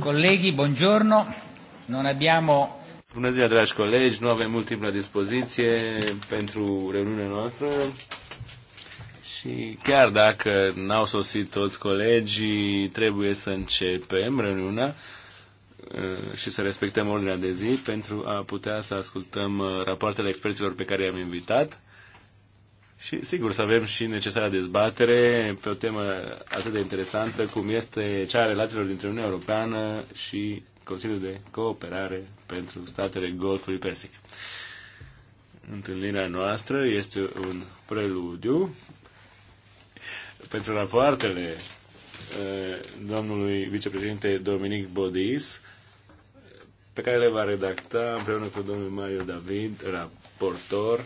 Colleghi, buongiorno. Non abbiamo... Bună ziua, dragi colegi. Nu avem mult timp la dispoziție pentru reuniunea noastră. Și chiar dacă n-au sosit toți colegii, trebuie să începem reuniunea uh, și să respectăm ordinea de zi pentru a putea să ascultăm uh, rapoartele experților pe care i-am invitat. Și sigur să avem și necesarea dezbatere pe o temă atât de interesantă cum este cea a relațiilor dintre Uniunea Europeană și Consiliul de Cooperare pentru Statele Golfului Persic. Întâlnirea noastră este un preludiu pentru rapoartele domnului vicepreședinte Dominic Bodis, pe care le va redacta împreună cu domnul Mario David, raportor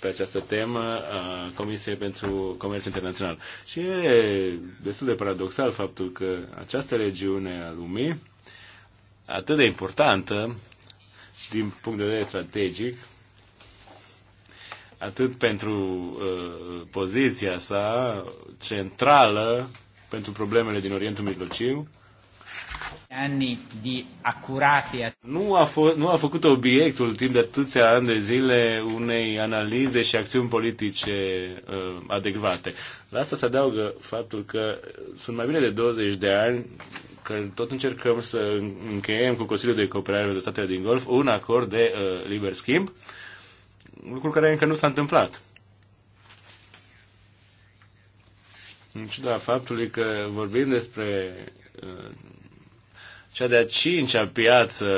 pe această temă a Comisiei pentru Comerț Internațional. Și e destul de paradoxal faptul că această regiune a lumii, atât de importantă din punct de vedere strategic, atât pentru uh, poziția sa centrală pentru problemele din Orientul Mijlociu, nu a, nu a făcut obiectul timp de atâția ani de zile unei analize și acțiuni politice uh, adecvate. La asta se adaugă faptul că sunt mai bine de 20 de ani că tot încercăm să încheiem cu Consiliul de Cooperare de Statele din Golf un acord de uh, liber schimb, lucru care încă nu s-a întâmplat. În ciuda faptului că vorbim despre uh, cea de-a cincea piață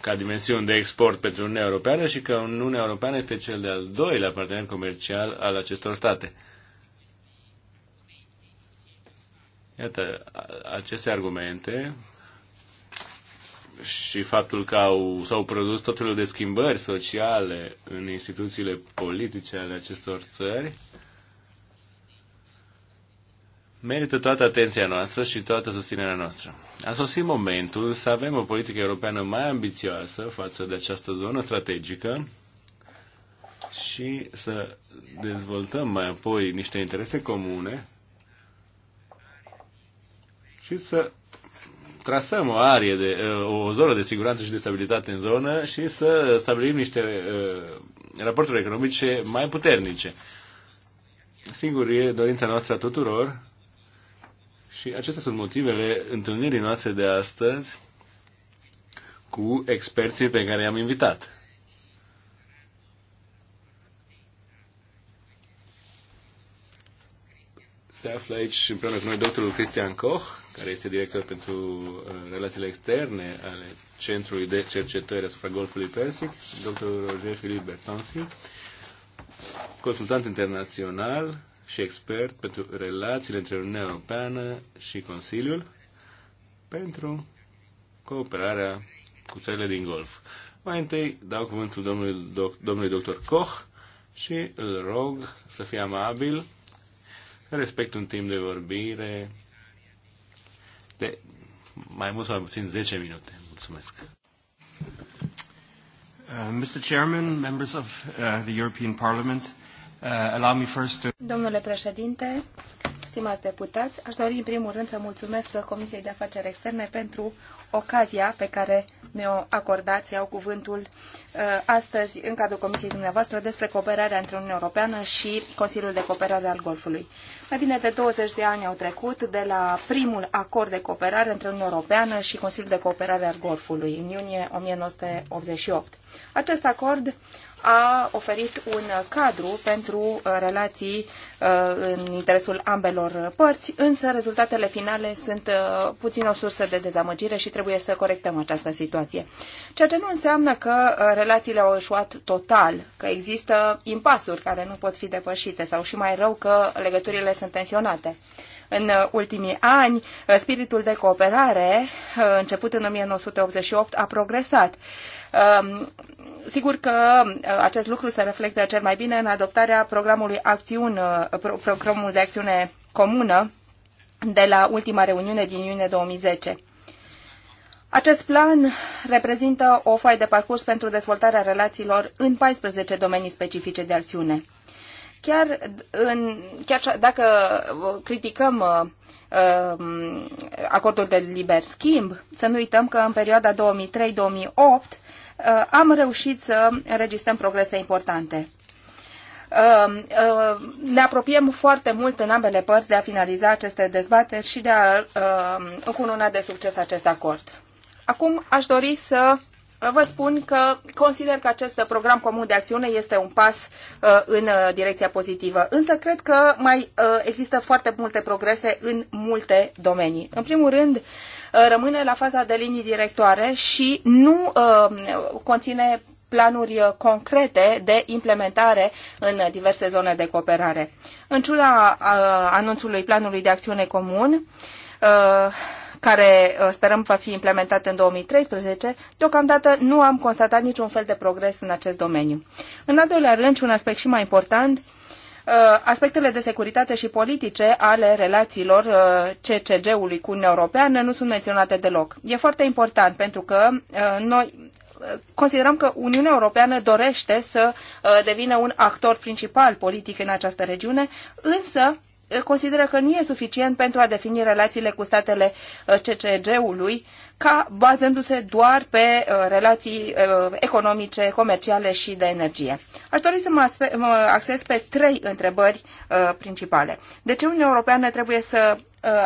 ca dimensiune de export pentru Uniunea Europeană și că Uniunea Europeană este cel de-al doilea partener comercial al acestor state. Iată, aceste argumente și faptul că au, s-au produs tot felul de schimbări sociale în instituțiile politice ale acestor țări, merită toată atenția noastră și toată susținerea noastră. A sosit momentul să avem o politică europeană mai ambițioasă față de această zonă strategică și să dezvoltăm mai apoi niște interese comune și să trasăm o arie de, o zonă de siguranță și de stabilitate în zonă și să stabilim niște uh, raporturi economice mai puternice. Sigur, e dorința noastră a tuturor și acestea sunt motivele întâlnirii noastre de astăzi cu experții pe care i-am invitat. Se află aici împreună cu noi doctorul Cristian Koch, care este director pentru uh, relațiile externe ale Centrului de Cercetări asupra Golfului Persic, doctorul Roger Philippe Bertonski, consultant internațional și expert pentru relațiile între Uniunea Europeană și Consiliul pentru cooperarea cu țările din Golf. Mai întâi dau cuvântul domnului, doc, domnului doctor Koch și îl rog să fie amabil, respect un timp de vorbire de mai mult sau mai puțin 10 minute. Mulțumesc. Uh, Mr. Chairman, members of uh, the European Parliament, Uh, allow me first to... Domnule președinte, stimați deputați, aș dori în primul rând să mulțumesc Comisiei de Afaceri Externe pentru ocazia pe care mi-o acordați, iau cuvântul uh, astăzi în cadrul Comisiei dumneavoastră despre cooperarea între Uniunea Europeană și Consiliul de Cooperare al Golfului. Mai bine de 20 de ani au trecut de la primul acord de cooperare între Uniunea Europeană și Consiliul de Cooperare al Golfului, în iunie 1988. Acest acord a oferit un cadru pentru uh, relații uh, în interesul ambelor părți, însă rezultatele finale sunt uh, puțin o sursă de dezamăgire și trebuie să corectăm această situație. Ceea ce nu înseamnă că relațiile au eșuat total, că există impasuri care nu pot fi depășite sau și mai rău că legăturile sunt tensionate. În ultimii ani, spiritul de cooperare, început în 1988, a progresat. Um, sigur că uh, acest lucru se reflectă cel mai bine în adoptarea programului, acțiune, uh, programul de acțiune comună de la ultima reuniune din iunie 2010. Acest plan reprezintă o foaie de parcurs pentru dezvoltarea relațiilor în 14 domenii specifice de acțiune chiar, în, chiar dacă uh, criticăm uh, um, acordul de liber schimb, să nu uităm că în perioada 2003-2008 uh, am reușit să înregistrăm progrese importante. Um, ne apropiem foarte mult în ambele părți de a finaliza aceste dezbateri și de a uh, încununa de succes acest acord. Acum aș dori să vă spun că consider că acest program comun de acțiune este un pas uh, în uh, direcția pozitivă. Însă cred că mai uh, există foarte multe progrese în multe domenii. În primul rând, rămâne la faza de linii directoare și nu conține planuri concrete de implementare în diverse zone de cooperare. În ciuda anunțului planului de acțiune comun, care uh, sperăm va fi implementat în 2013, deocamdată nu am constatat niciun fel de progres în acest domeniu. În al doilea rând, și un aspect și mai important, uh, aspectele de securitate și politice ale relațiilor uh, CCG-ului cu Uniunea Europeană nu sunt menționate deloc. E foarte important pentru că noi considerăm că Uniunea Europeană dorește să devină un actor principal politic în această regiune, însă consideră că nu e suficient pentru a defini relațiile cu statele uh, CCG-ului ca bazându-se doar pe uh, relații uh, economice, comerciale și de energie. Aș dori să mă acces pe trei întrebări principale. De ce Uniunea Europeană trebuie să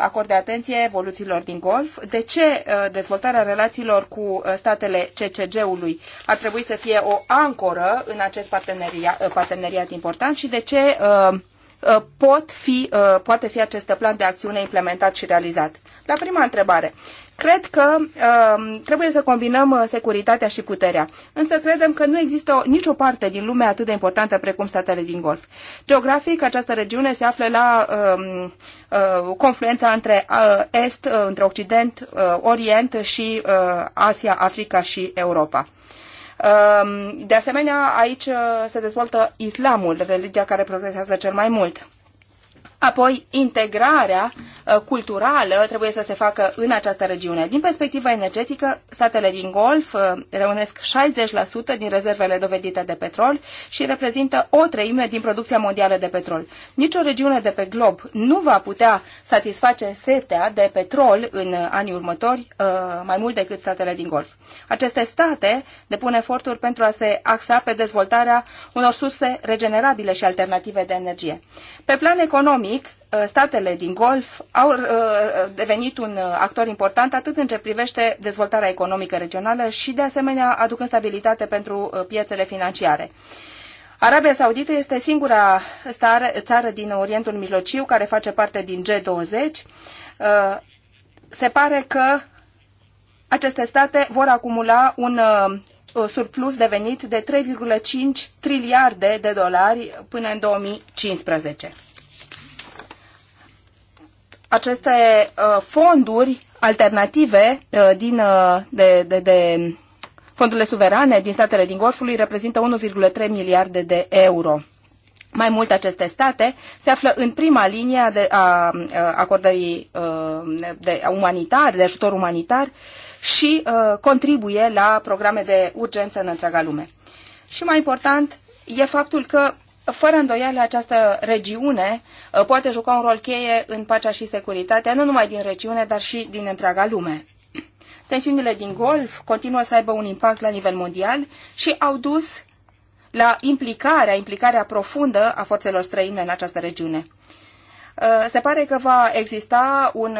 acorde atenție evoluțiilor din Golf? De ce dezvoltarea relațiilor cu statele CCG-ului ar trebui să fie o ancoră în acest parteneriat, parteneriat important și de ce Uh, pot fi, uh, poate fi acest plan de acțiune implementat și realizat? La prima întrebare, cred că um, trebuie să combinăm uh, securitatea și puterea. Însă credem că nu există nicio parte din lume atât de importantă precum statele din Golf. Geografic, această regiune se află la um, confluența între Est, între Occident, Orient și Asia, Africa și Europa. Ehm, de asemenea, aici uh, se dezvoltă islamul, religia care progresează cel mai mult. Apoi, integrarea uh, culturală trebuie să se facă în această regiune. Din perspectiva energetică, statele din Golf uh, reunesc 60% din rezervele dovedite de petrol și reprezintă o treime din producția mondială de petrol. Nicio regiune de pe glob nu va putea satisface setea de petrol în anii următori uh, mai mult decât statele din Golf. Aceste state depun eforturi pentru a se axa pe dezvoltarea unor surse regenerabile și alternative de energie. Pe plan economic, economic, uh, statele din Golf au uh, devenit un uh, actor important atât în ce privește dezvoltarea economică regională și, de asemenea, aducând stabilitate pentru piețele financiare. Arabia Saudită este singura țară din Orientul Mijlociu care face parte din G20. Se pare că aceste state vor acumula un surplus de venit de 3,5 triliarde de dolari până în 2015 aceste uh, fonduri alternative uh, din, uh, de, de, de fondurile suverane din statele din Golfului reprezintă 1,3 miliarde de euro. Mai mult aceste state se află în prima linie de, a acordării de umanitar, de ajutor umanitar și contribuie la programe de urgență în întreaga lume. Și mai important e faptul că fără îndoială, această regiune uh, poate juca un rol cheie în pacea și securitatea, nu numai din regiune, dar și din întreaga lume. Tensiunile din Golf continuă să aibă un impact la nivel mondial și au dus la implicarea, implicarea profundă a forțelor străine în această regiune. Uh, se pare că va exista un,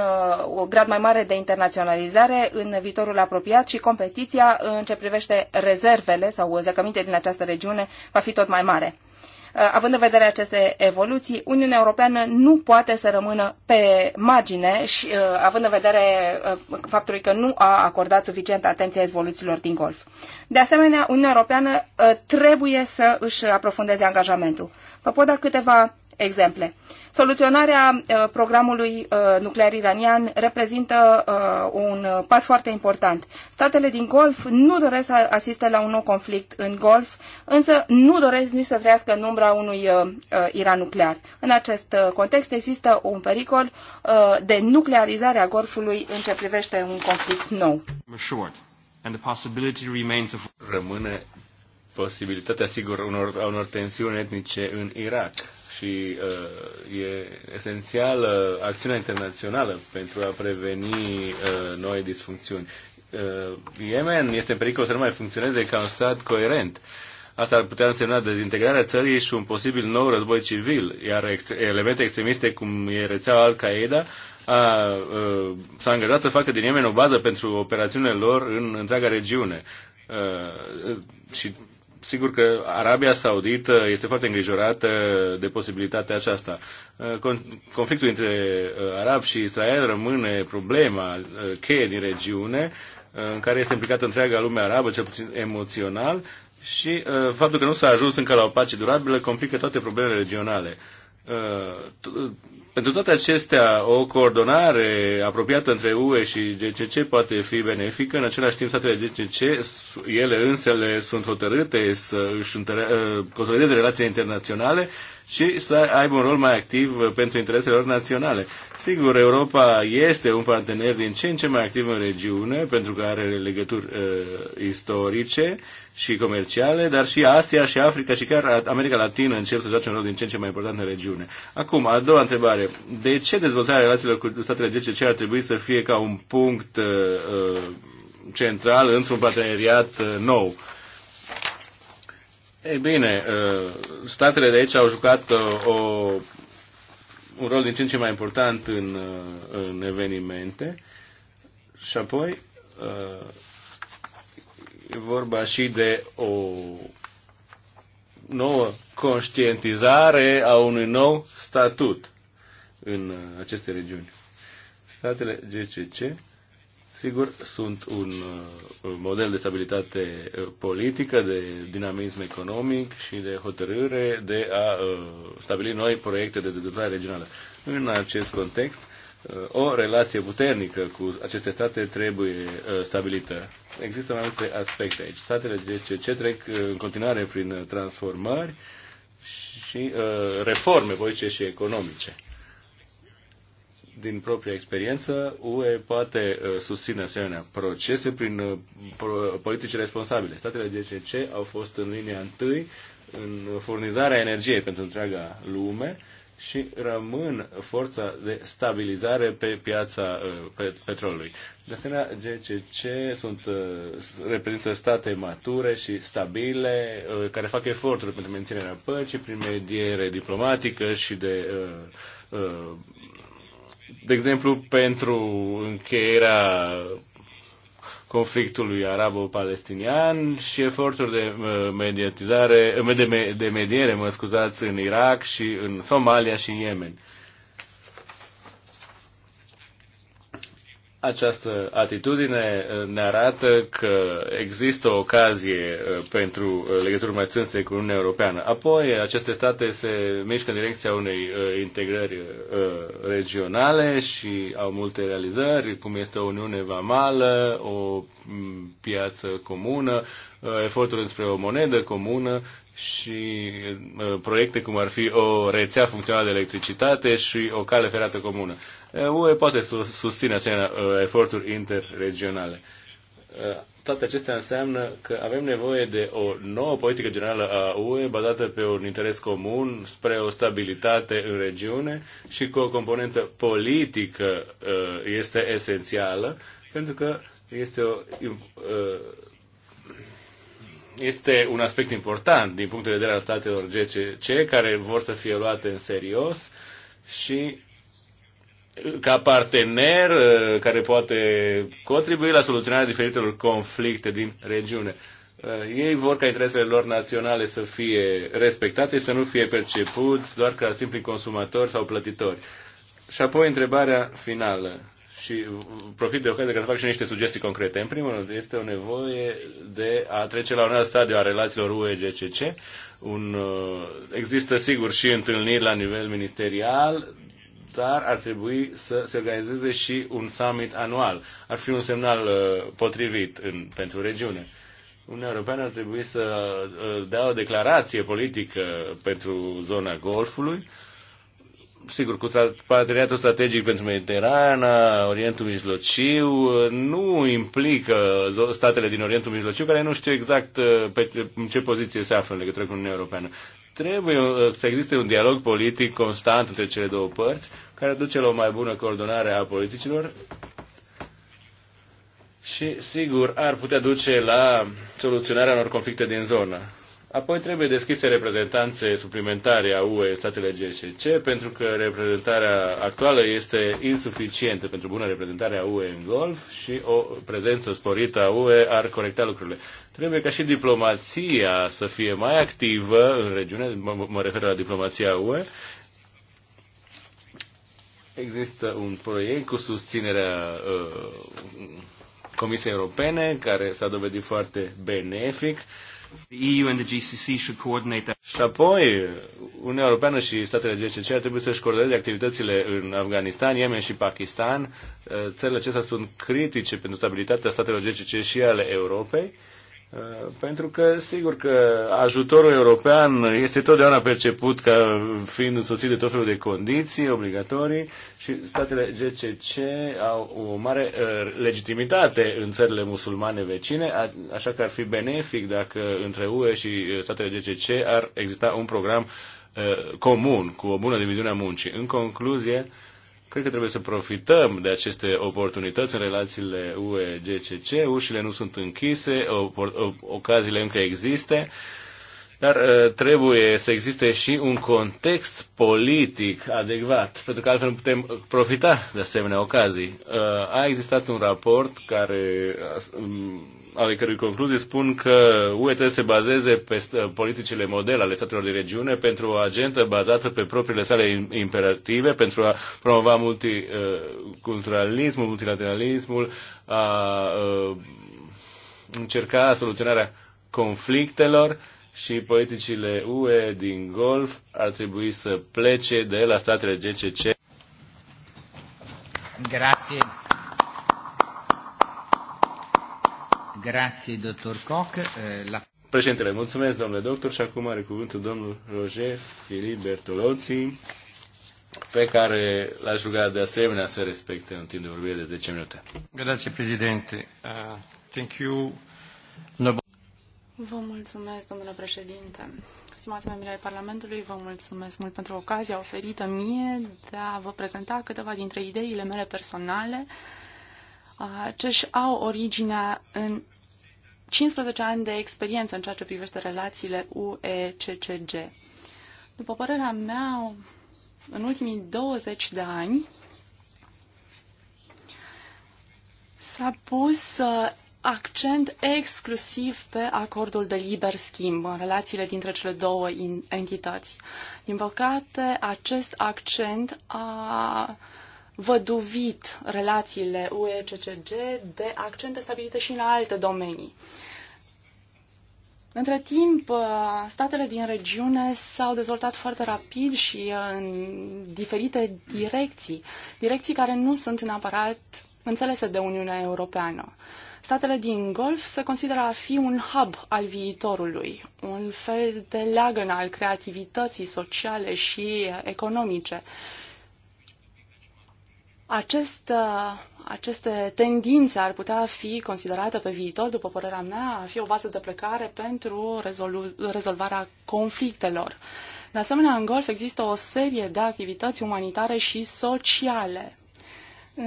un uh, grad mai mare de internaționalizare în viitorul apropiat și competiția în ce privește rezervele sau zăcăminte din această regiune va fi tot mai mare. Uh, având în vedere aceste evoluții, Uniunea Europeană nu poate să rămână pe margine și uh, având în vedere uh, faptului că nu a acordat suficientă atenție evoluțiilor din Golf. De asemenea, Uniunea Europeană trebuie să își aprofundeze angajamentul. Vă pot da câteva exemple. Soluționarea uh, programului uh, nuclear iranian reprezintă uh, un pas foarte important. Statele din Golf nu doresc să asiste la un nou conflict în Golf, însă nu doresc nici să trăiască în umbra unui Iran nuclear. În acest context există un pericol de nuclearizare a Golfului în ce privește un conflict nou. Rămâne posibilitatea, sigur, unor, unor tensiuni etnice în Irak și uh, e esențială acțiunea internațională pentru a preveni uh, noi disfuncțiuni. Uh, Yemen este în pericol să nu mai funcționeze ca un stat coerent. Asta ar putea însemna dezintegrarea țării și un posibil nou război civil, iar ex- elemente extremiste cum e rețeaua Al-Qaeda a, uh, s-a angajat să facă din Yemen o bază pentru operațiunile lor în întreaga regiune. A, uh, și Sigur că Arabia Saudită este foarte îngrijorată de posibilitatea aceasta. Uh, conflictul între uh, arab și Israel rămâne problema uh, cheie din regiune, în care este implicată întreaga lume arabă, cel puțin emoțional, și faptul că nu s-a ajuns încă la o pace durabilă complică toate problemele regionale pentru toate acestea, o coordonare apropiată între UE și GCC poate fi benefică. În același timp, statele GCC, ele însele sunt hotărâte să își întăre, ă, consolideze relații internaționale și să aibă un rol mai activ pentru interesele lor naționale. Sigur, Europa este un partener din ce în ce mai activ în regiune, pentru că are legături uh, istorice și comerciale, dar și Asia și Africa și chiar America Latină încep să joace un rol din ce în ce mai important în regiune. Acum, a doua întrebare. De ce dezvoltarea relațiilor cu statele ce ar trebui să fie ca un punct uh, uh central într-un parteneriat uh, nou? Ei bine, uh, statele de aici au jucat uh, o un rol din ce în ce mai important în, uh, în evenimente. Și apoi uh, e vorba și de o nouă conștientizare a unui nou statut în uh, aceste regiuni. Statele GCC, sigur, sunt un model de stabilitate uh, politică, de dinamism economic și de hotărâre de a uh, stabili noi proiecte de dezvoltare regională. În acest context, uh, o relație puternică cu aceste state trebuie stabilită. Există mai multe aspecte aici. Statele deci, ce trec în continuare prin transformări și reforme politice și economice din propria experiență, UE poate uh, susține asemenea procese prin uh, politici responsabile. Statele GCC au fost în linia întâi în furnizarea energiei pentru întreaga lume și rămân forța de stabilizare pe piața uh, pe, petrolului. De asemenea, GCC sunt, reprezintă state mature și stabile care fac eforturi pentru menținerea păcii prin mediere diplomatică și de uh, uh, de exemplu, pentru încheierea conflictului arabo-palestinian și eforturi de uh, mediatizare, uh, de, de mediere, mă scuzați, în Irak și în Somalia și în Yemen. Această atitudine uh, ne arată că există o ocazie uh, pentru uh, legături mai țânse cu Uniunea Europeană. Apoi, aceste state se mișcă în direcția unei integrări regionale și au multe realizări, cum este o Uniune Vamală, o mm, piață comună, eforturi înspre o monedă comună și uh, proiecte cum ar fi o rețea funcțională de electricitate și o cale ferată comună. Uh, UE poate susține asemenea uh, eforturi interregionale. Toate acestea înseamnă că avem nevoie de o nouă politică generală a UE bazată pe un interes comun spre o stabilitate în regiune și cu o componentă politică este esențială pentru că este o este un aspect important din punct de vedere al statelor GCC care vor să fie luate în serios și uh, ca partener uh, care poate contribui la soluționarea diferitelor conflicte din regiune. Uh, ei vor ca interesele lor naționale să fie respectate, să nu fie percepuți doar ca simpli consumatori sau plătitori. Și apoi întrebarea finală și profit de ocazie ca să fac și niște sugestii concrete. În primul rând, este o nevoie de a trece la un alt stadiu a relațiilor UE-GCC. Un, uh, există, sigur, și întâlniri la nivel ministerial, dar ar trebui să se organizeze și un summit anual. Ar fi un semnal uh, potrivit în, pentru regiune. Uniunea Europeană ar trebui să uh, dea o declarație politică pentru zona Golfului, sigur, cu parteneriatul strategic pentru Mediterana, Orientul Mijlociu, nu implică statele din Orientul Mijlociu, care nu știu exact uh, pe ce poziție se află în legătură cu Uniunea Europeană. Trebuie uh, să existe un dialog politic constant între cele două părți, care duce la o mai bună coordonare a politicilor și, sigur, ar putea duce la soluționarea unor conflicte din zonă. Apoi trebuie deschise reprezentanțe suplimentare a UE în statele GCC, pentru că reprezentarea actuală este insuficientă pentru bună reprezentare a UE în Golf și o prezență sporită a UE ar corecta lucrurile. Trebuie ca și diplomația să fie mai activă în regiune, mă, mă refer la diplomația UE, Există un proiect cu susținerea uh, Comisiei Europene care s-a dovedit foarte benefic și apoi, Uniunea Europeană și statele GCC ar trebui să-și coordoneze activitățile în Afganistan, Yemen și Pakistan. Țările acestea sunt critice pentru stabilitatea statelor GCC și ale Europei pentru că, sigur că ajutorul european este totdeauna perceput ca fiind însoțit de tot felul de condiții obligatorii și statele GCC au o mare uh, legitimitate în țările musulmane vecine, așa că ar fi benefic dacă între UE și statele GCC ar exista un program uh, comun cu o bună diviziune a muncii. În concluzie, Cred că trebuie să profităm de aceste oportunități în relațiile UE-GCC. Ușile nu sunt închise, ocaziile încă există. Uh, dar uh, trebuie să existe și un context politic adecvat, pentru că altfel putem profita de asemenea ocazii. Uh, a existat un raport care uh, ale cărui concluzii spun că UE trebuie să se bazeze pe politicile model ale statelor de regiune pentru o agentă bazată pe propriile sale imperative, pentru a promova multiculturalismul, multilateralismul, a încerca soluționarea conflictelor și politicile UE din Golf ar trebui să plece de la statele GCC. Grazie. Grazie, dottor Koch. Eh, la... Președintele, mulțumesc, domnule doctor, și acum are cuvântul domnul Roger Filip Bertolozzi, pe care l-aș ruga de asemenea să respecte un timp de vorbire de 10 minute. Grazie, președinte. Uh, thank you. No... Vă mulțumesc, domnule președinte. Stimați membri ai Parlamentului, vă mulțumesc mult pentru ocazia oferită mie de a vă prezenta câteva dintre ideile mele personale ce-și au originea în 15 ani de experiență în ceea ce privește relațiile UE-CCG. După părerea mea, în ultimii 20 de ani s-a pus accent exclusiv pe acordul de liber schimb în relațiile dintre cele două entități. Din păcate, acest accent a văduvit relațiile UE-CCG de accente stabilite și în alte domenii. Între timp, statele din regiune s-au dezvoltat foarte rapid și uh, în diferite direcții, direcții care nu sunt neapărat înțelese de Uniunea Europeană. Statele din Golf se consideră a fi un hub al viitorului, un fel de leagăn al creativității sociale și economice. Acest, uh, aceste tendințe ar putea fi considerate pe viitor, după părerea mea, a fi o bază de plecare pentru rezolvarea conflictelor. De asemenea, în golf există o serie de activități umanitare și sociale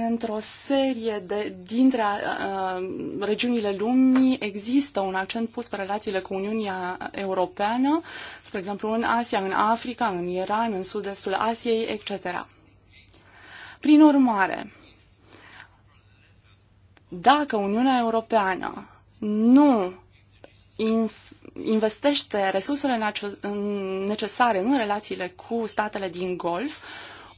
într-o serie de, dintre uh, regiunile lumii există un accent pus pe relațiile cu Uniunea Europeană, spre exemplu în Asia, în Africa, în Iran, în sud-estul Asiei, etc. Prin urmare, dacă Uniunea Europeană nu investește resursele necesare în relațiile cu statele din Golf,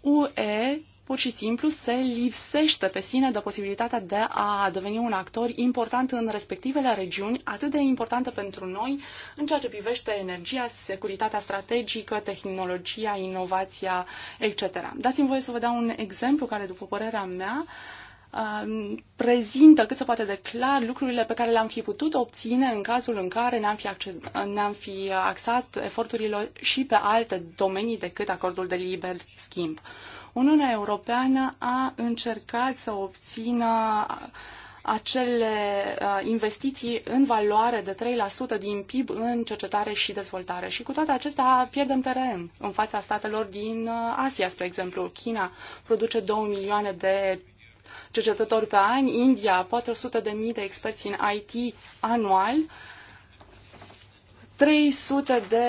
UE pur și simplu se lipsește pe sine de posibilitatea de a deveni un actor important în respectivele regiuni, atât de importantă pentru noi în ceea ce privește energia, securitatea strategică, tehnologia, inovația, etc. Dați-mi voie să vă dau un exemplu care, după părerea mea, um, prezintă cât se poate de clar lucrurile pe care le-am fi putut obține în cazul în care ne-am fi, ne fi axat eforturile și pe alte domenii decât acordul de liber schimb. Uniunea Europeană a încercat să obțină acele uh, investiții în valoare de 3% din PIB în cercetare și dezvoltare. Și cu toate acestea pierdem teren în fața statelor din uh, Asia, spre exemplu. China produce 2 milioane de cercetători pe an, India 400 de mii de experți în IT anual, 300 de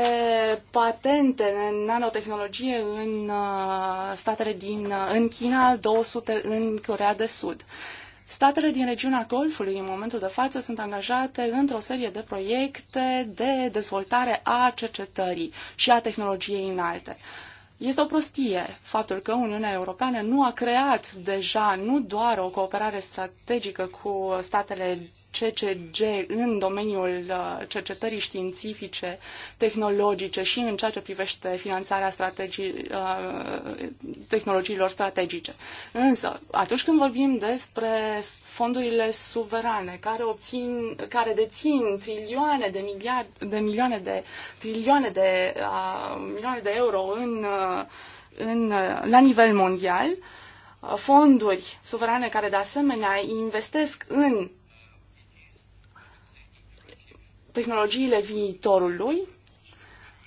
patente în nanotehnologie în uh, statele din uh, în China, 200 în Corea de Sud. Statele din regiunea Golfului, în momentul de față, sunt angajate într-o serie de proiecte de dezvoltare a cercetării și a tehnologiei înalte. Este o prostie faptul că Uniunea Europeană nu a creat deja nu doar o cooperare strategică cu statele CCG în domeniul uh, cercetării științifice, tehnologice și în ceea ce privește finanțarea strategii, uh, tehnologiilor strategice. Însă, atunci când vorbim despre fondurile suverane care, obțin, care dețin trilioane de, miliard, de milioane de trilioane de uh, milioane de euro în, uh, în, la nivel mondial, fonduri suverane care de asemenea investesc în tehnologiile viitorului.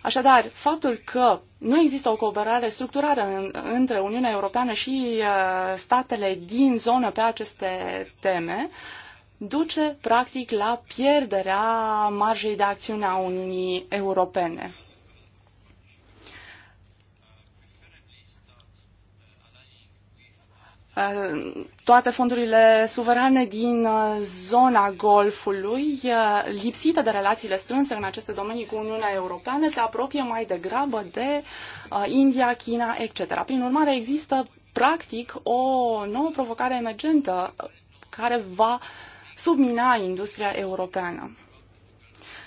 Așadar, faptul că nu există o cooperare structurată în, între Uniunea Europeană și uh, statele din zonă pe aceste teme duce practic la pierderea marjei de acțiune a Uniunii Europene. Eh, toate fondurile suverane din eh, zona Golfului, eh, lipsite de relațiile strânse în aceste domenii cu Uniunea Europeană, se apropie mai degrabă de India, China, etc. Prin urmare, există practic o nouă provocare emergentă care va submina industria europeană.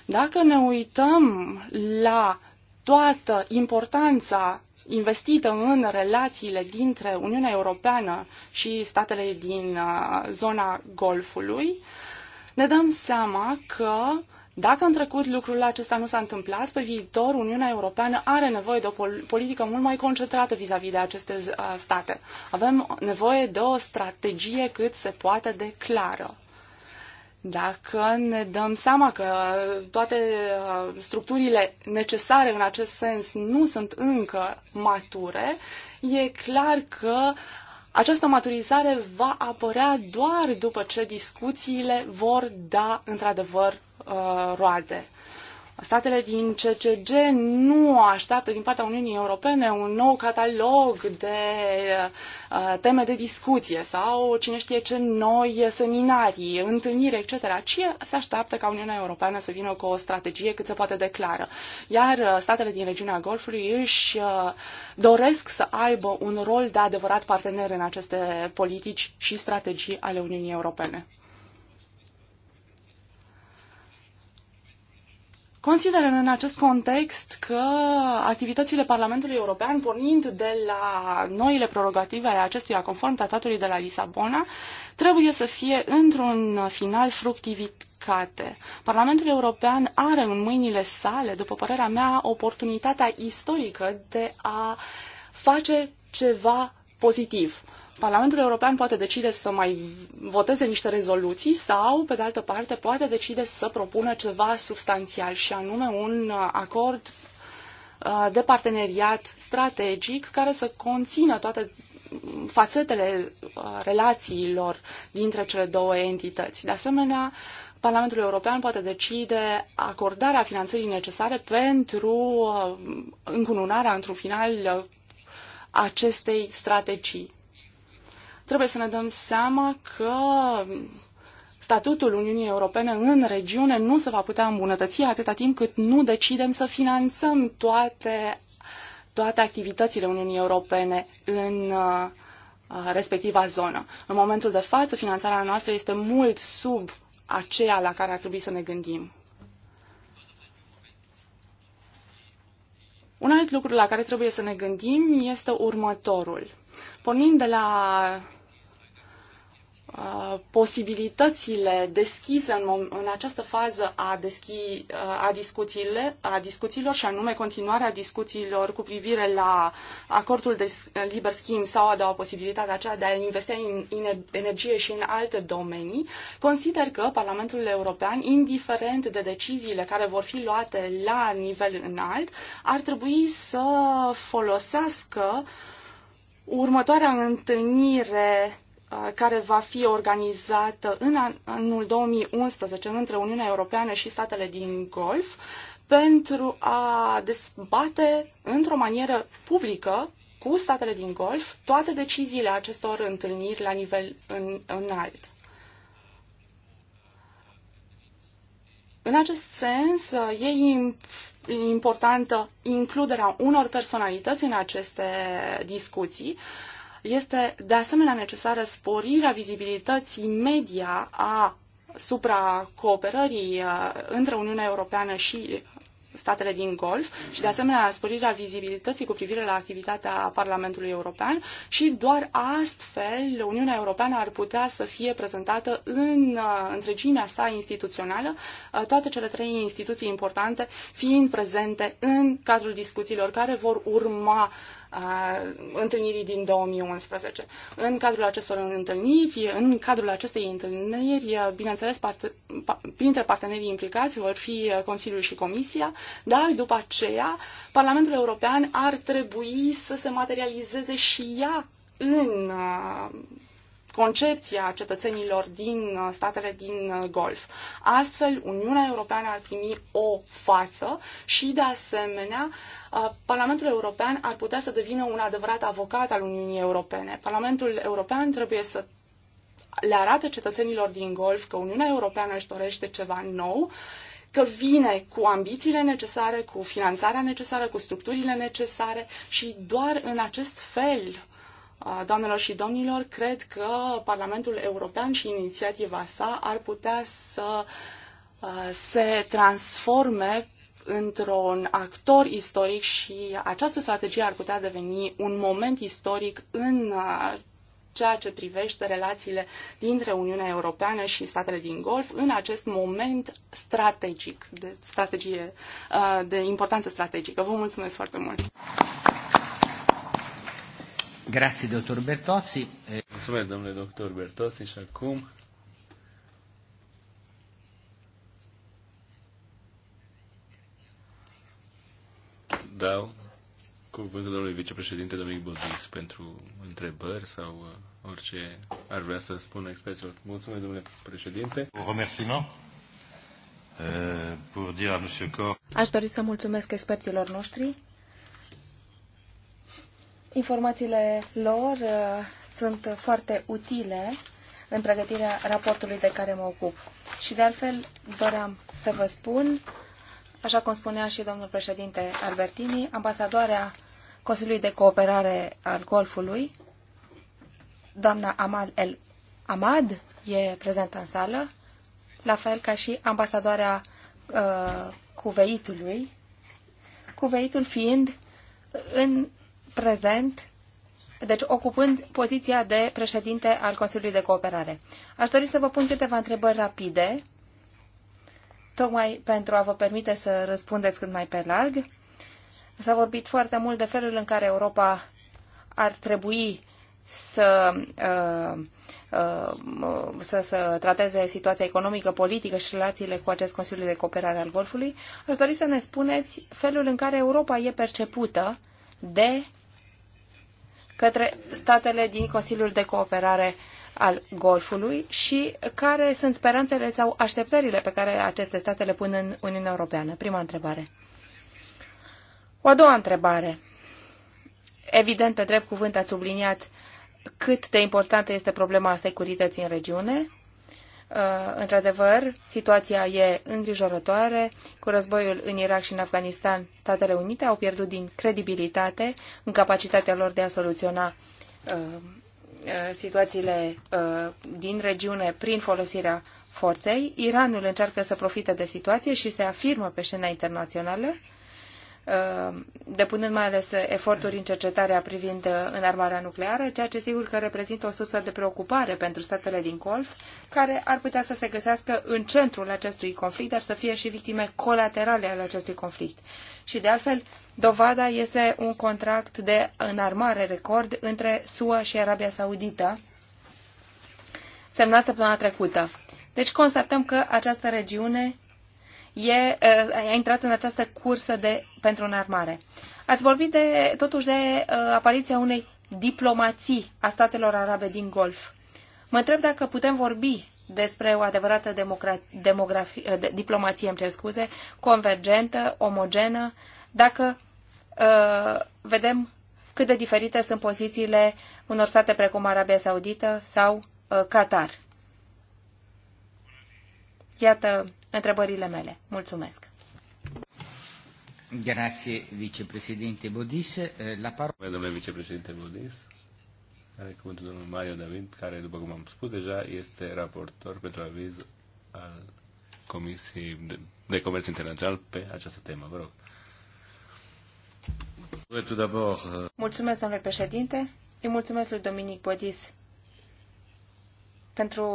Dacă ne uităm la toată importanța investită în relațiile dintre Uniunea Europeană și statele din uh, zona Golfului, ne dăm seama că dacă în trecut lucrul acesta nu s-a întâmplat, pe viitor Uniunea Europeană are nevoie de o politică mult mai concentrată vis-a-vis de aceste uh, state. Avem nevoie de o strategie cât se poate de clară. Dacă ne dăm seama că toate uh, structurile necesare în acest sens nu sunt încă mature, e clar că această maturizare va apărea doar după ce discuțiile vor da într-adevăr uh, roade. Statele din CCG nu așteaptă din partea Uniunii Europene un nou catalog de uh, teme de discuție sau cine știe ce noi seminarii, întâlniri, etc., ci se așteaptă ca Uniunea Europeană să vină cu o strategie cât se poate declară. Iar uh, statele din regiunea Golfului își uh, doresc să aibă un rol de adevărat partener în aceste politici și strategii ale Uniunii Europene. Considerăm în acest context că activitățile Parlamentului European, pornind de la noile prerogative ale acestuia conform tratatului de la Lisabona, trebuie să fie într-un final fructificate. Parlamentul European are în mâinile sale, după părerea mea, oportunitatea istorică de a face ceva pozitiv. Parlamentul European poate decide să mai voteze niște rezoluții sau, pe de altă parte, poate decide să propună ceva substanțial și anume un acord uh, de parteneriat strategic care să conțină toate fațetele uh, relațiilor dintre cele două entități. De asemenea, Parlamentul European poate decide acordarea finanțării necesare pentru uh, încununarea, într-un final, acestei strategii trebuie să ne dăm seama că statutul Uniunii Europene în regiune nu se va putea îmbunătăți atâta timp cât nu decidem să finanțăm toate, toate activitățile Uniunii Europene în uh, respectiva zonă. În momentul de față, finanțarea noastră este mult sub aceea la care ar trebui să ne gândim. Un alt lucru la care trebuie să ne gândim este următorul. Pornind de la Uh, posibilitățile deschise în, în această fază a, deschi, uh, a, discuțiile, a discuțiilor și anume continuarea discuțiilor cu privire la acordul de liber schimb sau a doua posibilitate aceea de a investi în, în energie și în alte domenii, consider că Parlamentul European, indiferent de deciziile care vor fi luate la nivel înalt, ar trebui să folosească următoarea întâlnire Uh, care va fi organizată în anul 2011 între Uniunea Europeană și statele din Golf pentru a dezbate într-o manieră publică cu statele din Golf toate deciziile acestor întâlniri la nivel în, înalt. În acest sens, uh, e importantă includerea unor personalități în aceste discuții, uh, este de asemenea necesară sporirea vizibilității media a supra cooperării uh, între Uniunea Europeană și statele din Golf și, de asemenea, sporirea vizibilității cu privire la activitatea Parlamentului European și doar astfel Uniunea Europeană ar putea să fie prezentată în uh, întregimea sa instituțională, uh, toate cele trei instituții importante fiind prezente în cadrul discuțiilor care vor urma uh, întâlnirii din 2011. În cadrul acestor întâlniri, în cadrul acestei întâlniri, bineînțeles, part- printre partenerii implicați vor fi Consiliul și Comisia, dar după aceea Parlamentul European ar trebui să se materializeze și ea în concepția cetățenilor din uh, statele din uh, Golf. Astfel, Uniunea Europeană ar primi o față și, de asemenea, uh, Parlamentul European ar putea să devină un adevărat avocat al Uniunii Europene. Parlamentul European trebuie să le arate cetățenilor din Golf că Uniunea Europeană își dorește ceva nou, că vine cu ambițiile necesare, cu finanțarea necesară, cu structurile necesare și doar în acest fel Doamnelor și domnilor, cred că Parlamentul European și inițiativa sa ar putea să se transforme într-un actor istoric și această strategie ar putea deveni un moment istoric în ceea ce privește relațiile dintre Uniunea Europeană și statele din Golf în acest moment strategic, de, strategie, de importanță strategică. Vă mulțumesc foarte mult! Grazie, dottor Bertozzi. Eh, mulțumesc, domnule doctor Bertozzi, și acum dau cuvântul domnului vicepreședinte Dominic Bozis pentru întrebări sau uh, orice ar vrea să spună expertul. Mulțumesc, domnule președinte. Remerciement. Eh, Aș dori să mulțumesc experților noștri Informațiile lor uh, sunt foarte utile în pregătirea raportului de care mă ocup. Și de altfel doream să vă spun, așa cum spunea și domnul președinte Albertini, ambasadoarea Consiliului de Cooperare al Golfului, doamna Amal El Amad, e prezentă în sală, la fel ca și ambasadoarea uh, Cuveitului, Cuveitul fiind în prezent, deci ocupând poziția de președinte al Consiliului de Cooperare. Aș dori să vă pun câteva întrebări rapide, tocmai pentru a vă permite să răspundeți cât mai pe larg. S-a vorbit foarte mult de felul în care Europa ar trebui să, uh, uh, să, să trateze situația economică, politică și relațiile cu acest Consiliu de Cooperare al Golfului, aș dori să ne spuneți felul în care Europa e percepută de către statele din Consiliul de Cooperare al Golfului și care sunt speranțele sau așteptările pe care aceste state le pun în Uniunea Europeană? Prima întrebare. O a doua întrebare. Evident, pe drept cuvânt ați subliniat cât de importantă este problema securității în regiune Uh, într-adevăr, situația e îngrijorătoare. Cu războiul în Irak și în Afganistan, Statele Unite au pierdut din credibilitate în capacitatea lor de a soluționa uh, uh, situațiile din regiune prin folosirea forței. Iranul încearcă să profite de situație și se afirmă pe scena internațională Uh, depunând mai ales eforturi în cercetarea privind uh, înarmarea nucleară, ceea ce sigur că reprezintă o sursă de preocupare pentru statele din Golf, care ar putea să se găsească în centrul acestui conflict, dar să fie și victime colaterale ale acestui conflict. Și de altfel, dovada este un contract de înarmare record între SUA și Arabia Saudită, semnat săptămâna trecută. Deci constatăm că această regiune e, eh, a intrat în această cursă de, pentru înarmare. Ați vorbit de, totuși de eh, apariția unei diplomații a statelor arabe din Golf. Mă întreb dacă putem vorbi despre o adevărată eh, de, diplomație, îmi cer scuze, convergentă, omogenă, dacă uh, vedem cât de diferite sunt pozițiile unor state precum Arabia Saudită sau uh, Qatar. Iată întrebările mele. Mulțumesc. Grazie, vicepreședinte Bodis. Eh, la parola... Domnule vicepreședinte Bodis, are cuvântul domnul Mario David, care, după cum am spus deja, este raportor pentru aviz al Comisiei de, de Comerț Internațional pe această temă. Vă rog. Mulțumesc, euh, domnule președinte. Îi mulțumesc lui Dominic Bodis pentru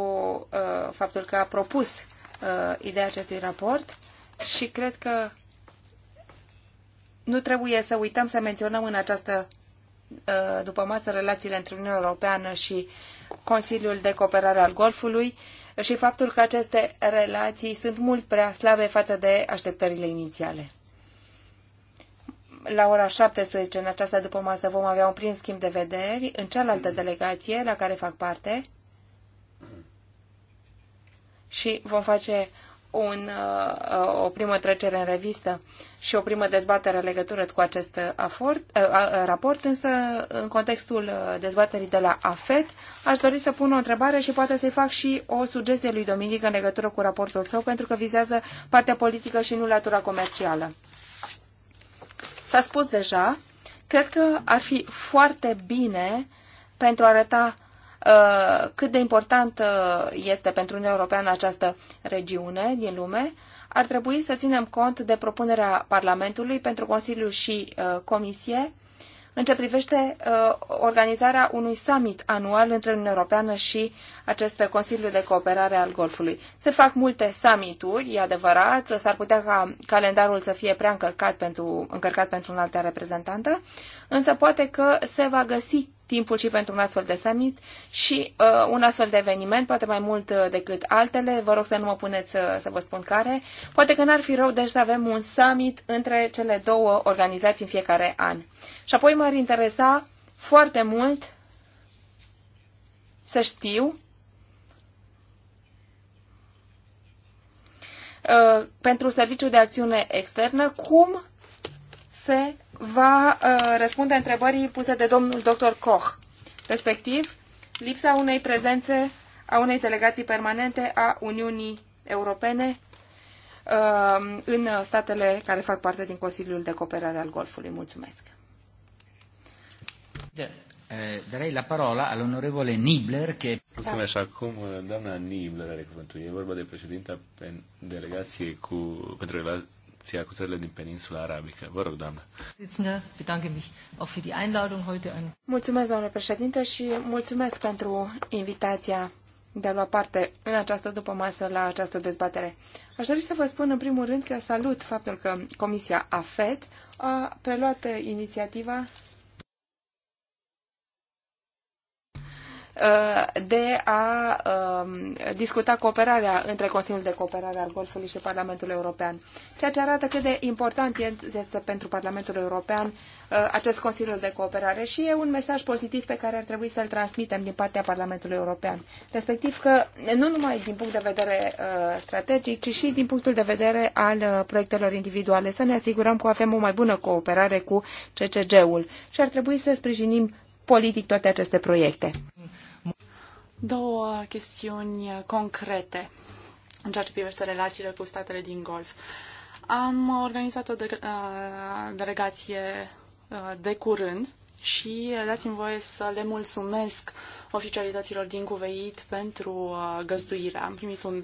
uh, faptul că a propus uh, ideea acestui raport și cred că nu trebuie să uităm să menționăm în această uh, după masă relațiile între Uniunea Europeană și Consiliul de Cooperare al Golfului și faptul că aceste relații sunt mult prea slabe față de așteptările inițiale. La ora 17 în această după masă vom avea un prim schimb de vederi în cealaltă delegație la care fac parte, și vom face un, uh, o primă trecere în revistă și o primă dezbatere legătură cu acest uh, afort, uh, raport, însă în contextul dezbaterii de la AFET aș dori să pun o întrebare și poate să-i fac și o sugestie lui Dominic în legătură cu raportul său, pentru că vizează partea politică și nu latura comercială. S-a spus deja, cred că ar fi foarte bine pentru a arăta Uh, cât de importantă este pentru Uniunea Europeană această regiune din lume, ar trebui să ținem cont de propunerea Parlamentului pentru Consiliu și uh, Comisie în ce privește uh, organizarea unui summit anual între Uniunea Europeană și acest Consiliu de Cooperare al Golfului. Se fac multe summituri, e adevărat, s-ar putea ca calendarul să fie prea încărcat pentru, încărcat pentru un altă reprezentantă, însă poate că se va găsi timpul și pentru un astfel de summit și uh, un astfel de eveniment, poate mai mult uh, decât altele, vă rog să nu mă puneți să, uh, să vă spun care, poate că n-ar fi rău deci să avem un summit între cele două organizații în fiecare an. Și apoi m-ar interesa foarte mult să știu uh, pentru serviciul de acțiune externă cum se va uh, răspunde întrebării puse de domnul dr. Koch, respectiv lipsa unei prezențe a unei delegații permanente a Uniunii Europene uh, în statele care fac parte din Consiliul de Cooperare al Golfului. Mulțumesc. Da. Eh, darei la parola all'onorevole Nibler che... Mulțumesc. Da. cum eh, doamna Nibler are cuvântul. E vorba de președinta delegație cu, pentru relația cu țările din peninsula arabică. Vă rog, doamnă. Mulțumesc, doamnă președinte, și mulțumesc pentru invitația de a lua parte în această dupămasă la această dezbatere. Aș dori să vă spun în primul rând că salut faptul că Comisia AFET a preluat inițiativa Uh, de a um, discuta cooperarea între Consiliul de Cooperare al Golfului și Parlamentul European, ceea ce arată cât de important este pentru Parlamentul European uh, acest Consiliu de Cooperare și e un mesaj pozitiv pe care ar trebui să-l transmitem din partea Parlamentului European. Respectiv că nu numai din punct de vedere uh, strategic, ci și din punctul de vedere al proiectelor individuale, să ne asigurăm că avem o mai bună cooperare cu CCG-ul și ar trebui să sprijinim politic toate aceste proiecte. Două chestiuni concrete în ceea ce privește relațiile cu statele din Golf. Am organizat o de- delegație de curând și dați-mi voie să le mulțumesc oficialităților din Cuveit pentru găzduire. Am primit un,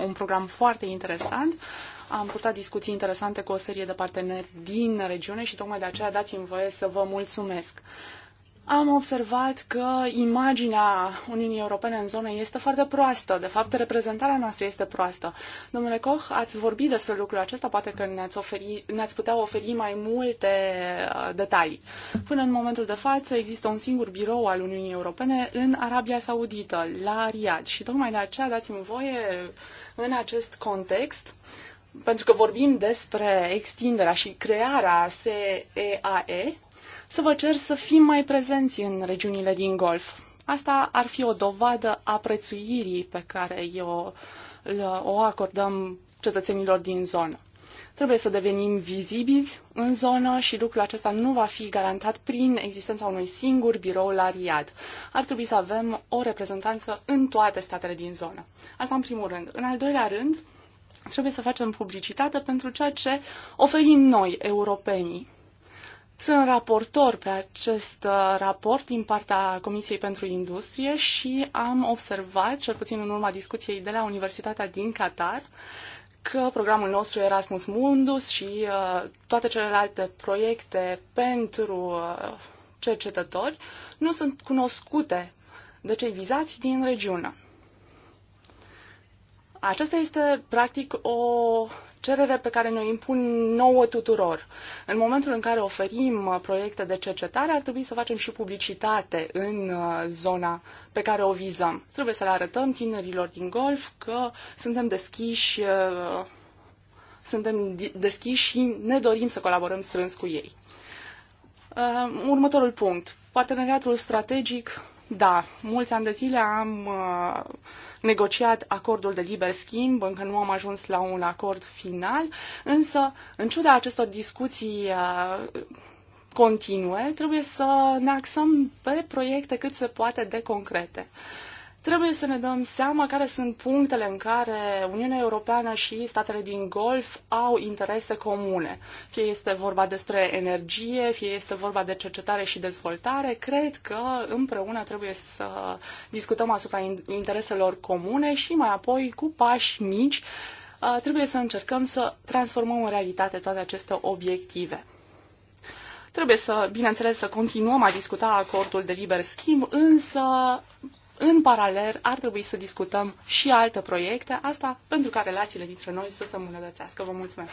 un program foarte interesant, am purtat discuții interesante cu o serie de parteneri din regiune și tocmai de aceea dați-mi voie să vă mulțumesc. Am observat că imaginea Uniunii Europene în zonă este foarte proastă. De fapt, reprezentarea noastră este proastă. Domnule Koch, ați vorbit despre lucrul acesta, poate că ne-ați, oferi, ne-ați putea oferi mai multe uh, detalii. Până în momentul de față, există un singur birou al Uniunii Europene în Arabia Saudită, la Riyadh. Și tocmai de aceea dați-mi voie, în acest context, pentru că vorbim despre extinderea și crearea SEAE, să vă cer să fim mai prezenți în regiunile din Golf. Asta ar fi o dovadă a prețuirii pe care eu o acordăm cetățenilor din zonă. Trebuie să devenim vizibili în zonă și lucrul acesta nu va fi garantat prin existența unui singur birou la Riad. Ar trebui să avem o reprezentanță în toate statele din zonă. Asta în primul rând. În al doilea rând, trebuie să facem publicitate pentru ceea ce oferim noi, europenii. Sunt raportor pe acest uh, raport din partea Comisiei pentru Industrie și am observat, cel puțin în urma discuției de la Universitatea din Qatar, că programul nostru Erasmus Mundus și uh, toate celelalte proiecte pentru uh, cercetători nu sunt cunoscute de cei vizați din regiune. Aceasta este, practic, o cerere pe care ne impun nouă tuturor. În momentul în care oferim uh, proiecte de cercetare, ar trebui să facem și publicitate în uh, zona pe care o vizăm. Trebuie să le arătăm tinerilor din golf că suntem deschiși uh, suntem deschiși și ne dorim să colaborăm strâns cu ei. Următorul punct. Parteneriatul strategic. Da, mulți ani de zile am negociat acordul de liber schimb, încă nu am ajuns la un acord final, însă, în ciuda acestor discuții uh, continue, trebuie să ne axăm pe proiecte cât se poate de concrete. Trebuie să ne dăm seama care sunt punctele în care Uniunea Europeană și statele din Golf au interese comune. Fie este vorba despre energie, fie este vorba de cercetare și dezvoltare, cred că împreună trebuie să discutăm asupra intereselor comune și mai apoi cu pași mici uh, trebuie să încercăm să transformăm în realitate toate aceste obiective. Trebuie să, bineînțeles, să continuăm a discuta acordul de liber schimb, însă în paralel ar trebui să discutăm și alte proiecte, asta pentru ca relațiile dintre noi să se îmbunătățească. Vă mulțumesc!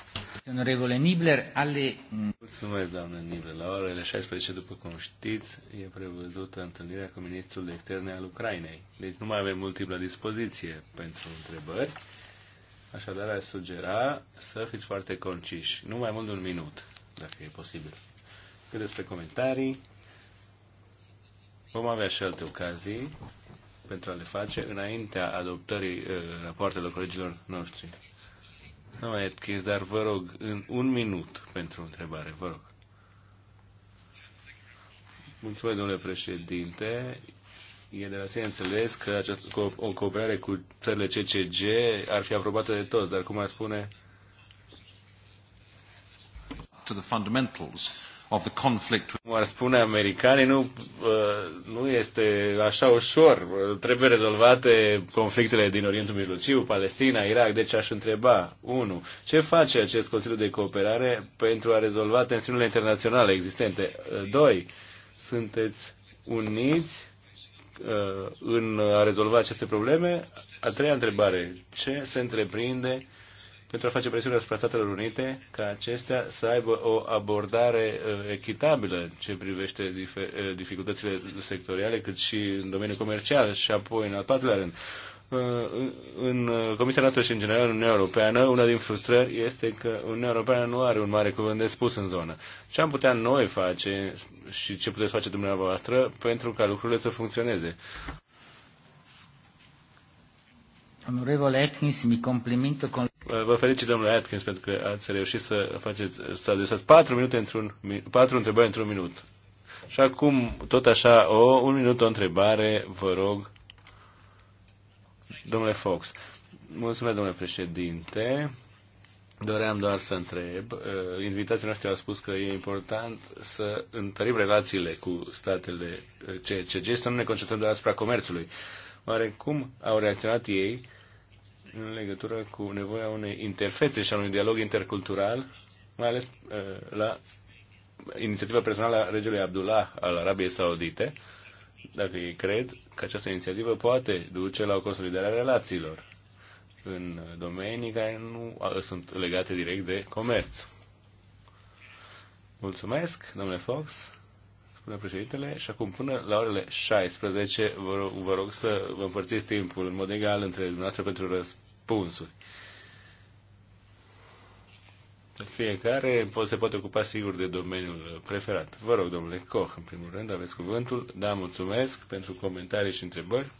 Onorevole Nibler, ale... Mulțumesc, doamnă Nibler. La orele 16, după cum știți, e prevăzută întâlnirea cu ministrul de externe al Ucrainei. Deci nu mai avem mult timp la dispoziție pentru întrebări. Așadar, aș sugera să fiți foarte conciși. Nu mai mult de un minut, dacă e posibil. Cât despre comentarii, vom avea și alte ocazii pentru a le face înaintea adoptării uh, rapoartelor colegilor noștri. Nu mai Atkins, dar vă rog, în un minut pentru o întrebare, vă rog. Mulțumesc, domnule președinte. E de la sine înțeles că această, o cooperare cu țările CCG ar fi aprobată de toți, dar cum ar spune... To the fundamentals of the conflict. Cum ar spune americanii, nu, uh, nu este așa ușor. Trebuie rezolvate conflictele din Orientul Mijlociu, Palestina, Irak. Deci aș întreba, Unu, Ce face acest Consiliu de Cooperare pentru a rezolva tensiunile internaționale existente? Uh, doi, Sunteți uniți uh, în a rezolva aceste probleme? A treia întrebare. Ce se întreprinde pentru a face presiune asupra Statelor Unite ca acestea să aibă o abordare uh, echitabilă în ce privește uh, dificultățile sectoriale, cât și în domeniul comercial și apoi în al patrulea rând. Uh, în Comisia NATO și în general în Uniunea Europeană, una din frustrări este că Uniunea Europeană nu are un mare cuvânt de spus în zonă. Ce am putea noi face și ce puteți face dumneavoastră pentru ca lucrurile să funcționeze? Onorevole Atkins, mi complimento con... Vă felicit, domnule Atkins, pentru că ați reușit să faceți, să adresați patru, minute într-un, patru întrebări într-un minut. Și acum, tot așa, o, un minut, o întrebare, vă rog. Domnule Fox, mulțumesc, domnule președinte. Doream doar să întreb. Uh, invitații noștri au spus că e important să întărim relațiile cu statele CCG, să nu ne concentrăm doar asupra comerțului. Oare cum au reacționat ei în legătură cu nevoia unei interfețe și a unui dialog intercultural, mai ales uh, la inițiativa personală a regelui Abdullah al Arabiei Saudite, dacă ei cred că această inițiativă poate duce la o consolidare a relațiilor în domenii care nu uh, sunt legate direct de comerț. Mulțumesc, domnule Fox, spune președintele, și acum până la orele 16 vă rog, vă rog să vă împărțiți timpul în mod egal între dumneavoastră pentru răspuns răspunsuri. Fiecare se poate ocupa sigur de domeniul preferat. Vă rog, domnule Koch, în primul rând, aveți cuvântul. Da, mulțumesc pentru comentarii și întrebări.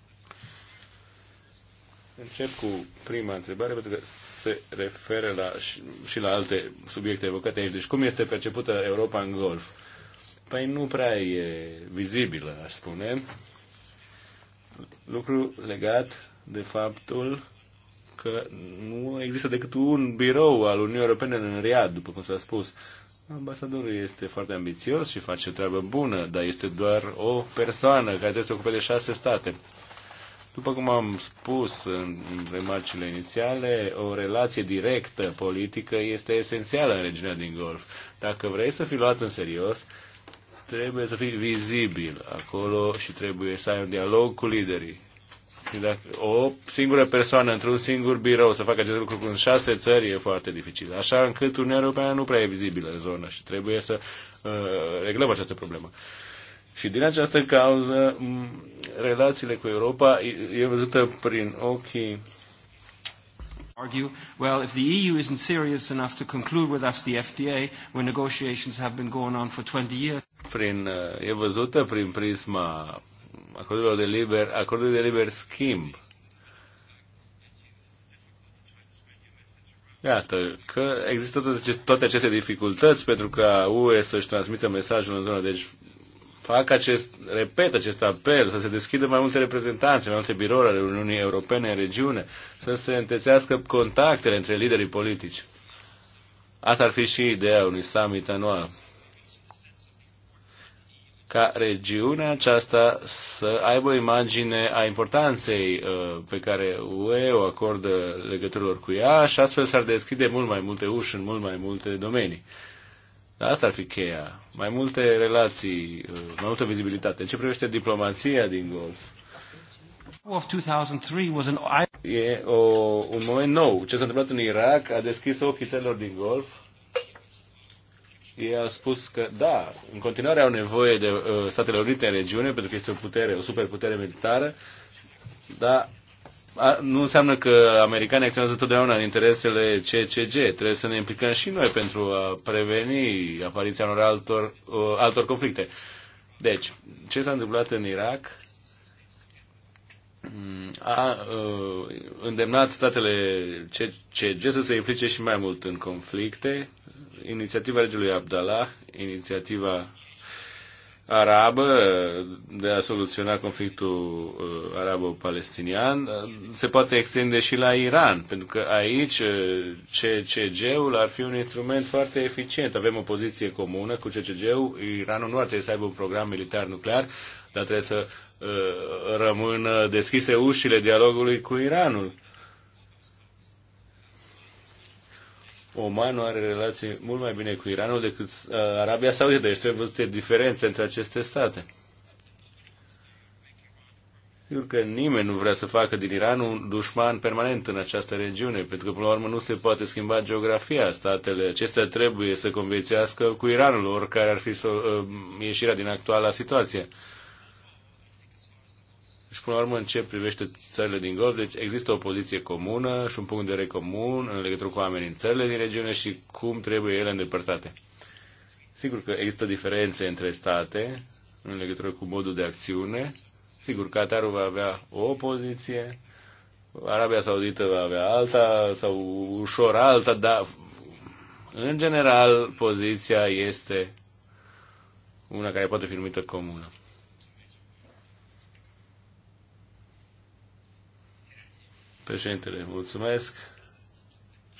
Încep cu prima întrebare, pentru că se referă la, și, și la alte subiecte evocate aici. Deci, cum este percepută Europa în golf? Păi nu prea e vizibilă, aș spune. Lucru legat de faptul că nu există decât un birou al Uniunii Europene în Riad, după cum s-a spus. Ambasadorul este foarte ambițios și face o treabă bună, dar este doar o persoană care trebuie să ocupe de șase state. După cum am spus în remarcile inițiale, o relație directă politică este esențială în regiunea din Golf. Dacă vrei să fii luat în serios, trebuie să fii vizibil acolo și trebuie să ai un dialog cu liderii și Dacă o singură persoană într-un singur birou să facă acest lucru în șase țări e foarte dificil. Așa încât Uniunea Europeană nu prea e vizibilă în zonă și trebuie să uh, reglăm această problemă. Și din această cauză, relațiile cu Europa e văzută prin ochii argue, well, if the EU isn't serious enough to conclude with us the FTA, where negotiations have been going on for 20 years. Prin, uh, e văzută prin prisma Acordul de liber, acordul de liber schimb. Iată, că există toate aceste dificultăți pentru ca UE să-și transmită mesajul în zonă. Deci fac acest, repet acest apel, să se deschidă mai multe reprezentanțe, mai multe birouri ale Uniunii Europene în regiune, să se întețească contactele între liderii politici. Asta ar fi și ideea unui summit anual ca regiunea aceasta să aibă o imagine a importanței uh, pe care UE o acordă legăturilor cu ea și astfel s-ar deschide mult mai multe uși în mult mai multe domenii. Dar asta ar fi cheia. Mai multe relații, uh, mai multă vizibilitate. În ce privește diplomația din Golf? Of 2003 was an... E o, un moment nou. Ce s-a întâmplat în Irak a deschis ochii celor din Golf ei au spus că, da, în continuare au nevoie de uh, Statele Unite în regiune, pentru că este o putere, o superputere militară, dar a, nu înseamnă că americanii acționează întotdeauna în interesele CCG. Trebuie să ne implicăm și noi pentru a preveni apariția unor altor, uh, altor conflicte. Deci, ce s-a întâmplat în Irak a îndemnat statele CCG să se implice și mai mult în conflicte. Inițiativa regelui Abdallah, inițiativa arabă de a soluționa conflictul uh, arabo-palestinian uh, se poate extinde și la Iran, pentru că aici uh, CCG-ul ar fi un instrument foarte eficient. Avem o poziție comună cu CCG-ul, Iranul nu ar trebui să aibă un program militar nuclear, dar trebuie să Uh, rămân deschise ușile dialogului cu Iranul. Omanul are relații mult mai bine cu Iranul decât uh, Arabia Saudită, deci trebuie văzute diferențe între aceste state. Sigur că nimeni nu vrea să facă din Iran un dușman permanent în această regiune, pentru că, până la urmă, nu se poate schimba geografia. Statele acestea trebuie să conviețească cu Iranul, oricare ar fi so- uh, ieșirea din actuala situație. Și până la urmă, în ce privește țările din Golf, deci există o poziție comună și un punct de comun în legătură cu amenințările din regiune și cum trebuie ele îndepărtate. Sigur că există diferențe între state în legătură cu modul de acțiune. Sigur, Qatarul va avea o poziție, Arabia Saudită va avea alta sau ușor alta, dar în general poziția este una care poate fi numită comună. Președintele, mulțumesc.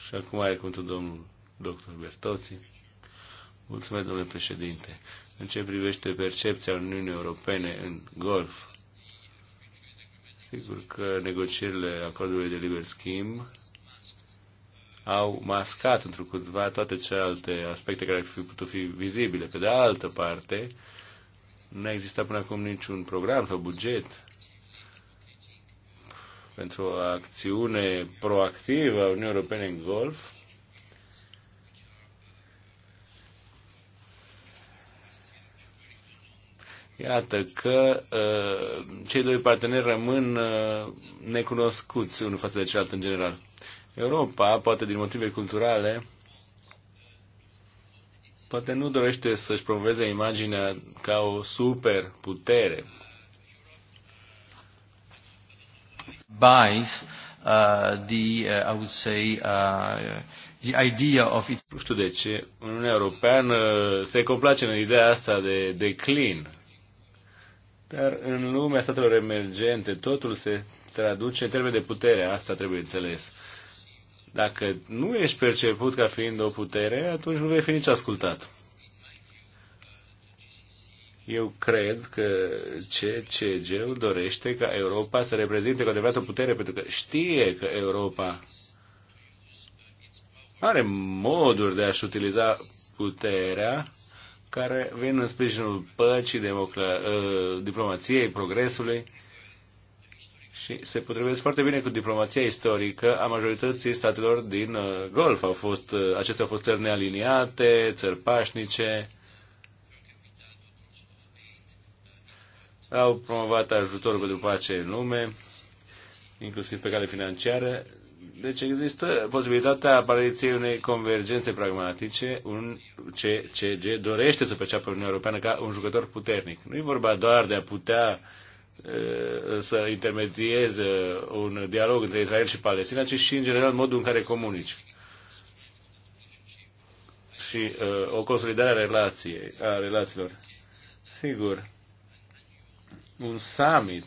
Și acum are cuvântul domnul doctor Bertoții. Mulțumesc, domnule președinte. În ce privește percepția Uniunii Europene în golf, sigur că negocierile acordului de liber schimb au mascat într-un câtva toate celelalte aspecte care ar fi putut fi vizibile. Pe de altă parte, nu a existat până acum niciun program sau buget pentru o acțiune proactivă a Uniunii Europene în Golf, Iată că uh, cei doi parteneri rămân uh, necunoscuți unul față de celălalt în general. Europa, poate din motive culturale, poate nu dorește să-și promoveze imaginea ca o superputere. buys uh, the, uh, I would say, uh, the idea of it. Nu știu de ce Uniunea Europeană uh, se complace în ideea asta de clean, Dar în lumea statelor emergente totul se traduce în termeni de putere. Asta trebuie înțeles. Dacă nu ești perceput ca fiind o putere, atunci nu vei fi nici ascultat. Eu cred că CCG-ul dorește ca Europa să reprezinte cu adevărat o putere, pentru că știe că Europa are moduri de a-și utiliza puterea care vin în sprijinul păcii, democla, uh, diplomației, progresului și se potrivesc foarte bine cu diplomația istorică a majorității statelor din uh, Golf. Au fost, uh, acestea au fost țări nealiniate, țări pașnice, au promovat ajutorul pentru pace în lume, inclusiv pe cale financiară. Deci există posibilitatea apariției unei convergențe pragmatice, un CCG dorește să perceapă Uniunea Europeană ca un jucător puternic. Nu e vorba doar de a putea uh, să intermedieze un dialog între Israel și Palestina, ci și, în general, modul în care comunici. Și uh, o consolidare a, relației, a relațiilor. Sigur, un summit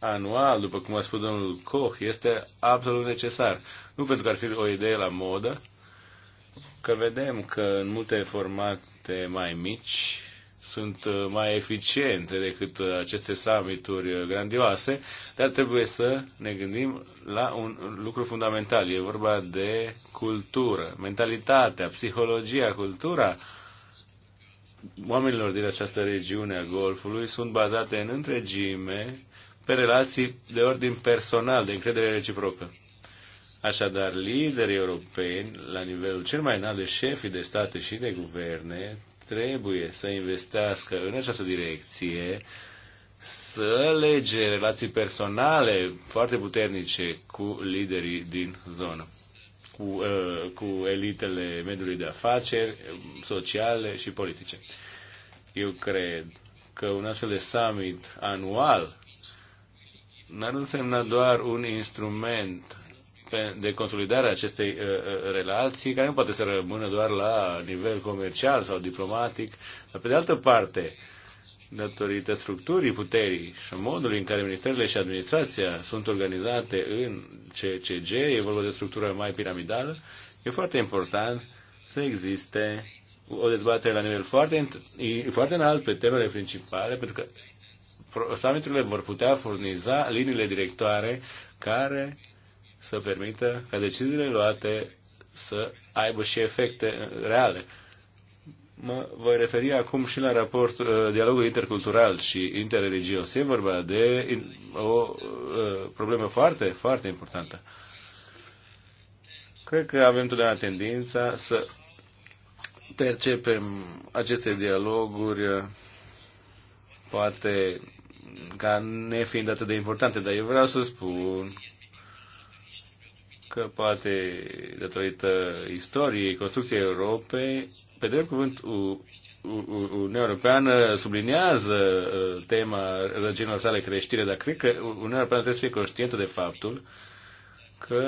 anual, după cum a spus domnul Koch, este absolut necesar. Nu pentru că ar fi o idee la modă, că vedem că în multe formate mai mici sunt uh, mai eficiente decât uh, aceste summituri uh, grandioase, dar trebuie să ne gândim la un lucru fundamental. E vorba de cultură, mentalitatea, psihologia, cultura oamenilor din această regiune a Golfului sunt bazate în întregime pe relații de ordin personal, de încredere reciprocă. Așadar, liderii europeni, la nivelul cel mai înalt de șefii de state și de guverne, trebuie să investească în această direcție, să lege relații personale foarte puternice cu liderii din zonă cu, uh, cu elitele mediului de afaceri, sociale și politice. Eu cred că un astfel de summit anual n-ar însemna doar un instrument de consolidare a acestei uh, uh, relații, care nu poate să rămână doar la nivel comercial sau diplomatic, dar pe de altă parte, uh, datorită structurii puterii și modului în care ministerele și administrația sunt organizate în CCG, e vorba de structură mai piramidală, e foarte important să existe o dezbatere la nivel foarte, foarte înalt pe temele principale, pentru că summiturile vor putea furniza liniile directoare care să permită ca deciziile luate să aibă și efecte reale. Mă voi referi acum și la raport, uh, dialogul intercultural și interreligios. E vorba de o uh, problemă foarte, foarte importantă. Cred că avem totdeauna tendința să percepem aceste dialoguri uh, poate ca nefiind atât de importante, dar eu vreau să spun că poate, datorită istoriei, construcției Europei, pe drept cuvânt, Uniunea Europeană subliniază uh, tema răginilor sale creștire, dar cred că Uniunea Europeană trebuie să fie conștientă de faptul că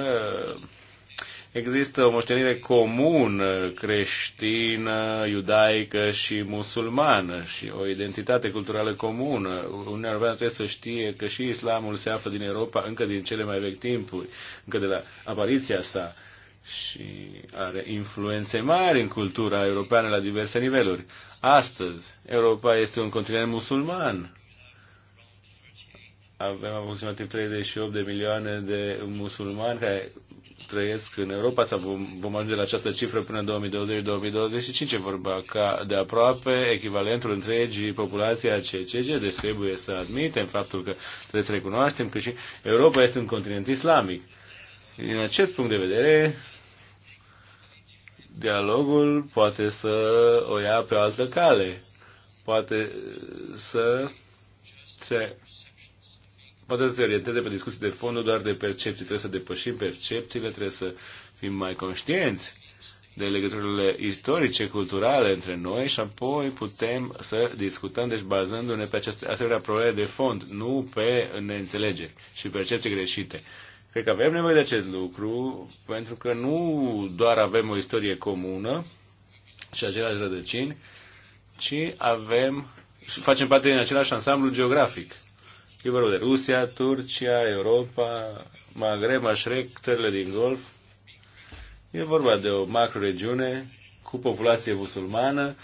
Există o moștenire comună creștină, iudaică și musulmană și o identitate culturală comună. Uniunea Europeană trebuie să știe că și islamul se află din Europa încă din cele mai vechi timpuri, încă de la apariția sa și are influențe mari în cultura europeană la diverse niveluri. Astăzi, Europa este un continent musulman avem aproximativ 38 de milioane de musulmani care trăiesc în Europa sau vom, vom ajunge la această cifră până 2020-2025 e vorba ca de aproape echivalentul întregii populații a CCG, deci trebuie să admitem faptul că trebuie să recunoaștem că și Europa este un continent islamic. Din acest punct de vedere, dialogul poate să o ia pe o altă cale. Poate să se poate să se orienteze pe discuții de fond, nu doar de percepții. Trebuie să depășim percepțiile, trebuie să fim mai conștienți de legăturile istorice, culturale între noi și apoi putem să discutăm, deci bazându-ne pe aceste asemenea probleme de fond, nu pe neînțelegeri și percepții greșite. Cred că avem nevoie de acest lucru pentru că nu doar avem o istorie comună și aceleași rădăcini, ci avem, facem parte din același ansamblu geografic. E vorba de Rusia, Turcia, Europa, Maghreb, Mașrec, țările din Golf. E vorba de o macroregiune cu populație musulmană.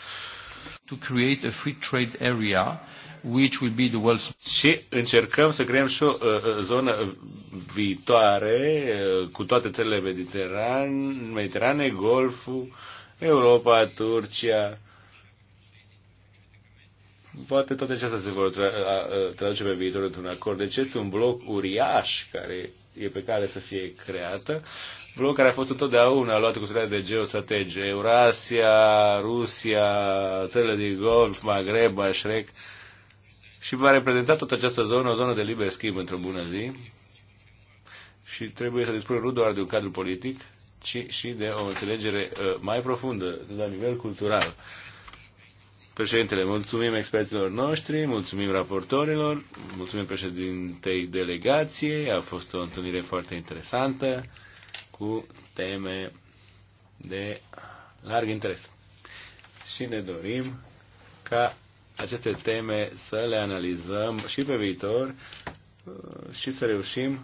To create a free trade area which will be the world's... Și încercăm să creăm și o uh, uh zonă viitoare uh, cu toate țările mediteran, mediterane, Golful, Europa, Turcia, poate toate acestea se vor tra- traduce pe viitor într-un acord. Deci este un bloc uriaș care e pe care să fie creată, bloc care a fost întotdeauna luat în considerare de geostrategie, Eurasia, Rusia, țările din Golf, Maghreb, Mașrec, și va reprezenta toată această zonă, o zonă de liber schimb într-o bună zi. Și trebuie să dispună nu doar de un cadru politic, ci și de o înțelegere uh, mai profundă, la nivel cultural Președintele, mulțumim expertilor noștri, mulțumim raportorilor, mulțumim președintei delegației, a fost o întâlnire foarte interesantă cu teme de larg interes. Și ne dorim ca aceste teme să le analizăm și pe viitor uh, și să reușim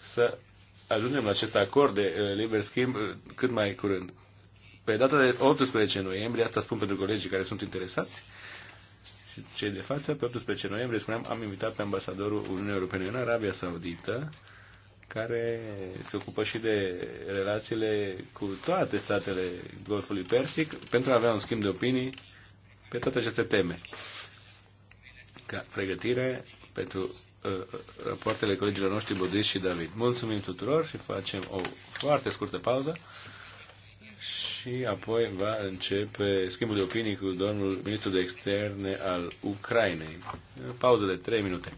să ajungem la acest acord de uh, liber schimb uh, cât mai curând. Pe data de 18 noiembrie, asta spun pentru colegii care sunt interesați, și cei de față, pe 18 noiembrie, spuneam, am invitat pe ambasadorul Uniunii Europene în Arabia Saudită, care se ocupă și de relațiile cu toate statele Golfului Persic, pentru a avea un schimb de opinii pe toate aceste teme. Ca pregătire pentru uh, rapoartele colegilor noștri Bodis și David. Mulțumim tuturor și facem o foarte scurtă pauză și apoi va începe schimbul de opinii cu domnul ministru de externe al Ucrainei. Pauză de 3 minute.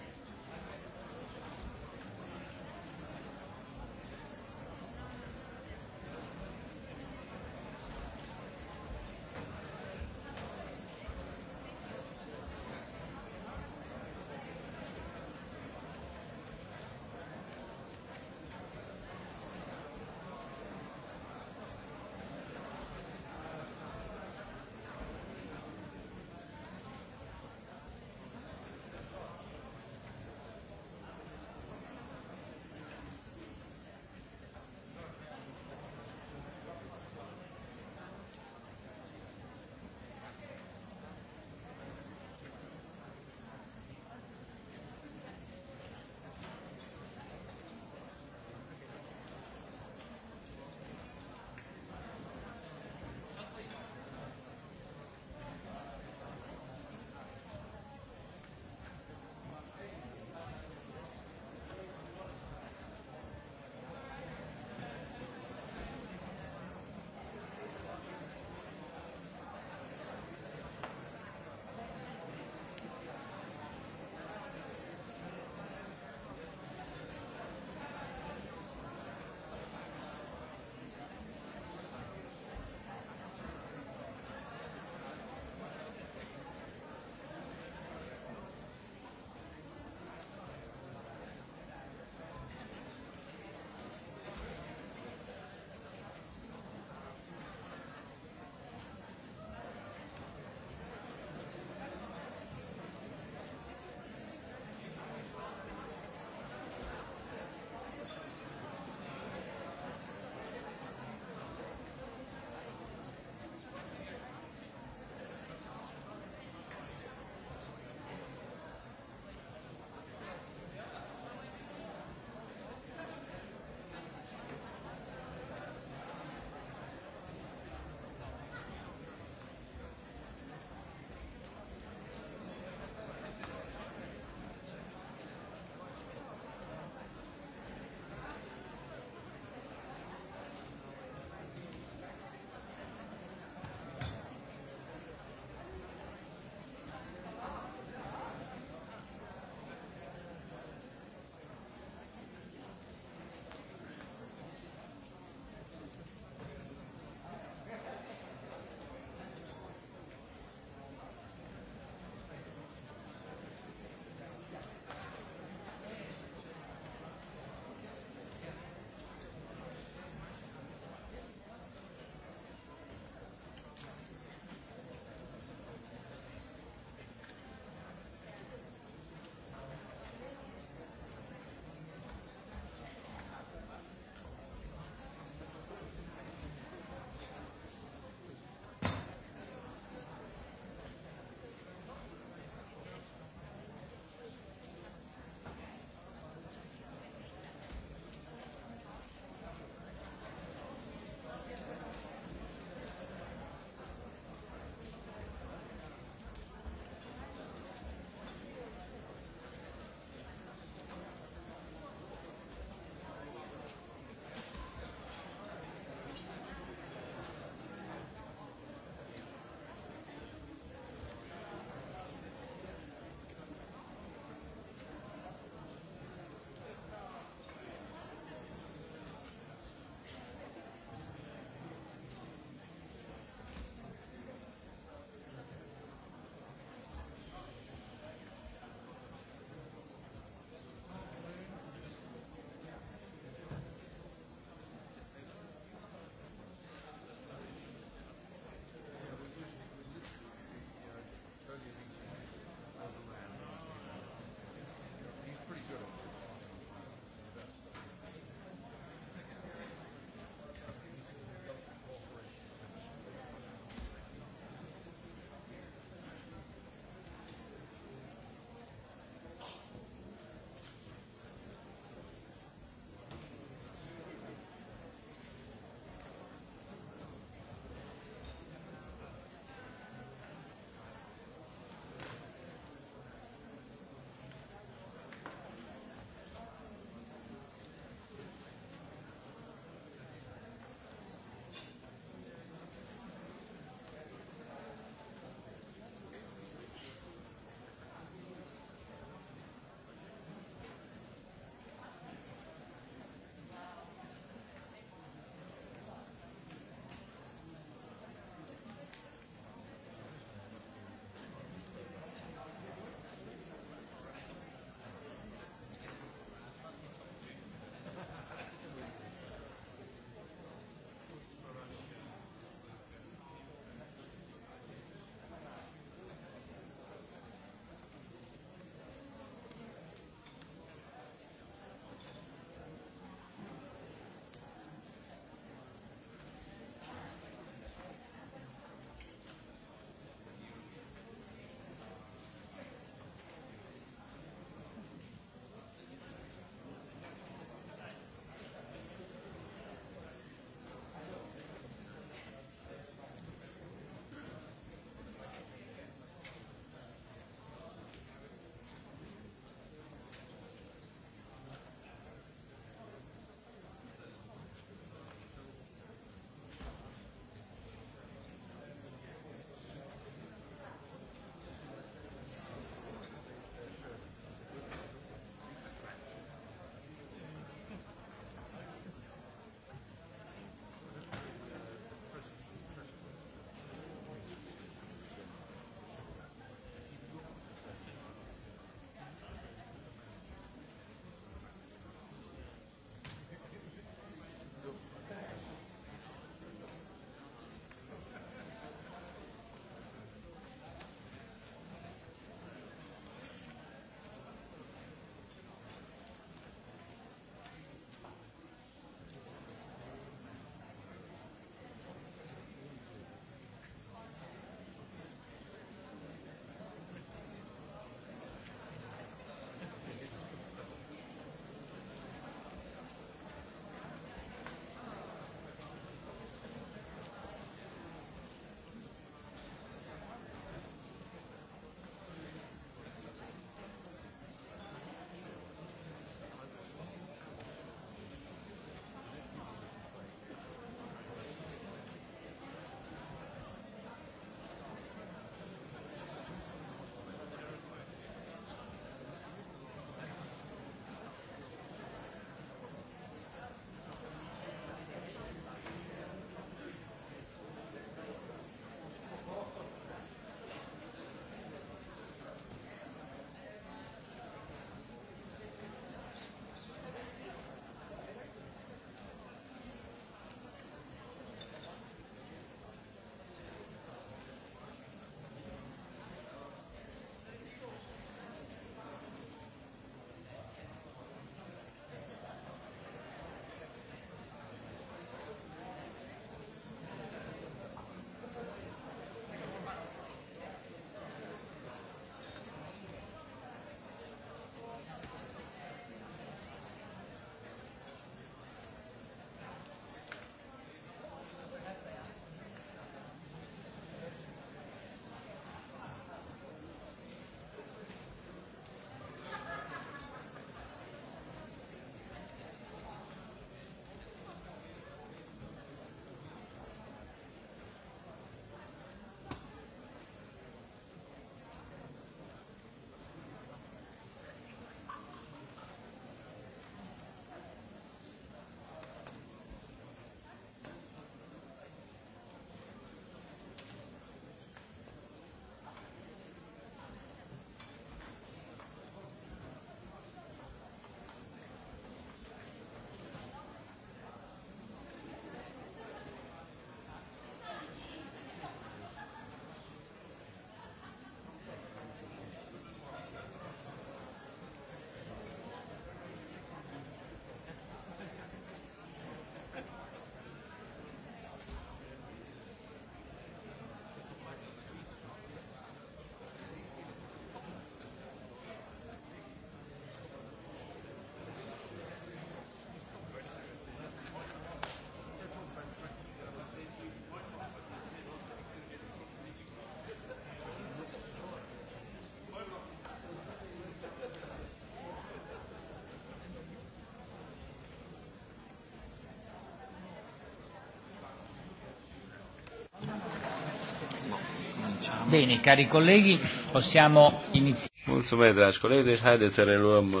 Bine, cari colegi, possiamo inizia. Mulțumesc, dragi colegi, deci haideți să reluăm uh,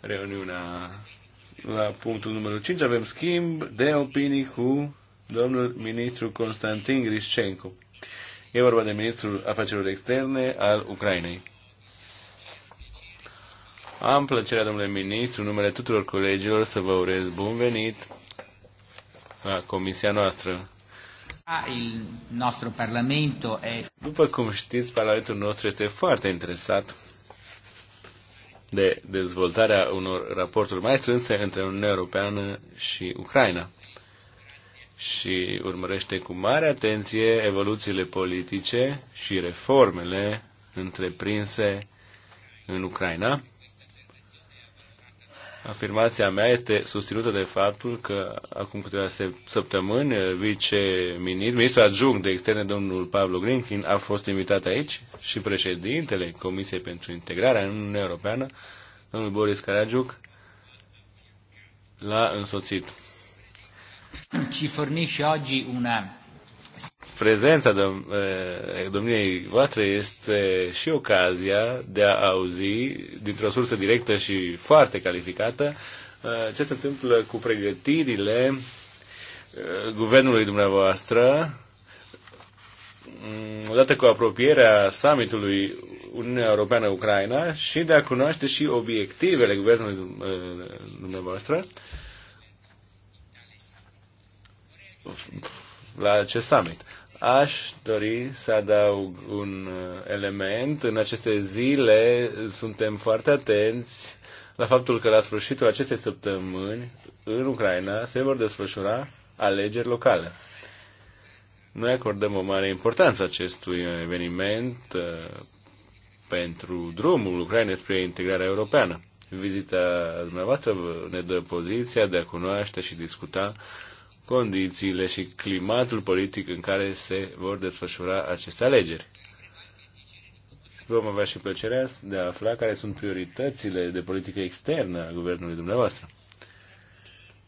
reuniunea la punctul numărul 5. Avem schimb de opinii cu domnul ministru Constantin Griscenco. E vorba de ministrul afacerilor externe al Ucrainei. Am plăcerea, domnule ministru, în numele tuturor colegilor, să vă urez bun venit la comisia noastră. Ah, După cum știți, Parlamentul nostru este foarte interesat de dezvoltarea unor raporturi mai strânse între Uniunea Europeană și Ucraina și urmărește cu mare atenție evoluțiile politice și reformele întreprinse în Ucraina Afirmația mea este susținută de faptul că acum câteva săptămâni eh, viceministrul, ministrul adjunct de externe, domnul Pablo Grinkin, a fost invitat aici și președintele Comisiei pentru Integrarea în Uniunea Europeană, domnul Boris Caragiuc, l-a însoțit. Ci fornisce oggi una prezența eh, domniei voastre este și ocazia de a auzi dintr-o sursă directă și foarte calificată eh, ce se întâmplă cu pregătirile eh, guvernului dumneavoastră mm, odată cu apropierea summitului Uniunea Europeană-Ucraina și de a cunoaște și obiectivele guvernului dumneavoastră la acest summit. Aș dori să adaug un uh, element. În aceste zile suntem foarte atenți la faptul că la sfârșitul acestei săptămâni în Ucraina se vor desfășura alegeri locale. Noi acordăm o mare importanță acestui eveniment uh, pentru drumul Ucrainei spre integrarea europeană. Vizita dumneavoastră ne dă poziția de a cunoaște și discuta uh, condițiile și climatul politic în care se vor desfășura aceste alegeri. Vom avea și plăcerea de a afla care sunt prioritățile de politică externă a guvernului dumneavoastră.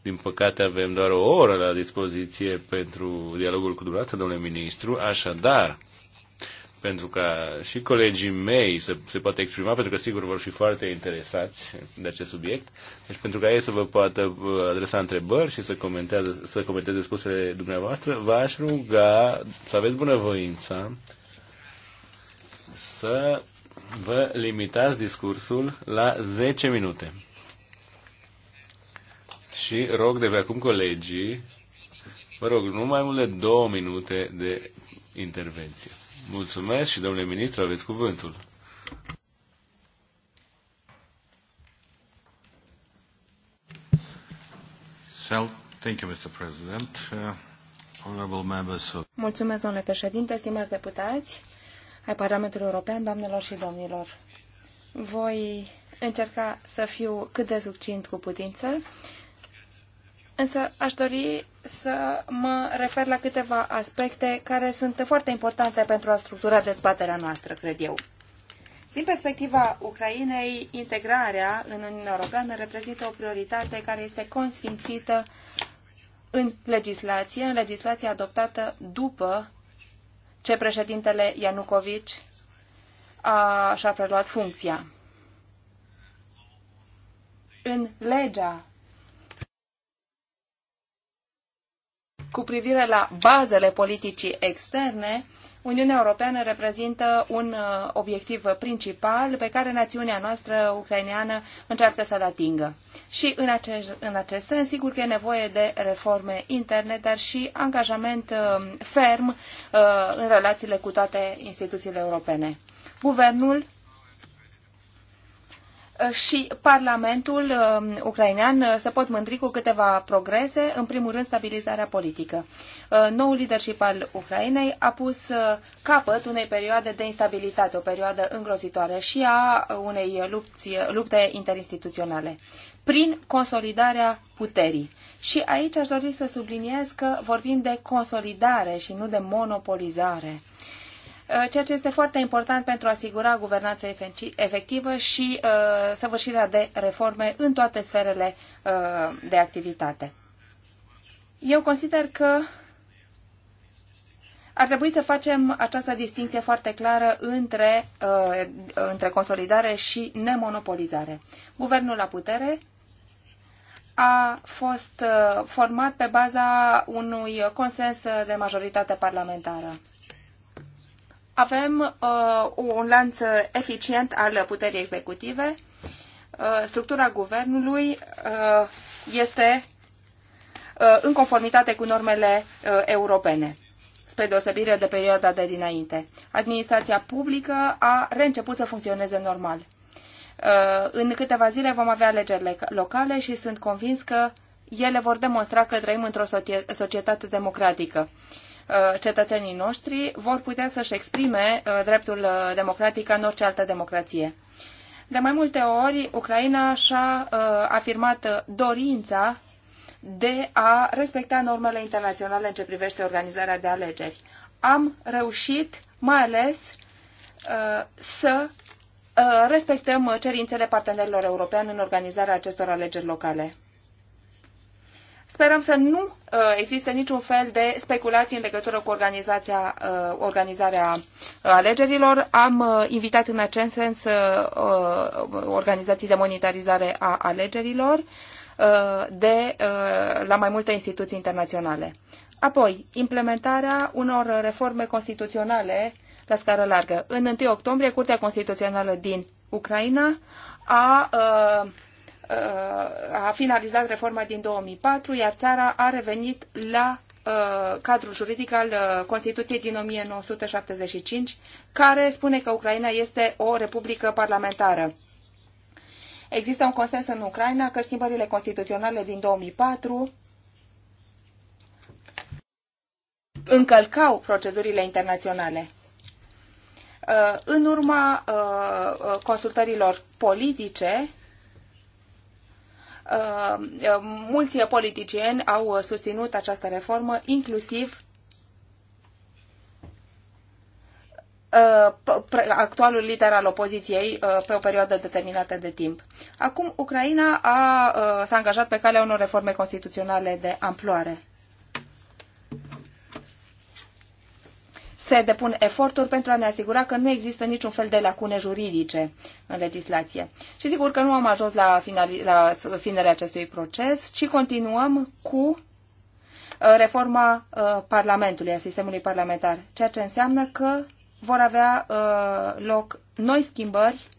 Din păcate avem doar o oră la dispoziție pentru dialogul cu dumneavoastră, domnule ministru, așadar pentru ca și colegii mei să se poată exprima, pentru că sigur vor fi foarte interesați de acest subiect, deci pentru ca ei să vă poată uh, adresa întrebări și să, comentează, să comenteze spusele dumneavoastră, v-aș ruga să aveți bunăvoința să vă limitați discursul la 10 minute. Și rog de pe acum colegii, vă rog, nu mai mult de două minute de intervenție. Mulțumesc și, domnule ministru, aveți cuvântul. Thank you, Mr. President. Uh, honorable members of... Mulțumesc, domnule președinte, stimați deputați ai Parlamentului European, doamnelor și domnilor. Voi încerca să fiu cât de succint cu putință Însă aș dori să mă refer la câteva aspecte care sunt foarte importante pentru a structura dezbaterea noastră, cred eu. Din perspectiva Ucrainei, integrarea în Uniunea Europeană reprezintă o prioritate care este consfințită în legislație, în legislația adoptată după ce președintele Ianucovici a, și-a preluat funcția. În legea cu privire la bazele politicii externe, Uniunea Europeană reprezintă un uh, obiectiv principal pe care națiunea noastră ucraineană încearcă să-l atingă. Și în acest, în acest sens, sigur că e nevoie de reforme interne, dar și angajament uh, ferm uh, în relațiile cu toate instituțiile europene. Guvernul și Parlamentul uh, ucrainean uh, se pot mândri cu câteva progrese, în primul rând stabilizarea politică. Uh, noul leadership al Ucrainei a pus capăt unei perioade de instabilitate, o perioadă îngrozitoare și a unei lupți, lupte interinstituționale prin consolidarea puterii. Și aici aș dori să subliniez că vorbim de consolidare și nu de monopolizare. Uh, ceea ce este foarte important pentru a asigura guvernanța efectivă și uh, săvârșirea de reforme în toate sferele uh, de activitate. Eu consider că ar trebui să facem această distinție foarte clară între, uh, între consolidare și nemonopolizare. Guvernul la putere a fost uh, format pe baza unui consens de majoritate parlamentară avem uh, un lanț eficient al puterii executive. Uh, structura guvernului uh, este uh, în conformitate cu normele uh, europene spre deosebire de perioada de dinainte. Administrația publică a reînceput să funcționeze normal. Uh, în câteva zile vom avea alegerile locale și sunt convins că ele vor demonstra că trăim într-o societate democratică. Uh, cetățenii noștri vor putea să-și exprime uh, dreptul uh, democratic ca în orice altă democrație. De mai multe ori, Ucraina și-a afirmat dorința de a respecta normele internaționale în ce privește organizarea de alegeri. Am reușit, mai ales, să respectăm cerințele partenerilor europeni în organizarea acestor alegeri locale. Sperăm să nu există uh, existe niciun fel de speculații în legătură cu organizația, uh, organizarea uh, alegerilor. Am invitat în acest sens organizații de monitorizare a alegerilor de la mai multe instituții internaționale. Apoi, implementarea unor reforme constituționale la scară largă. În 1 octombrie, Curtea Constituțională din Ucraina a uh, a finalizat reforma din 2004, iar țara a revenit la uh, cadrul juridic al uh, Constituției din 1975, care spune că Ucraina este o republică parlamentară. Există un consens în Ucraina că schimbările constituționale din 2004 încălcau procedurile internaționale. Uh, în urma consultărilor politice, Uh, uh, mulți politicieni au uh, susținut această reformă, inclusiv actualul lider al opoziției pe o perioadă determinată de timp. Acum, Ucraina a, s-a angajat pe calea unor reforme constituționale de amploare se depun eforturi pentru a ne asigura că nu există niciun fel de lacune juridice în legislație. Și sigur că nu am ajuns la, finali, la finele acestui proces, ci continuăm cu uh, reforma uh, Parlamentului, a sistemului parlamentar, ceea ce înseamnă că vor avea uh, loc noi schimbări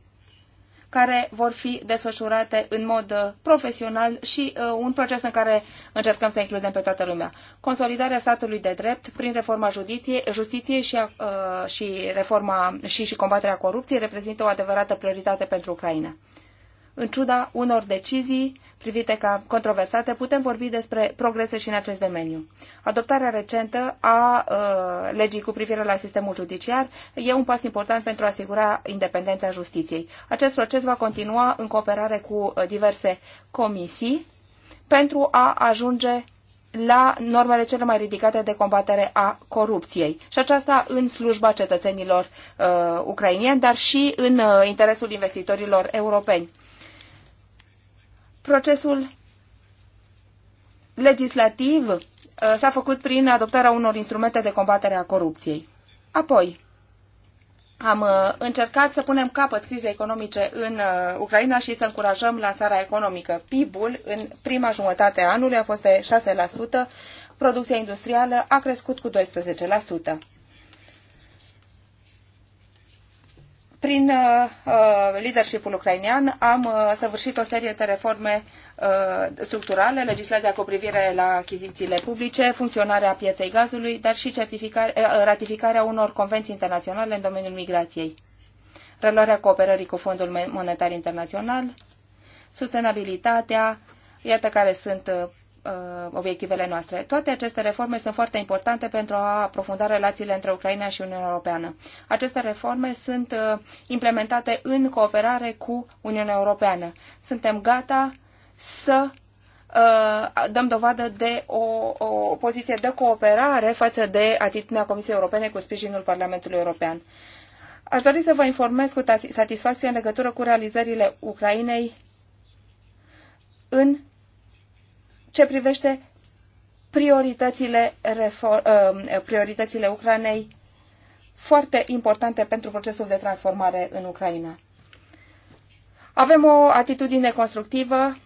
care vor fi desfășurate în mod uh, profesional și uh, un proces în care încercăm să includem pe toată lumea. Consolidarea statului de drept prin reforma justiției justiție și, uh, și reforma și, și combaterea corupției reprezintă o adevărată prioritate pentru Ucraina în ciuda unor decizii privite ca controversate, putem vorbi despre progrese și în acest domeniu. Adoptarea recentă a uh, legii cu privire la sistemul judiciar e un pas important pentru a asigura independența justiției. Acest proces va continua în cooperare cu uh, diverse comisii pentru a ajunge la normele cele mai ridicate de combatere a corupției. Și aceasta în slujba cetățenilor uh, ucrainieni, dar și în uh, interesul investitorilor europeni. Procesul legislativ uh, s-a făcut prin adoptarea unor instrumente de combatere a corupției. Apoi, am uh, încercat să punem capăt crizei economice în uh, Ucraina și să încurajăm lansarea economică. PIB-ul în prima jumătate a anului a fost de 6%, producția industrială a crescut cu 12%. Prin uh, uh, leadership-ul ucrainean am uh, săvârșit o serie de reforme uh, structurale, legislația cu privire la achizițiile publice, funcționarea pieței gazului, dar și uh, ratificarea unor convenții internaționale în domeniul migrației, reluarea cooperării cu Fondul Monetar Internațional, sustenabilitatea, iată care sunt uh, Uh, obiectivele noastre. Toate aceste reforme sunt foarte importante pentru a aprofunda relațiile între Ucraina și Uniunea Europeană. Aceste reforme sunt uh, implementate în cooperare cu Uniunea Europeană. Suntem gata să uh, dăm dovadă de o, o poziție de cooperare față de atitudinea Comisiei Europene cu sprijinul Parlamentului European. Aș dori să vă informez cu satisfacție în legătură cu realizările Ucrainei în ce privește prioritățile, ă, prioritățile Ucrainei foarte importante pentru procesul de transformare în Ucraina. Avem o atitudine constructivă.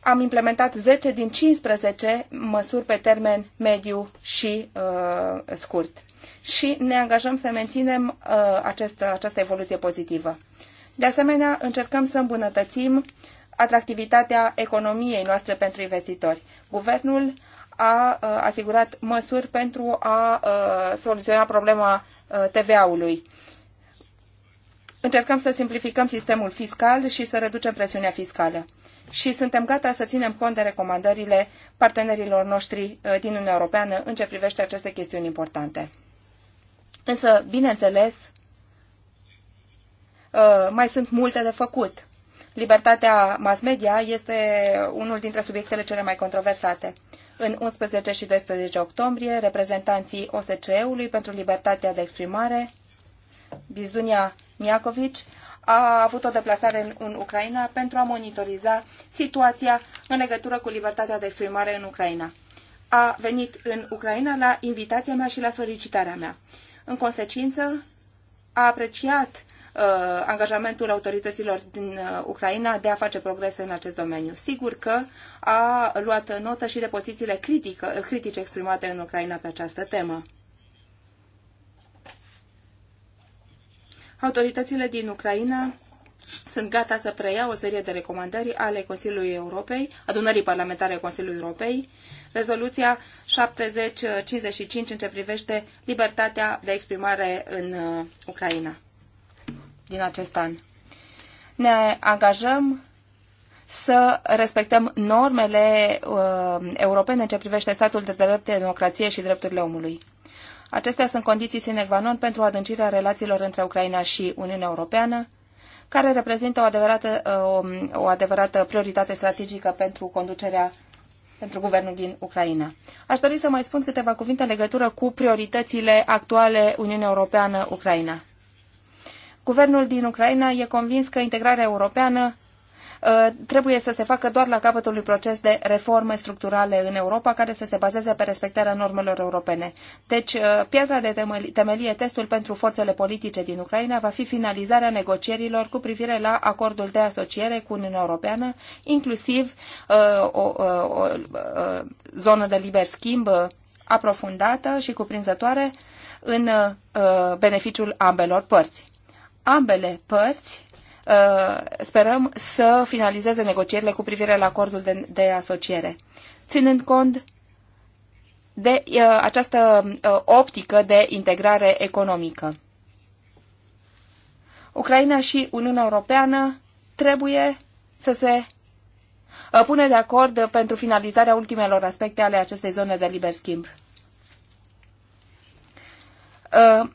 Am implementat 10 din 15 măsuri pe termen mediu și uh, scurt. Și ne angajăm să menținem uh, acest, această evoluție pozitivă. De asemenea, încercăm să îmbunătățim atractivitatea economiei noastre pentru investitori. Guvernul a uh, asigurat măsuri pentru a uh, soluționa problema uh, TVA-ului. Încercăm să simplificăm sistemul fiscal și să reducem presiunea fiscală. Și suntem gata să ținem cont de recomandările partenerilor noștri din Uniunea Europeană în ce privește aceste chestiuni importante. Însă, bineînțeles, mai sunt multe de făcut. Libertatea mass media este unul dintre subiectele cele mai controversate. În 11 și 12 octombrie, reprezentanții OSCE-ului pentru libertatea de exprimare, Bizunia Miakovici, a avut o deplasare în, în Ucraina pentru a monitoriza situația în legătură cu libertatea de exprimare în Ucraina. A venit în Ucraina la invitația mea și la solicitarea mea. În consecință, a apreciat Uh, angajamentul autorităților din uh, Ucraina de a face progrese în acest domeniu. Sigur că a luat notă și de pozițiile critică, critice exprimate în Ucraina pe această temă. Autoritățile din Ucraina sunt gata să preia o serie de recomandări ale Consiliului Europei, adunării parlamentare a Consiliului Europei, rezoluția 7055 în ce privește libertatea de exprimare în uh, Ucraina din acest an. Ne angajăm să respectăm normele uh, europene în ce privește statul de drept, democrație și drepturile omului. Acestea sunt condiții sine qua non pentru adâncirea relațiilor între Ucraina și Uniunea Europeană, care reprezintă o adevărată, uh, o adevărată prioritate strategică pentru conducerea pentru guvernul din Ucraina. Aș dori să mai spun câteva cuvinte în legătură cu prioritățile actuale Uniunea Europeană-Ucraina. Guvernul din Ucraina e convins că integrarea europeană uh, trebuie să se facă doar la capătul unui proces de reforme structurale în Europa care să se bazeze pe respectarea normelor europene. Deci, uh, piatra de temelie, testul pentru forțele politice din Ucraina va fi finalizarea negocierilor cu privire la acordul de asociere cu Uniunea Europeană, inclusiv uh, o, o, o zonă de liber schimb aprofundată și cuprinzătoare în beneficiul ambelor părți ambele părți uh, sperăm să finalizeze negocierile cu privire la acordul de, de asociere, ținând cont de uh, această uh, optică de integrare economică. Ucraina și Uniunea Europeană trebuie să se uh, pune de acord pentru finalizarea ultimelor aspecte ale acestei zone de liber schimb. Uh,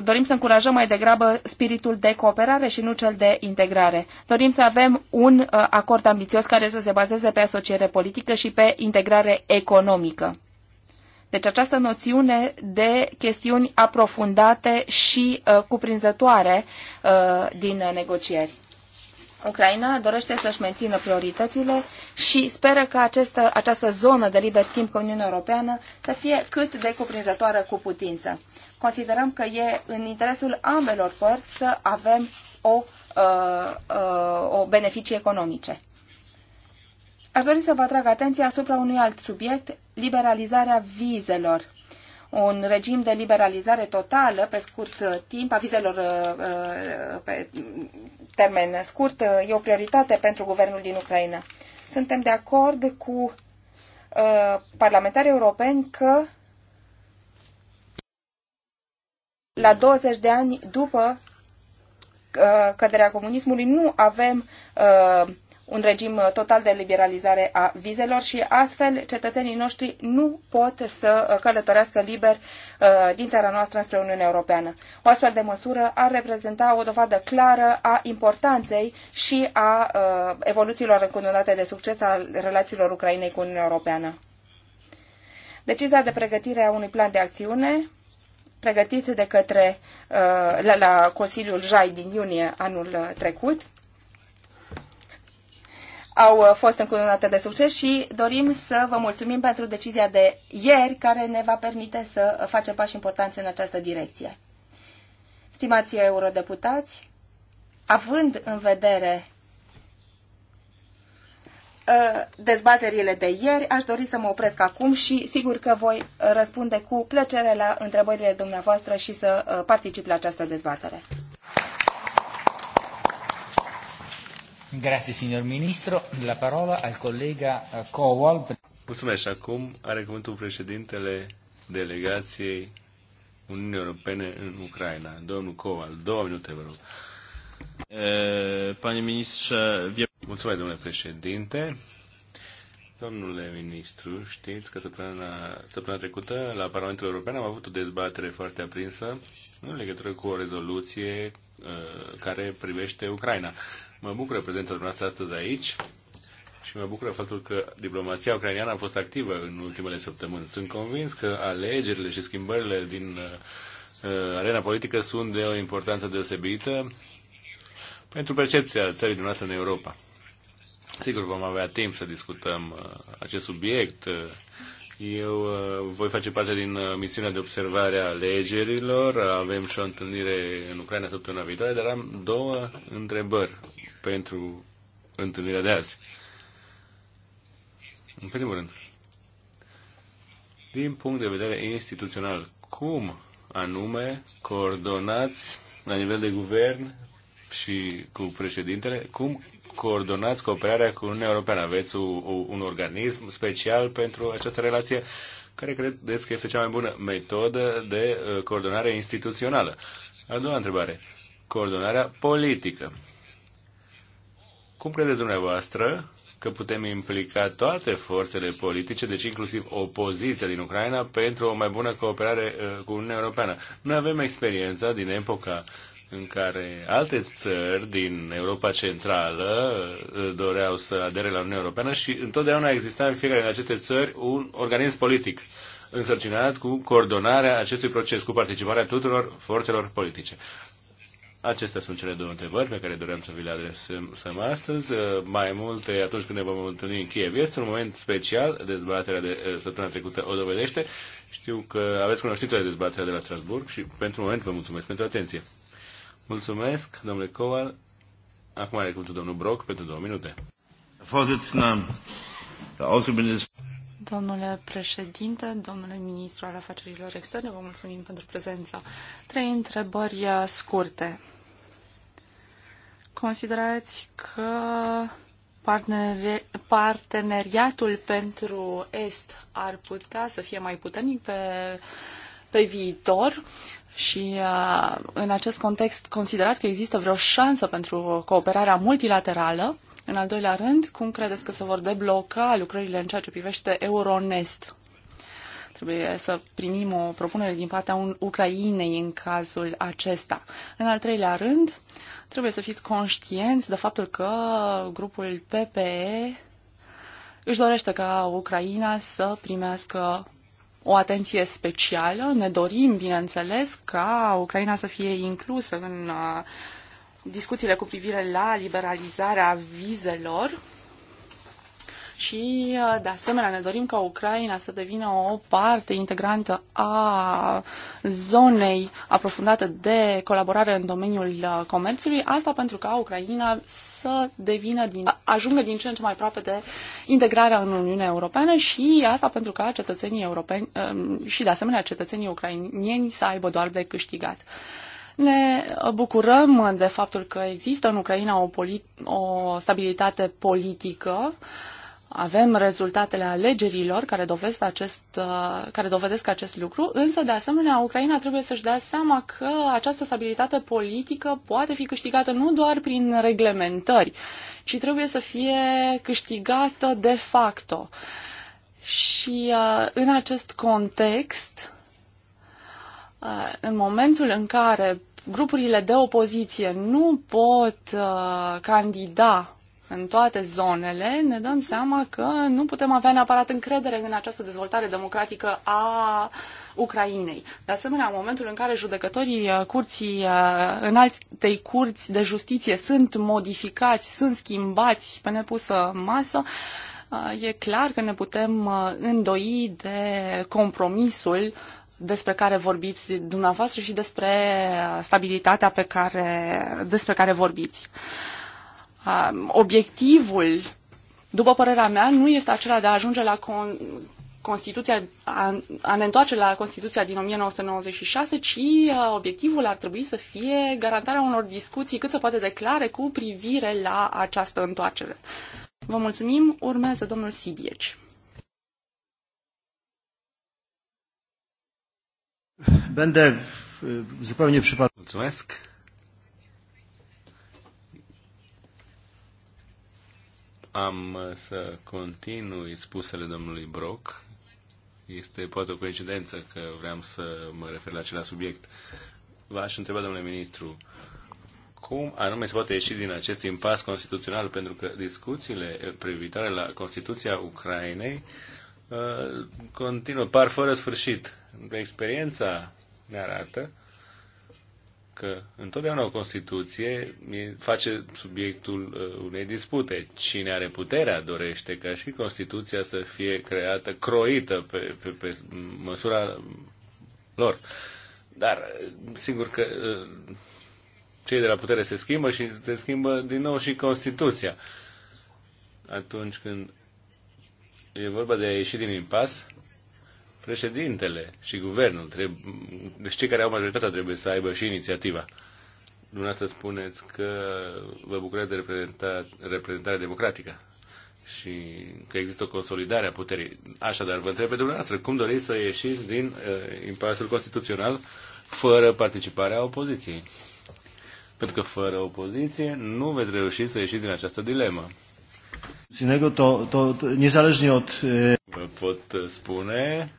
dorim să încurajăm mai degrabă spiritul de cooperare și nu cel de integrare. Dorim să avem un uh, acord ambițios care să se bazeze pe asociere politică și pe integrare economică. Deci această noțiune de chestiuni aprofundate și uh, cuprinzătoare uh, din negocieri. Ucraina dorește să-și mențină prioritățile și speră că această, această zonă de liber schimb cu Uniunea Europeană să fie cât de cuprinzătoare cu putință considerăm că e în interesul ambelor părți să avem o, uh, uh, o beneficii economice. Aș dori să vă atrag atenția asupra unui alt subiect, liberalizarea vizelor. Un regim de liberalizare totală pe scurt uh, timp a vizelor uh, uh pe termen scurt uh, e o prioritate pentru guvernul din Ucraina. Suntem de acord cu parlamentarii europeni că la 20 de ani după uh, căderea comunismului nu avem uh, un regim total de liberalizare a vizelor și astfel cetățenii noștri nu pot să călătorească liber uh, din țara noastră spre Uniunea Europeană. O astfel de măsură ar reprezenta o dovadă clară a importanței și a evoluțiilor încununate de succes al relațiilor Ucrainei cu Uniunea Europeană. Decizia de pregătire a unui plan de acțiune pregătit de către uh, la, la Consiliul JAI din iunie anul uh, trecut au uh, fost încununate de succes și dorim să vă mulțumim pentru decizia de ieri care ne va permite să facem pași importanți în această direcție. Stimați eurodeputați, având în vedere Ă, dezbaterile de ieri. Aș dori să mă opresc acum și sigur că voi răspunde cu plăcere la întrebările dumneavoastră și să ă, particip la această dezbatere. Grazie, signor Ministro. La parola al collega Cowal. Mulțumesc. Acum are cuvântul președintele delegației Uniunii Europene în Ucraina, domnul Cowal. Două minute, vă rog. Mulțumesc, domnule președinte. Domnule ministru, știți că săptămâna, săptămâna trecută la Parlamentul European am avut o dezbatere foarte aprinsă în legătură cu o rezoluție uh, care privește Ucraina. Mă bucură prezența dumneavoastră astăzi aici și mă bucură faptul că diplomația ucraineană a fost activă în ultimele săptămâni. Sunt convins că alegerile și schimbările din uh, uh arena politică sunt de o importanță deosebită pentru percepția țării dumneavoastră în Europa. Sigur, vom avea timp să discutăm uh, acest subiect. Uh, eu uh, voi face parte din misiunea de observare a legerilor Avem și o întâlnire în Ucraina săptămâna viitoare, dar am două întrebări pentru întâlnirea de azi. În primul rând, din punct de vedere instituțional, cum anume coordonați la nivel de guvern și cu președintele, cum coordonați cooperarea cu Uniunea Europeană? Aveți un, un organism special pentru această relație? Care credeți că este cea mai bună metodă de uh, coordonare instituțională? A doua întrebare. Coordonarea politică. Cum credeți dumneavoastră că putem implica toate forțele politice, deci inclusiv opoziția din Ucraina, pentru o mai bună cooperare uh, cu Uniunea Europeană. Noi avem experiența din epoca în care alte țări din Europa Centrală uh, doreau să adere la Uniunea Europeană și întotdeauna exista în fiecare din aceste țări un organism politic însărcinat cu coordonarea acestui proces, cu participarea tuturor forțelor politice. Acestea sunt cele două întrebări pe care doream să vi le adresăm astăzi. Uh, mai multe atunci când ne vom întâlni în Kiev. Este un moment special, dezbaterea de uh, săptămâna trecută o dovedește. Știu că aveți cunoștință de dezbaterea de la Strasburg și pentru moment vă mulțumesc pentru atenție. Mulțumesc, domnule Cowal. Acum are cuvântul domnul Brock pentru două minute. Domnule președinte, domnule ministru al afacerilor externe, vă mulțumim pentru prezența. Trei întrebări uh, scurte. Considerați că parteneriatul pentru Est ar putea să fie mai puternic pe, pe viitor? Uh, și uh, în acest context considerați că există vreo șansă pentru cooperarea multilaterală? În al doilea rând, cum credeți că se vor debloca lucrările în ceea ce privește Euronest? Trebuie să primim o propunere din partea Ucrainei în cazul acesta. În al treilea rând, trebuie să fiți conștienți de faptul că grupul PPE își dorește ca Ucraina să primească o atenție specială. Ne dorim, bineînțeles, ca Ucraina să fie inclusă în uh, discuțiile cu privire la liberalizarea vizelor și, uh, de asemenea, ne dorim ca Ucraina să devină o parte integrantă a zonei aprofundate de colaborare în domeniul uh, comerțului, asta pentru ca Ucraina să devină din, ajungă din ce în ce mai aproape de integrarea în Uniunea Europeană și asta pentru ca cetățenii europeni uh, și, de asemenea, cetățenii ucrainieni să aibă doar de câștigat. Ne bucurăm de faptul că există în Ucraina o, polit- o stabilitate politică uh, avem rezultatele alegerilor care dovedesc, acest, uh, care dovedesc acest lucru, însă, de asemenea, Ucraina trebuie să-și dea seama că această stabilitate politică poate fi câștigată nu doar prin reglementări, ci trebuie să fie câștigată de facto. Și uh, în acest context, uh, în momentul în care grupurile de opoziție nu pot candida în toate zonele, ne dăm seama că nu putem avea neapărat încredere în această dezvoltare democratică a Ucrainei. De asemenea, în momentul în care judecătorii uh, curții, uh, în altei curți de justiție sunt modificați, sunt schimbați pe nepusă masă, uh, e clar că ne putem îndoi de compromisul despre care vorbiți dumneavoastră și despre stabilitatea pe care, despre care vorbiți. Uh, Um, obiectivul, după părerea mea, nu este acela de a ajunge la con- Constituția, a, a ne întoarce la Constituția din 1996, ci uh, obiectivul ar trebui să fie garantarea unor discuții cât se poate declare cu privire la această întoarcere. Vă mulțumim. Urmează domnul Sibieci. Będę zupełnie Mulțumesc. Am uh, să continui spusele domnului Brock. Este poate o coincidență că vreau să mă refer la același subiect. V-aș întreba, domnule ministru, cum anume se poate ieși din acest impas constituțional, pentru că discuțiile privitoare la Constituția Ucrainei uh, continuă, par fără sfârșit. Experiența ne arată că întotdeauna o Constituție face subiectul uh, unei dispute. Cine are puterea dorește ca și Constituția să fie creată, croită pe, pe, pe măsura lor. Dar, uh, sigur că uh, cei de la putere se schimbă și se schimbă din nou și Constituția. Atunci când e vorba de a ieși din impas, președintele și guvernul, trebuie, deci cei care au majoritatea trebuie să aibă și inițiativa. Dumneavoastră spuneți că vă bucurați de reprezentare, reprezentare democratică și că există o consolidare a puterii. Așadar, vă întreb pe dumneavoastră, cum doriți să ieșiți din uh, impasul constituțional fără participarea opoziției? Pentru că fără opoziție nu veți reuși să ieșiți din această dilemă. To, to, to, niezależnie od... pot uh, spune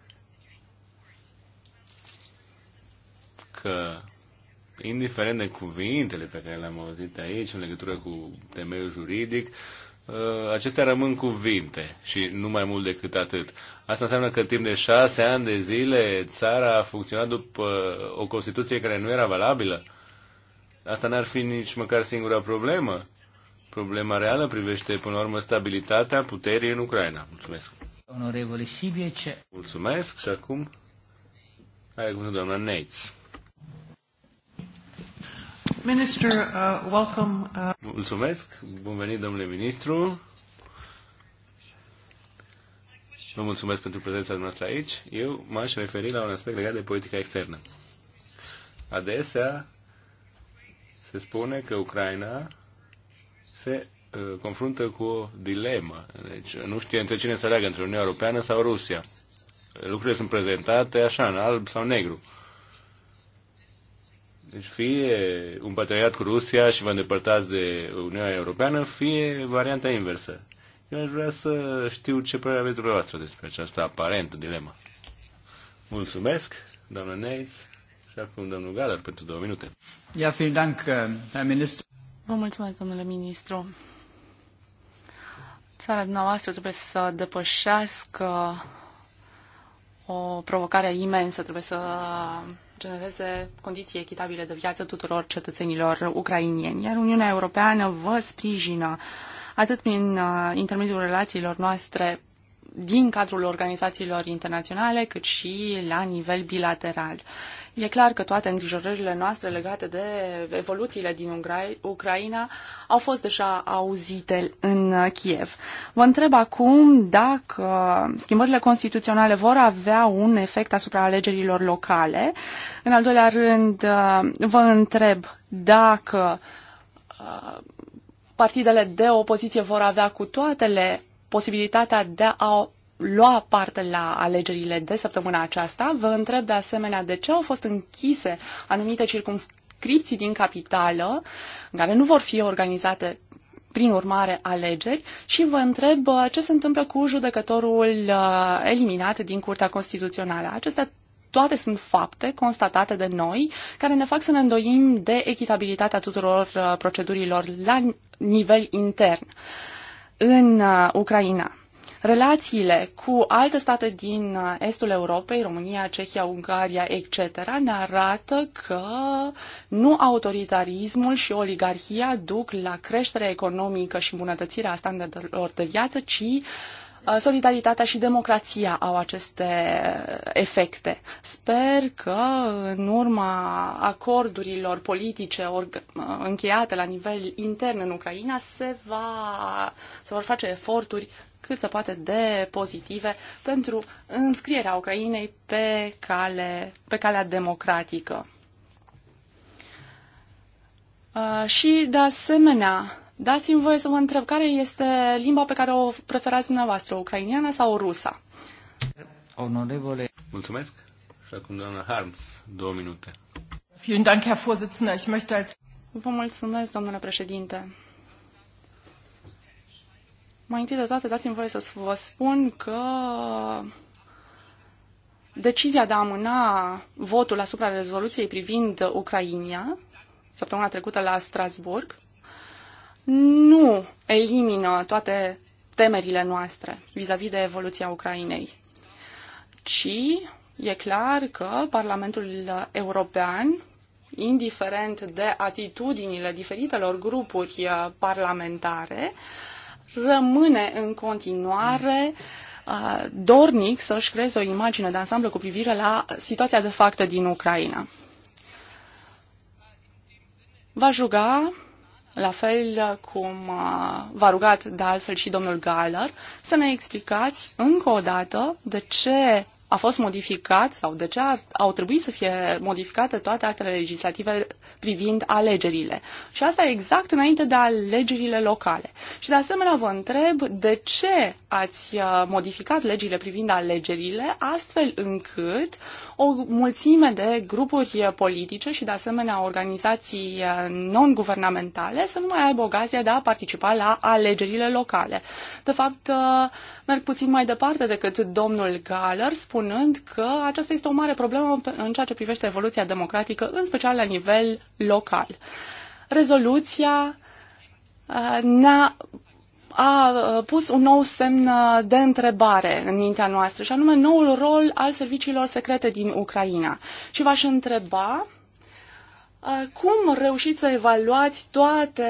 că, indiferent de cuvintele pe care le-am auzit aici, în legătură cu temeiul juridic, uh, acestea rămân cuvinte și nu mai mult decât atât. Asta înseamnă că timp de șase ani de zile țara a funcționat după uh, o Constituție care nu era valabilă. Asta n-ar fi nici măcar singura problemă. Problema reală privește, până la urmă, stabilitatea puterii în Ucraina. Mulțumesc. Onorevole Sibiece. Mulțumesc și acum are cuvântul doamna Neitz. Minister, uh, welcome. Uh... Mulțumesc. Bun venit, domnule ministru. Vă mulțumesc pentru prezența noastră aici. Eu m-aș referi la un aspect legat de politica externă. Adesea se spune că Ucraina se uh, confruntă cu o dilemă. Deci nu știe între cine să aleagă, între Uniunea Europeană sau Rusia. Lucrurile sunt prezentate așa, în alb sau negru. Uh, deci fie un parteneriat cu Rusia și vă îndepărtați de Uniunea Europeană, fie varianta inversă. Eu aș vrea să știu ce părere aveți dumneavoastră despre această aparentă dilemă. Mulțumesc, doamnă Neis, și acum domnul Galar pentru două minute. Ia, vielen Dank, uh, ministru. Vă mulțumesc, domnule ministru. Țara dumneavoastră trebuie să depășească o provocare imensă, trebuie să genereze condiții echitabile de viață tuturor cetățenilor ucrainieni. Iar Uniunea Europeană vă sprijină atât prin uh, intermediul relațiilor noastre din cadrul organizațiilor internaționale, cât și la nivel bilateral. E clar că toate îngrijorările noastre legate de evoluțiile din Ucraina au fost deja auzite în Kiev. Vă întreb acum dacă schimbările constituționale vor avea un efect asupra alegerilor locale. În al doilea rând, uh, vă întreb dacă uh, partidele de opoziție vor avea cu toatele posibilitatea de a lua parte la alegerile de săptămâna aceasta. Vă întreb de asemenea de ce au fost închise anumite circumscripții din capitală, în care nu vor fi organizate prin urmare alegeri și vă întreb uh, ce se întâmplă cu judecătorul uh, eliminat din Curtea Constituțională. Acestea toate sunt fapte constatate de noi care ne fac să ne îndoim de echitabilitatea tuturor uh, procedurilor la nivel intern în uh, Ucraina. Relațiile cu alte state din uh, estul Europei, România, Cehia, Ungaria, etc., ne arată că nu autoritarismul și oligarhia duc la creșterea economică și îmbunătățirea standardelor de viață, ci uh, Uh, solidaritatea și democrația au aceste efecte. Sper că în urma acordurilor politice uh, încheiate la nivel intern în Ucraina se, va, se vor face eforturi cât se poate de pozitive pentru înscrierea Ucrainei pe, cale, pe calea democratică. Uh, și, de asemenea, Dați-mi voie să vă întreb care este limba pe care o preferați dumneavoastră, ucrainiana sau rusa? Onorevole. Mulțumesc. Și acum doamna Harms, două minute. Vielen Dank, Herr Vorsitzender. Ich möchte als Vă mulțumesc, domnule președinte. Mai întâi de toate, dați-mi voie să vă spun că decizia de a amâna votul asupra rezoluției privind Ucraina săptămâna trecută la Strasburg nu elimină toate temerile noastre vis-a-vis -vis de evoluția Ucrainei, ci e clar că Parlamentul European, indiferent de atitudinile diferitelor grupuri uh, parlamentare, rămâne în continuare uh, dornic să-și creeze o imagine de ansamblu cu privire la situația de fapt din Ucraina. Va juga la fel cum uh, v-a rugat de altfel și domnul Galler, să ne explicați încă o dată de ce a fost modificat sau de ce a, au trebuit să fie modificate toate actele legislative privind alegerile. Și asta exact înainte de alegerile locale. Și de asemenea vă întreb de ce ați uh, modificat legile privind alegerile astfel încât o mulțime de grupuri politice și de asemenea organizații uh, non-guvernamentale să nu mai aibă ocazia de a participa la alegerile locale. De fapt, uh, merg puțin mai departe decât domnul Galler spune spunând că aceasta este o mare problemă în ceea ce privește evoluția democratică, în special la nivel local. Rezoluția uh, ne-a a uh, pus un nou semn de întrebare în mintea noastră, și anume noul rol al serviciilor secrete din Ucraina. Și v-aș întreba uh, cum reușiți să evaluați toate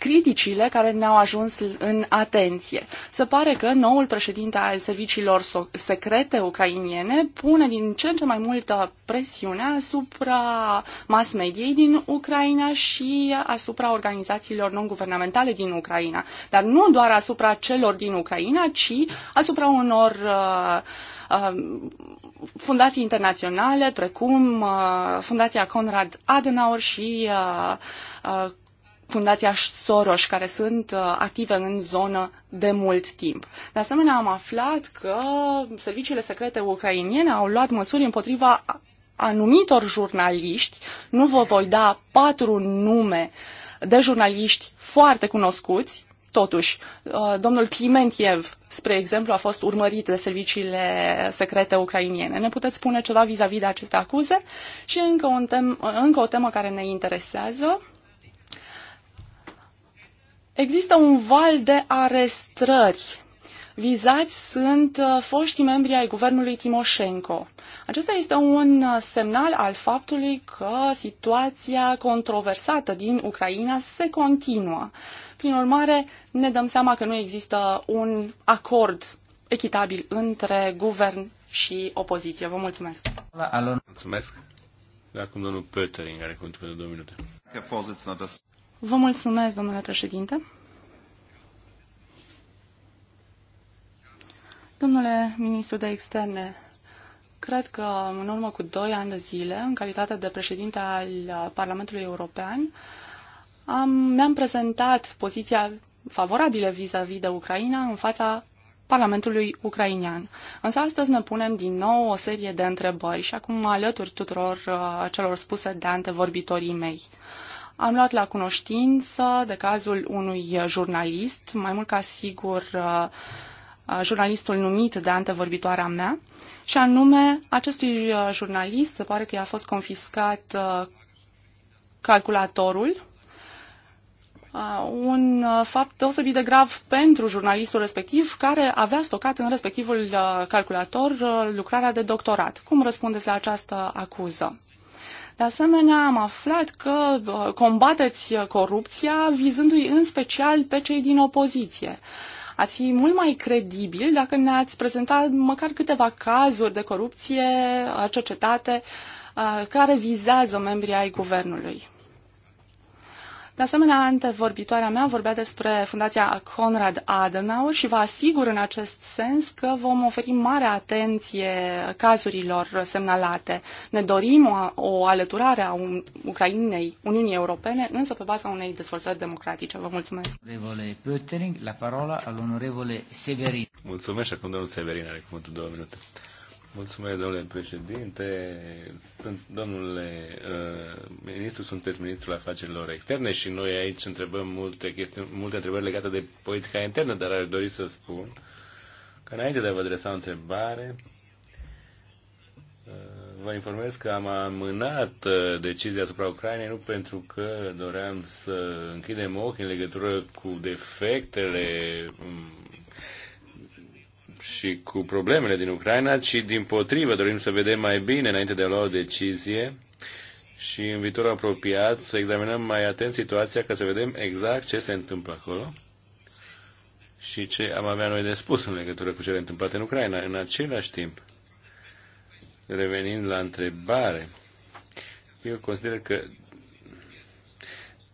criticile care ne-au ajuns în atenție. Se pare că noul președinte al serviciilor secrete ucrainiene pune din ce în ce mai multă presiune asupra mass mediei din Ucraina și asupra organizațiilor non-guvernamentale din Ucraina. Dar nu doar asupra celor din Ucraina, ci asupra unor uh, uh fundații internaționale, precum uh, Fundația Conrad Adenauer și uh, Fundația Soros, care sunt uh, active în zonă de mult timp. De asemenea, am aflat că serviciile secrete ucrainiene au luat măsuri împotriva anumitor jurnaliști. Nu vă voi da patru nume de jurnaliști foarte cunoscuți, Totuși, uh, domnul Klimentiev, spre exemplu, a fost urmărit de serviciile secrete ucrainiene. Ne puteți spune ceva vis-a-vis -vis de aceste acuze? Și încă, un tem- încă o temă care ne interesează. Există un val de arestări. Vizați sunt uh, foștii membri ai guvernului Timoșenco. Acesta este un uh, semnal al faptului că situația controversată din Ucraina se continuă. Prin urmare, ne dăm seama că nu există un acord echitabil între guvern și opoziție. Vă mulțumesc! Mulțumesc! De acum domnul Pöttering are cuvântul de două minute. Vă mulțumesc, domnule președinte. Domnule ministru de externe, cred că în urmă cu doi ani de zile, în calitate de președinte al Parlamentului European, am, mi-am prezentat poziția favorabilă vis-a-vis de Ucraina în fața Parlamentului ucrainean. Însă astăzi ne punem din nou o serie de întrebări și acum mă alături tuturor uh, celor spuse de antevorbitorii mei. Am luat la cunoștință de cazul unui jurnalist, mai mult ca sigur uh, uh, jurnalistul numit de antevorbitoarea mea, și anume acestui uh, jurnalist se pare că i-a fost confiscat calculatorul un fapt deosebit de grav pentru jurnalistul respectiv care avea stocat în respectivul calculator lucrarea de doctorat. Cum răspundeți la această acuză? De asemenea, am aflat că uh, combateți uh, corupția vizându-i în special pe cei din opoziție. Ați fi mult mai credibil dacă ne-ați prezentat măcar câteva cazuri de corupție uh, cercetate care vizează membrii ai guvernului. De asemenea, antevorbitoarea mea vorbea despre Fundația Conrad Adenauer și vă asigur în acest sens că vom oferi mare atenție cazurilor semnalate. Ne dorim o, o alăturare a un, Ucrainei Uniunii Europene, însă pe baza unei dezvoltări democratice. Vă mulțumesc. Pöttering, la parola al Severin. Mulțumesc acum domnul Severin are cuvântul două minute. Mulțumesc, domnule președinte. Sunt, domnule uh, ministru, sunteți ministrul afacerilor externe și noi aici întrebăm multe, chestii, multe întrebări legate de politica internă, dar aș dori să spun că înainte de a vă adresa o întrebare, uh, vă informez că am amânat uh, decizia asupra Ucrainei nu pentru că doream să închidem ochii în legătură cu defectele um, și cu problemele din Ucraina, ci din potrivă dorim să vedem mai bine înainte de a lua o decizie și în viitor apropiat să examinăm mai atent situația ca să vedem exact ce se întâmplă acolo și ce am avea noi de spus în legătură cu cele întâmplate în Ucraina. În același timp, revenind la întrebare, eu consider că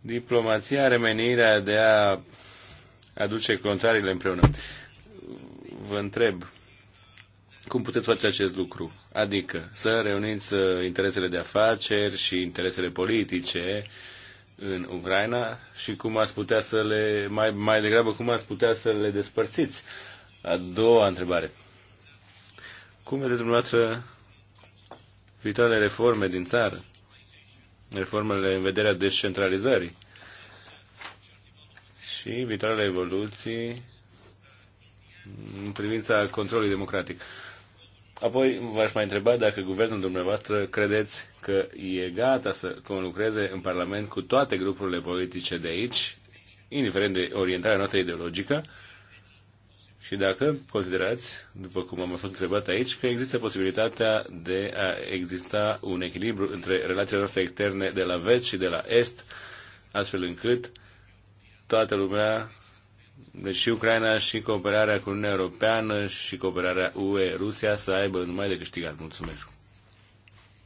diplomația are menirea de a aduce contrariile împreună vă întreb cum puteți face acest lucru? Adică să reuniți uh, interesele de afaceri și interesele politice în Ucraina și cum ați putea să le, mai, mai degrabă, cum ați putea să le despărțiți? A doua întrebare. Cum vedeți dumneavoastră viitoarele reforme din țară? Reformele în vederea descentralizării? Și viitoarele evoluții în privința controlului democratic. Apoi v-aș mai întreba dacă guvernul dumneavoastră credeți că e gata să conlucreze în Parlament cu toate grupurile politice de aici, indiferent de orientarea noastră ideologică, și dacă considerați, după cum am fost întrebat aici, că există posibilitatea de a exista un echilibru între relațiile noastre externe de la vest și de la est, astfel încât toată lumea deci și Ucraina și cooperarea cu Uniunea Europeană și cooperarea UE-Rusia să aibă numai de câștigat. Mulțumesc!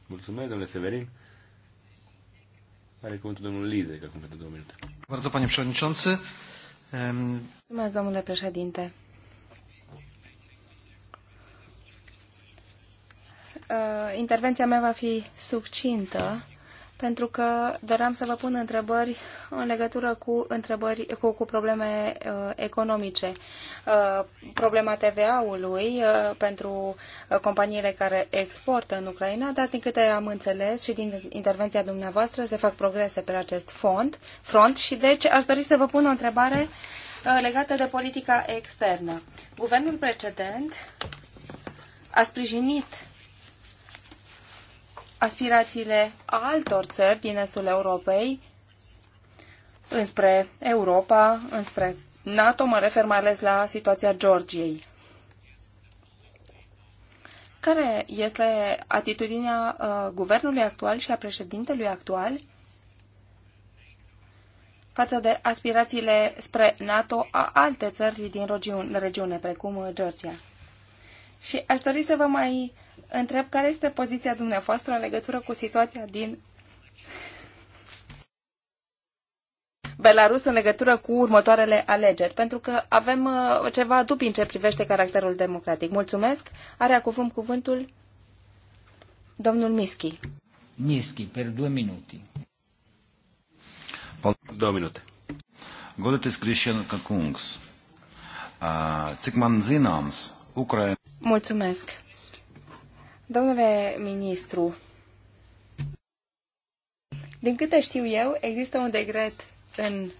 Mulțumesc, domnule Severin! Are cuvântul domnul Lize, că acum pentru două minute. Bardzo, panie przewodniczący. Mulțumesc, domnule președinte. Intervenția mea va fi succintă pentru că doream să vă pun întrebări în legătură cu, întrebări, cu, cu probleme uh, economice. Uh, problema TVA-ului uh, pentru uh, companiile care exportă în Ucraina, dar din câte am înțeles și din intervenția dumneavoastră se fac progrese pe acest fond, front și deci aș dori să vă pun o întrebare uh, legată de politica externă. Guvernul precedent a sprijinit aspirațiile altor țări din estul Europei înspre Europa, înspre NATO, mă refer mai ales la situația Georgiei. Care este atitudinea uh, guvernului actual și a președintelui actual față de aspirațiile spre NATO a alte țări din regiune, precum uh, Georgia? Și aș dori să vă mai întreb care este poziția dumneavoastră în legătură cu situația din Belarus în legătură cu următoarele alegeri, pentru că avem uh, ceva dubii în ce privește caracterul democratic. Mulțumesc. Are acum cuvântul domnul Mischi. Mischi, per două minute. Două minute. Godotis Cristian Kungs. Cik uh, man zināms, Mulțumesc. Domnule ministru, din câte știu eu, există un decret în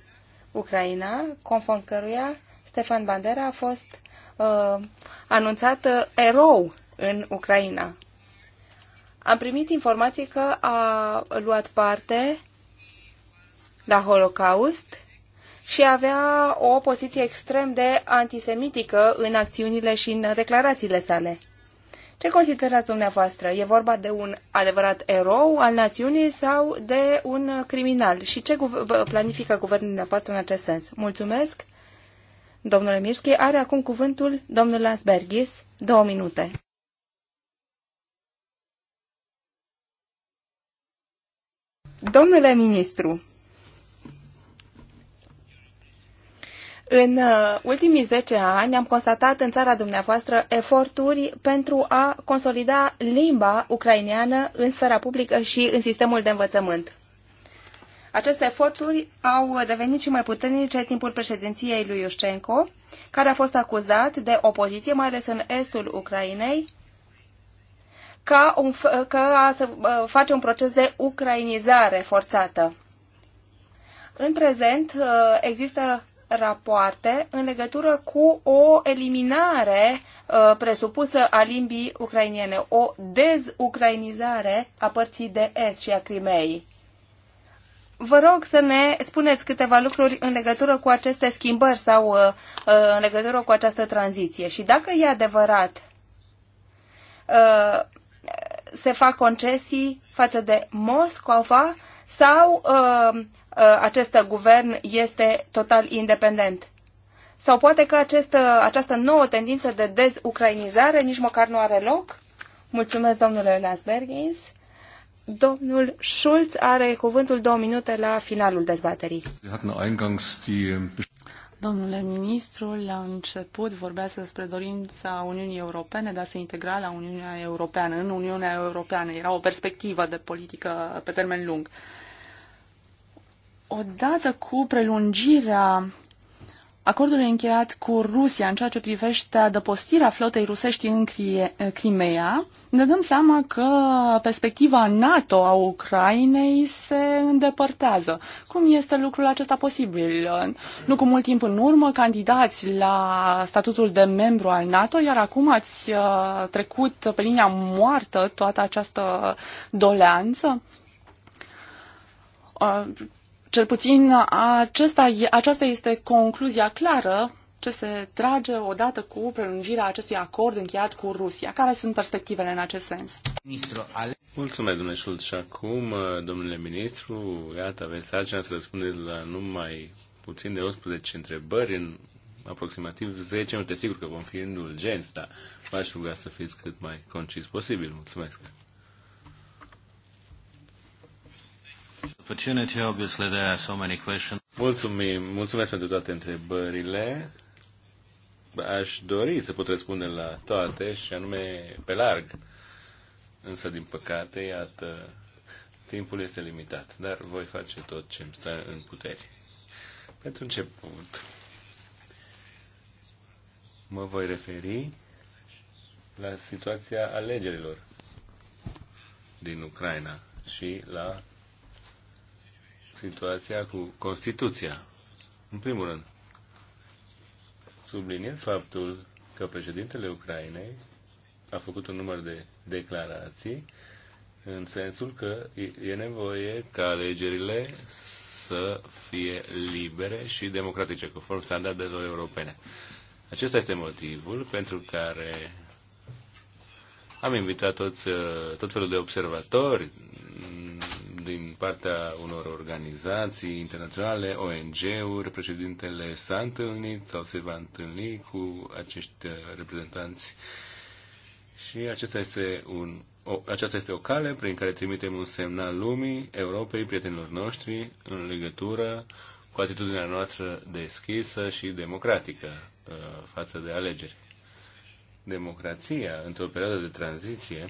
Ucraina, conform căruia Stefan Bandera a fost uh, anunțat uh, erou în Ucraina. Am primit informații că a luat parte la Holocaust și avea o poziție extrem de antisemitică în acțiunile și în declarațiile sale. Ce considerați dumneavoastră? E vorba de un adevărat erou al națiunii sau de un criminal? Și ce planifică guvernul dumneavoastră în acest sens? Mulțumesc! Domnule Mirski are acum cuvântul domnul Lansbergis, două minute. Domnule ministru, În uh, ultimii 10 ani am constatat în țara dumneavoastră eforturi pentru a consolida limba ucraineană în sfera publică și în sistemul de învățământ. Aceste eforturi au devenit și mai puternice în timpul președinției lui Iușcenco, care a fost acuzat de opoziție, mai ales în estul Ucrainei, ca, un, ca să uh, face un proces de ucrainizare forțată. În prezent uh, există rapoarte în legătură cu o eliminare uh, presupusă a limbii ucrainiene, o dezucrainizare a părții de est și a Crimeei. Vă rog să ne spuneți câteva lucruri în legătură cu aceste schimbări sau uh, uh în legătură cu această tranziție. Și dacă e adevărat, uh, se fac concesii față de Moscova sau uh, Uh, acest guvern este total independent. Sau poate că acest, uh, această nouă tendință de dezucrainizare nici măcar nu are loc? Mulțumesc, domnule Lansbergis. Domnul Schulz are cuvântul două minute la finalul dezbaterii. Domnule ministru, la început vorbea despre dorința Uniunii Europene de a se integra la Uniunea Europeană. În Uniunea Europeană era o perspectivă de politică pe termen lung. Uh, odată cu prelungirea acordului încheiat cu Rusia în ceea ce privește adăpostirea flotei rusești în Crimea, ne dăm seama că perspectiva NATO a Ucrainei se îndepărtează. Cum este lucrul acesta posibil? Nu cu mult timp în urmă, candidați la statutul de membru al NATO, iar acum ați uh, trecut pe linia moartă toată această doleanță? Uh, cel puțin acesta, aceasta este concluzia clară ce se trage odată cu prelungirea acestui acord încheiat cu Rusia. Care sunt perspectivele în acest sens? Mulțumesc, domnule Schultz. Și acum, domnule ministru, iată, aveți sarcina să răspundeți la numai puțin de 11 întrebări în aproximativ 10 minute. Sigur că vom fi indulgenți, dar v-aș ruga să fiți cât mai concis posibil. Mulțumesc. Mulțumim, mulțumesc pentru toate întrebările. Aș dori să pot răspunde la toate și anume pe larg. Însă, din păcate, iată, timpul este limitat, dar voi face tot ce îmi stă în puteri. Pentru început, mă voi referi la situația alegerilor din Ucraina și la situația cu Constituția. În primul rând, subliniez faptul că președintele Ucrainei a făcut un număr de declarații în sensul că e nevoie ca alegerile să fie libere și democratice, conform standardelor europene. Acesta este motivul pentru care am invitat toți, tot felul de observatori din partea unor organizații internaționale, ONG-uri. Președintele s-a întâlnit sau se va întâlni cu acești uh, reprezentanți și acesta este un o, aceasta este o cale prin care trimitem un semnal lumii, Europei, prietenilor noștri, în legătură cu atitudinea noastră deschisă și democratică uh, față de alegeri. Democrația, într-o perioadă de tranziție,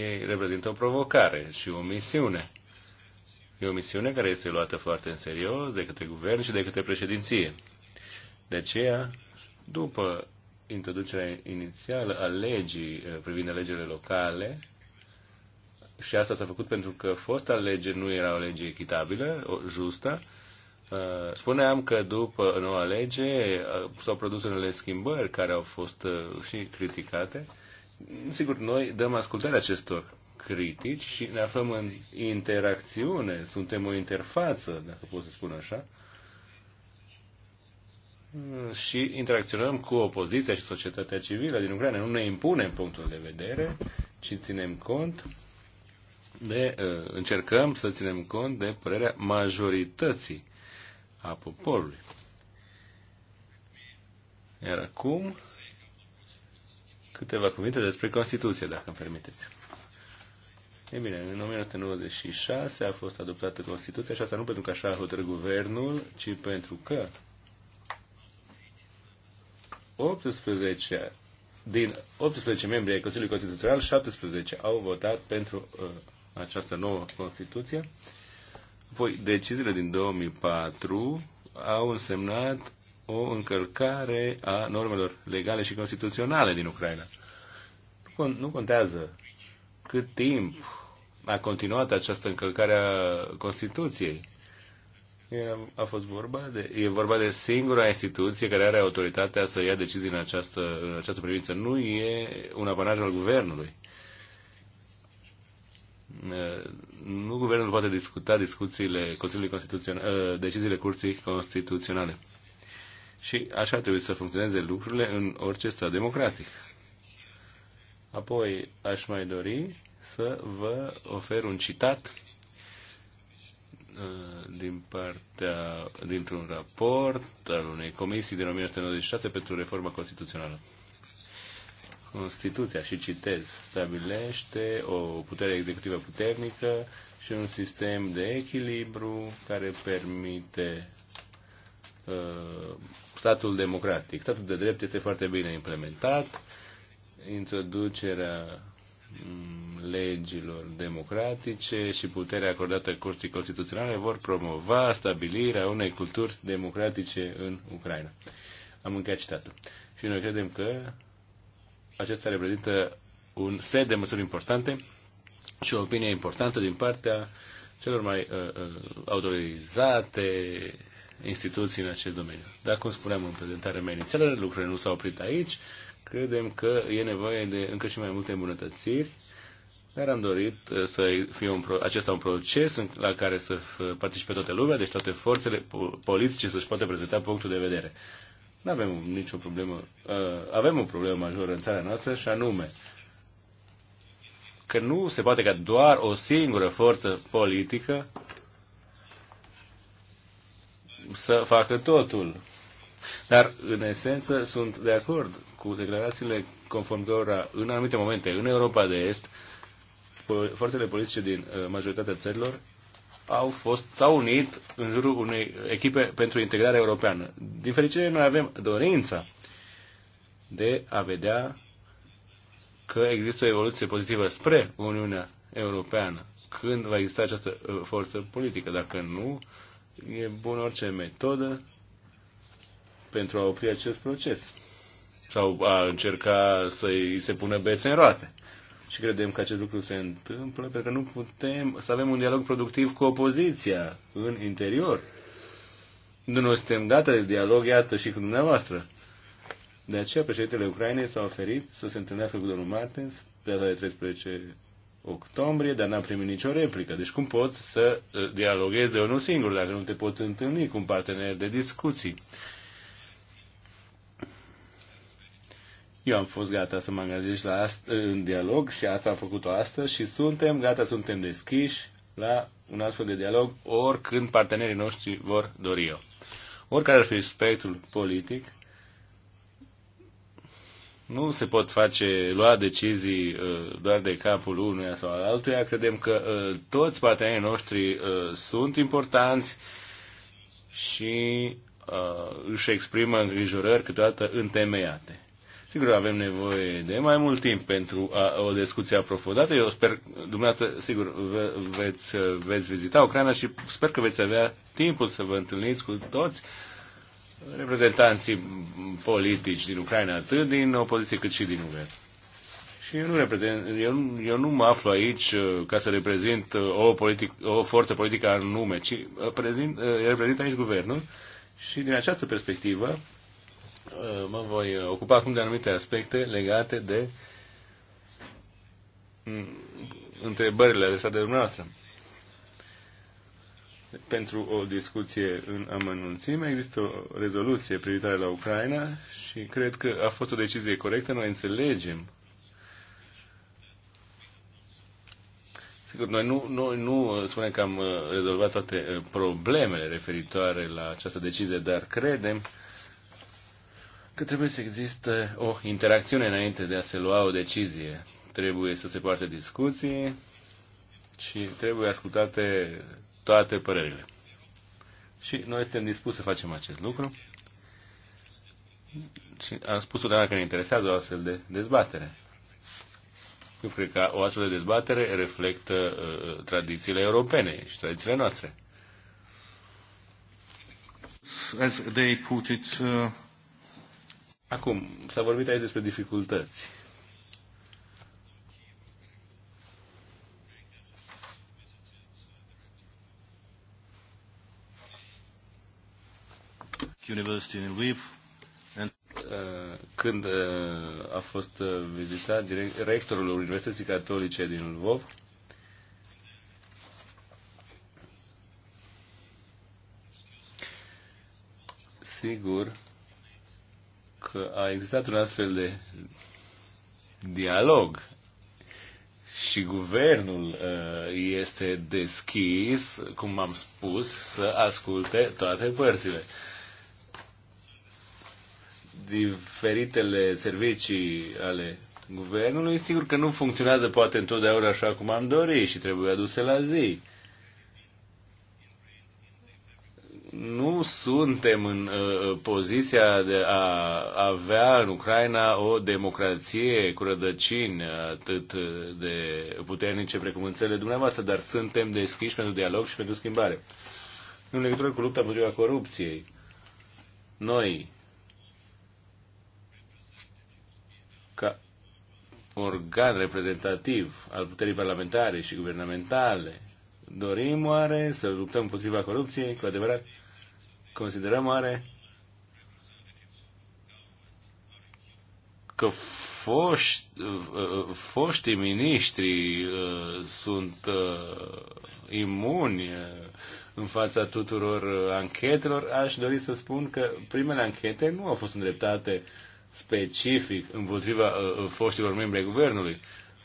ei reprezintă o provocare și o misiune. E o misiune care este luată foarte în serios de către guvern și de către președinție. De aceea, după introducerea inițială a legii eh, privind alegerile locale, și asta s-a făcut pentru că fosta lege nu era o lege echitabilă, o, justă, eh, Spuneam că după noua lege eh, s-au produs unele schimbări care au fost și criticate sigur, noi dăm ascultare acestor critici și ne aflăm în interacțiune, suntem o interfață, dacă pot să spun așa, și interacționăm cu opoziția și societatea civilă din Ucraina. Nu ne impunem punctul de vedere, ci ținem cont de, uh, încercăm să ținem cont de părerea majorității a poporului. Iar acum câteva cuvinte despre Constituție, dacă îmi permiteți. E bine, în 1996 a fost adoptată Constituția și asta nu pentru că așa a hotărât guvernul, ci pentru că 18 din 18 membri ai Consiliului Constituțional, 17 au votat pentru uh, această nouă Constituție. Apoi, deciziile din 2004 au însemnat o încălcare a normelor legale și constituționale din Ucraina. Nu contează cât timp a continuat această încălcare a Constituției. A fost vorba de, e vorba de singura instituție care are autoritatea să ia decizii în această, în această privință. Nu e un apanaj al guvernului. Nu guvernul poate discuta discuțiile Consiliului Constituțional, deciziile Curții Constituționale. Și așa trebuie să funcționeze lucrurile în orice stat democratic. Apoi aș mai dori să vă ofer un citat uh, din partea, dintr-un raport al unei comisii din 1996 pentru reforma constituțională. Constituția, și citez, stabilește o putere executivă puternică și un sistem de echilibru care permite uh, statul democratic. Statul de drept este foarte bine implementat, introducerea mm, legilor democratice și puterea acordată Curții Constituționale vor promova stabilirea unei culturi democratice în Ucraina. Am încheiat citatul. Și noi credem că acesta reprezintă un set de măsuri importante și o opinie importantă din partea celor mai uh, uh, autorizate instituții în acest domeniu. Dar, cum spuneam în prezentarea mea inițială, lucrurile nu s-au oprit aici. Credem că e nevoie de încă și mai multe îmbunătățiri, dar am dorit uh, să fie un, acesta un proces la care să participe toată lumea, deci toate forțele politice să-și poată prezenta punctul de vedere. Nu avem nicio problemă. Uh, avem o problemă majoră în țara noastră și anume că nu se poate ca doar o singură forță politică să facă totul. Dar, în esență, sunt de acord cu declarațiile conform cărora, în anumite momente, în Europa de Est, forțele politice din uh, majoritatea țărilor au fost, s-au unit în jurul unei echipe pentru integrare europeană. Din fericire, noi avem dorința de a vedea că există o evoluție pozitivă spre Uniunea Europeană când va exista această uh, forță politică. Dacă nu, e bun orice metodă pentru a opri acest proces sau a încerca să-i se pună bețe în roate. Și credem că acest lucru se întâmplă pentru că nu putem să avem un dialog productiv cu opoziția în interior. Nu noi suntem gata de dialog, iată, și cu dumneavoastră. De aceea, președintele Ucrainei s-a oferit să se întâlnească cu domnul Martens pe data de 13 octombrie, dar n-am primit nicio replică. Deci cum pot să uh, dialoghez de unul singur dacă nu te pot întâlni cu un partener de discuții? Eu am fost gata să mă angajez la asta, în dialog și asta am făcut-o astăzi și suntem gata, suntem deschiși la un astfel de dialog oricând partenerii noștri vor dori eu. Oricare ar fi spectrul politic, nu se pot face, lua decizii uh, doar de capul unuia sau al altuia. Credem că uh, toți partenerii noștri uh, sunt importanți și își exprimă îngrijorări câteodată întemeiate. Sigur, avem nevoie de mai mult timp pentru a, o discuție aprofundată. Eu sper, dumneavoastră, sigur, ve, veți, veți vizita Ucraina și sper că veți avea timpul să vă întâlniți cu toți reprezentanții politici din Ucraina, atât din opoziție cât și din guvern. Și eu nu, eu, eu nu mă aflu aici uh, ca să reprezint uh, o, politic, o forță politică anume, ci uh, prezint, reprezint aici guvernul și din această perspectivă mă voi ocupa acum de anumite aspecte legate de mm, întrebările adresate de dumneavoastră pentru o discuție în amănunțime. Există o rezoluție privitoare la Ucraina și cred că a fost o decizie corectă. Noi înțelegem Sigur, noi nu, noi nu uh, spunem că am uh, rezolvat toate uh, problemele referitoare la această decizie, dar credem că trebuie să existe o interacțiune înainte de a se lua o decizie. Trebuie să se poarte discuții și trebuie ascultate toate părerile. Și noi suntem dispuși să facem acest lucru. Și am spus-o de că ne interesează o astfel de dezbatere. Eu cred că o astfel de dezbatere reflectă uh, uh, tradițiile europene și tradițiile noastre. As they put it, uh... Acum, s-a vorbit aici despre dificultăți. University in Lviv. And... Uh, când uh, a fost uh, vizitat direct, rectorul Universității Catolice din Lvov, sigur că a existat un astfel de dialog și guvernul este deschis, cum am spus, să asculte toate părțile diferitele servicii ale guvernului, sigur că nu funcționează poate întotdeauna așa cum am dorit și trebuie aduse la zi. Nu suntem în uh, uh, poziția de a avea în Ucraina o democrație cu rădăcini atât de puternice precum în țările dumneavoastră, dar suntem deschiși pentru dialog și pentru schimbare. În legătură cu lupta împotriva corupției, noi organ reprezentativ al puterii parlamentare și guvernamentale. Dorim oare să luptăm împotriva corupției cu adevărat? Considerăm oare că foști, foștii miniștri uh, sunt uh, imuni uh, în fața tuturor anchetelor, aș dori să spun că primele anchete nu au fost îndreptate uh, specific împotriva uh, uh, foștilor membri ai guvernului.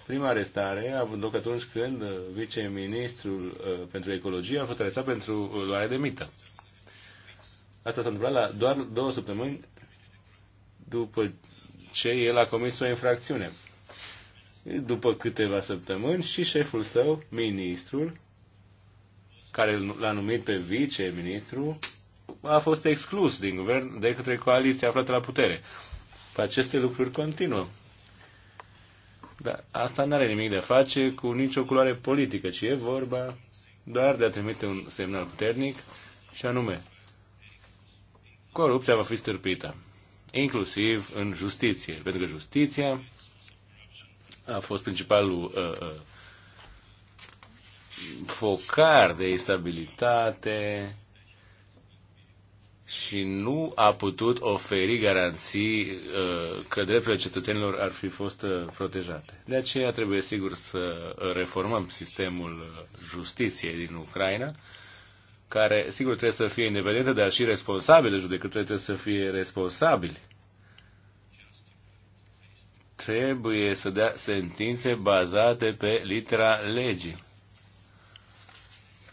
Prima arestare a avut loc atunci când uh, viceministrul uh, pentru ecologie a fost arestat pentru uh, luarea de mită. Asta s-a întâmplat la doar două săptămâni după ce el a comis o infracțiune. După câteva săptămâni și șeful său, ministrul, care l-a numit pe viceministru, a fost exclus din guvern de către coaliția aflată la putere. Aceste lucruri continuă. Dar asta nu are nimic de face cu nicio culoare politică, ci e vorba doar de a trimite un semnal puternic și anume, corupția va fi stârpită, inclusiv în justiție, pentru că justiția a fost principalul uh, uh, focar de instabilitate, și nu a putut oferi garanții uh, că drepturile cetățenilor ar fi fost uh, protejate. De aceea trebuie sigur să reformăm sistemul uh, justiției din Ucraina, care sigur trebuie să fie independentă, dar și responsabilă, judecătorii trebuie să fie responsabili. Trebuie să dea sentințe bazate pe litera legii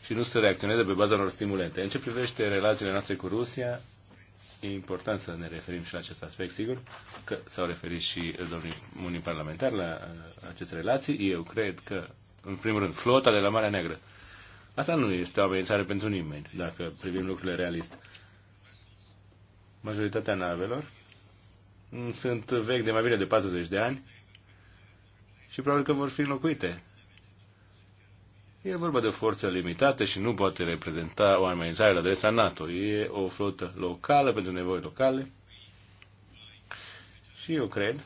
și nu să reacționeze pe baza unor stimulente. În ce privește relațiile noastre cu Rusia, e important să ne referim și la acest aspect, sigur, că s-au referit și domnii unii parlamentari la uh, aceste relații. Eu cred că, în primul rând, flota de la Marea Neagră. Asta nu este o amenințare pentru nimeni, dacă privim lucrurile realist. Majoritatea navelor sunt vechi de mai bine de 40 de ani și probabil că vor fi înlocuite E vorba de o forță limitată și nu poate reprezenta o amenințare la adresa NATO. E o flotă locală pentru nevoi locale. Și eu cred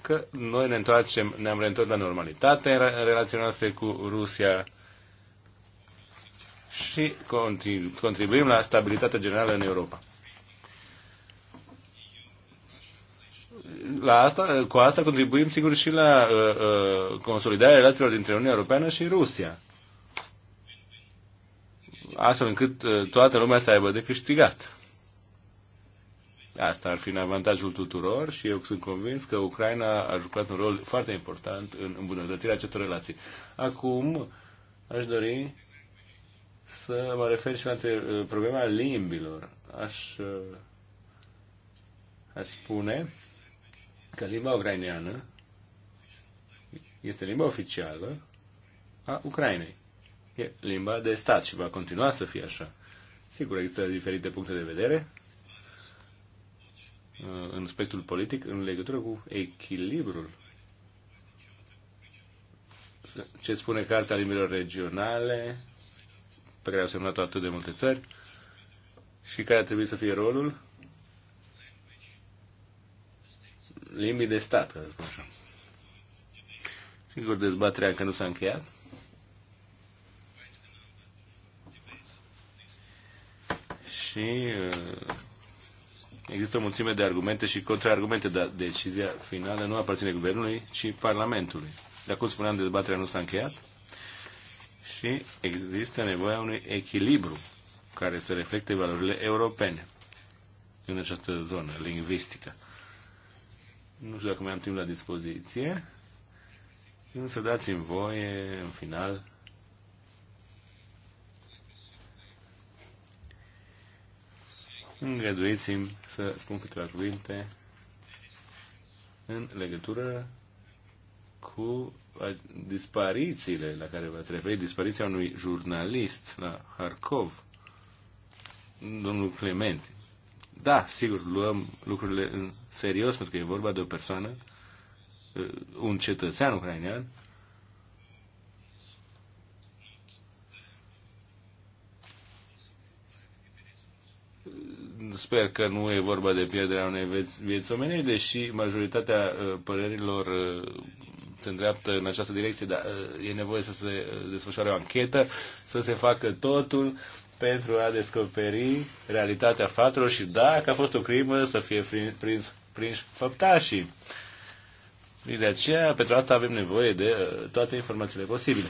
că noi ne întoarcem, ne-am reîntors la normalitate în relația noastră cu Rusia și contribuim la stabilitatea generală în Europa. la asta, cu asta contribuim, sigur, și la uh, uh, consolidarea relațiilor dintre Uniunea Europeană și Rusia. Astfel încât uh, toată lumea să aibă de câștigat. Asta ar fi în avantajul tuturor și eu sunt convins că Ucraina a jucat un rol foarte important în îmbunătățirea acestor relații. Acum aș dori să mă refer și la uh, problema limbilor. Aș, uh, aș spune că limba ucraineană este limba oficială a Ucrainei. E limba de stat și va continua să fie așa. Sigur, există diferite puncte de vedere uh, în spectrul politic în legătură cu echilibrul. Ce spune Carta Limbilor Regionale, pe care au semnat atât de multe țări, și care a trebuit să fie rolul limbii de stat, să spun așa. Sigur, dezbaterea încă nu s-a încheiat. Și uh, există o mulțime de argumente și contraargumente, dar decizia finală nu aparține guvernului, ci Parlamentului. Dar cum spuneam, dezbaterea nu s-a încheiat și există nevoia unui echilibru care să reflecte valorile europene în această zonă lingvistică. Nu știu dacă mai am timp la dispoziție, însă dați-mi voie, în final, îngăduiți-mi să spun câteva cuvinte în legătură cu disparițiile la care vă referi, dispariția unui jurnalist la Harkov, domnul Clement, da, sigur, luăm lucrurile în serios, pentru că e vorba de o persoană, uh, un cetățean ucrainean, sper că nu e vorba de pierderea unei vieți, omenești, deși majoritatea uh, părerilor uh, se îndreaptă în această direcție, dar e nevoie să se desfășoare o anchetă, să se facă totul pentru a descoperi realitatea faptelor și dacă a fost o crimă să fie prins, prins făptașii. De aceea, pentru asta avem nevoie de uh, toate informațiile posibile.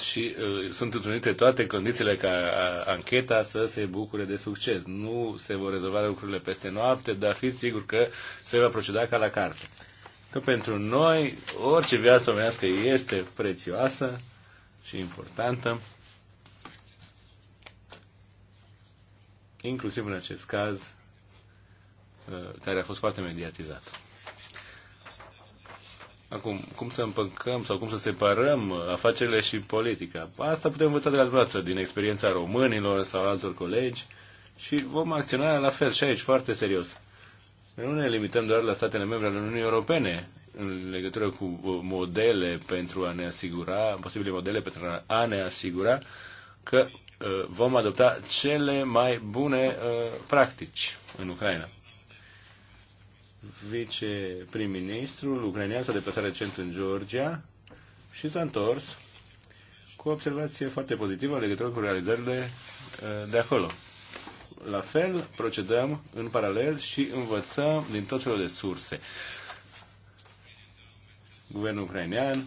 și uh, sunt întrunite toate condițiile ca uh, ancheta să se bucure de succes. Nu se vor rezolva lucrurile peste noapte, dar fiți sigur că se va proceda ca la carte că pentru noi orice viață omenească este prețioasă și importantă, inclusiv în acest caz uh, care a fost foarte mediatizat. Acum, cum să împăcăm sau cum să separăm afacerile și politica? Asta putem învăța de la dumneavoastră, din experiența românilor sau altor colegi și vom acționa la fel și aici, foarte serios. Noi nu ne limităm doar la statele membre ale Uniunii Europene în legătură cu uh, modele pentru a ne asigura, posibile modele pentru a ne asigura că uh, vom adopta cele mai bune uh, practici în Ucraina. Vice-prim-ministrul ucrainean s-a deplasat recent în Georgia și s-a întors cu o observație foarte pozitivă în legătură cu realizările de acolo la fel procedăm în paralel și învățăm din tot felul de surse. Guvernul ucrainean,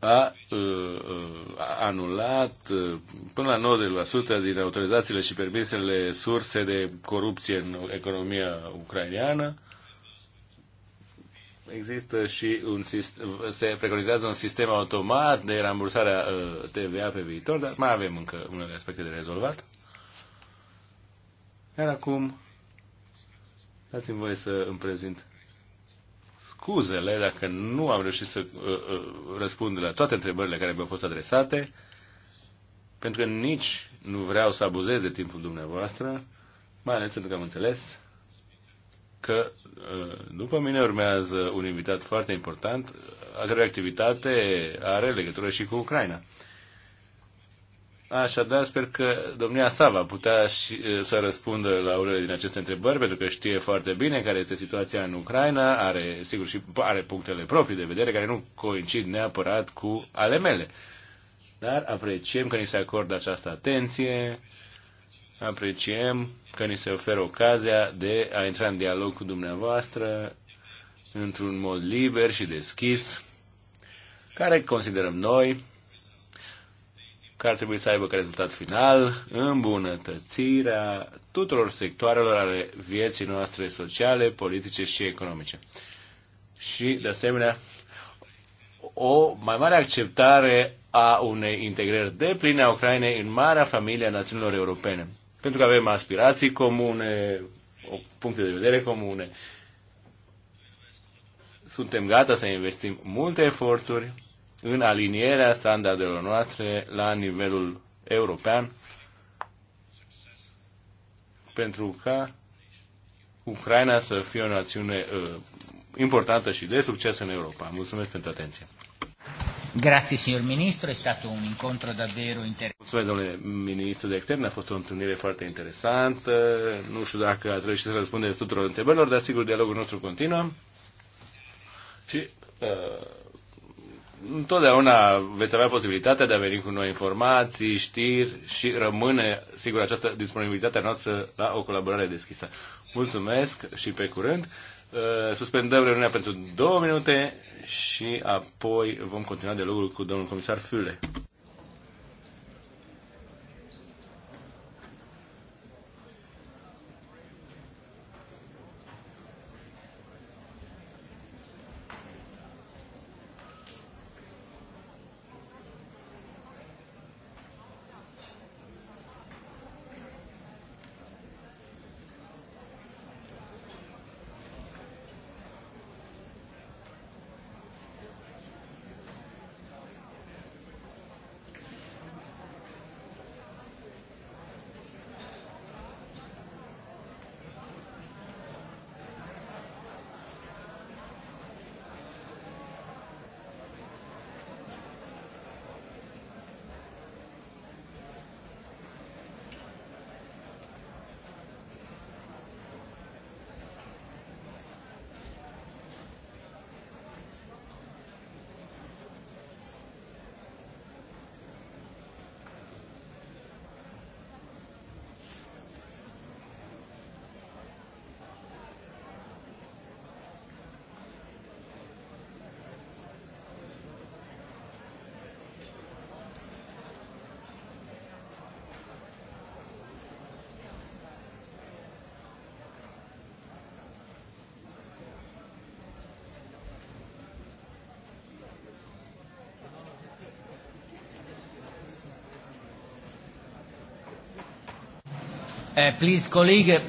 a uh, uh, a anulat uh, până la 90% din autorizațiile și permisele surse de corupție în economia ucraineană există și un se preconizează un sistem automat de rambursare a uh, TVA pe viitor, dar mai avem încă unele aspecte de rezolvat. Iar acum, dați-mi voie să îmi prezint scuzele dacă nu am reușit să uh, uh, răspund la toate întrebările care mi-au fost adresate, pentru că nici nu vreau să abuzez de timpul dumneavoastră, mai ales pentru că am înțeles că uh, după mine urmează un invitat foarte important, a cărui activitate are legătură și cu Ucraina. Așadar, sper că domnia sa va putea și, uh, să răspundă la unele din aceste întrebări, pentru că știe foarte bine care este situația în Ucraina, are, sigur, și are punctele proprii de vedere, care nu coincid neapărat cu ale mele. Dar apreciem că ni se acordă această atenție, apreciem că ni se oferă ocazia de a intra în dialog cu dumneavoastră într-un mod liber și deschis, care considerăm noi că ar trebui să aibă ca rezultat final îmbunătățirea tuturor sectoarelor ale vieții noastre sociale, politice și economice. Și, de asemenea, o mai mare acceptare a unei integrări pline a Ucrainei în marea familie a națiunilor europene pentru că avem aspirații comune, puncte de vedere comune. Suntem gata să investim multe eforturi în alinierea standardelor noastre la nivelul european pentru ca Ucraina să fie o națiune uh, importantă și de succes în Europa. Mulțumesc pentru atenție. Grazie signor Ministro, è stato un incontro davvero interessante. Mulțumesc, domnule Ministru de Externe, a fost o întâlnire foarte interesantă. Nu știu dacă ați reușit să răspundeți tuturor întrebărilor, dar sigur dialogul nostru continuă. Și uh, întotdeauna veți avea posibilitatea de a veni cu noi informații, știri și rămâne, sigur, această disponibilitate a noastră la o colaborare deschisă. Mulțumesc și pe curând. Uh, suspendăm reuniunea pentru două minute și apoi vom continua dialogul cu domnul comisar Füle. Uh, please, colleague,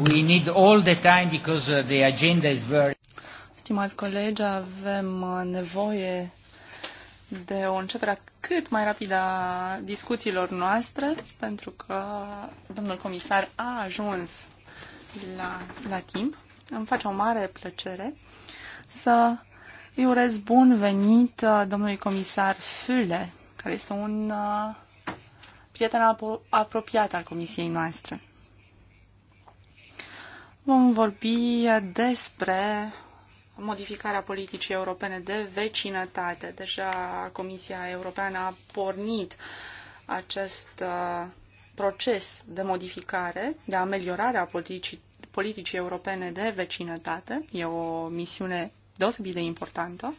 we need all the time because uh, the agenda is very... Stimați colegi, avem uh, nevoie de o începere cât mai rapidă a discuțiilor noastre, pentru că domnul comisar a ajuns la, la timp. Îmi face o mare plăcere să îi urez bun venit uh, domnului comisar Füle, care este un uh, prieten apropiat al comisiei noastre. Vom vorbi despre modificarea politicii europene de vecinătate. Deja Comisia Europeană a pornit acest uh, proces de modificare, de ameliorare a politicii, politicii europene de vecinătate. E o misiune deosebit de importantă. Uh,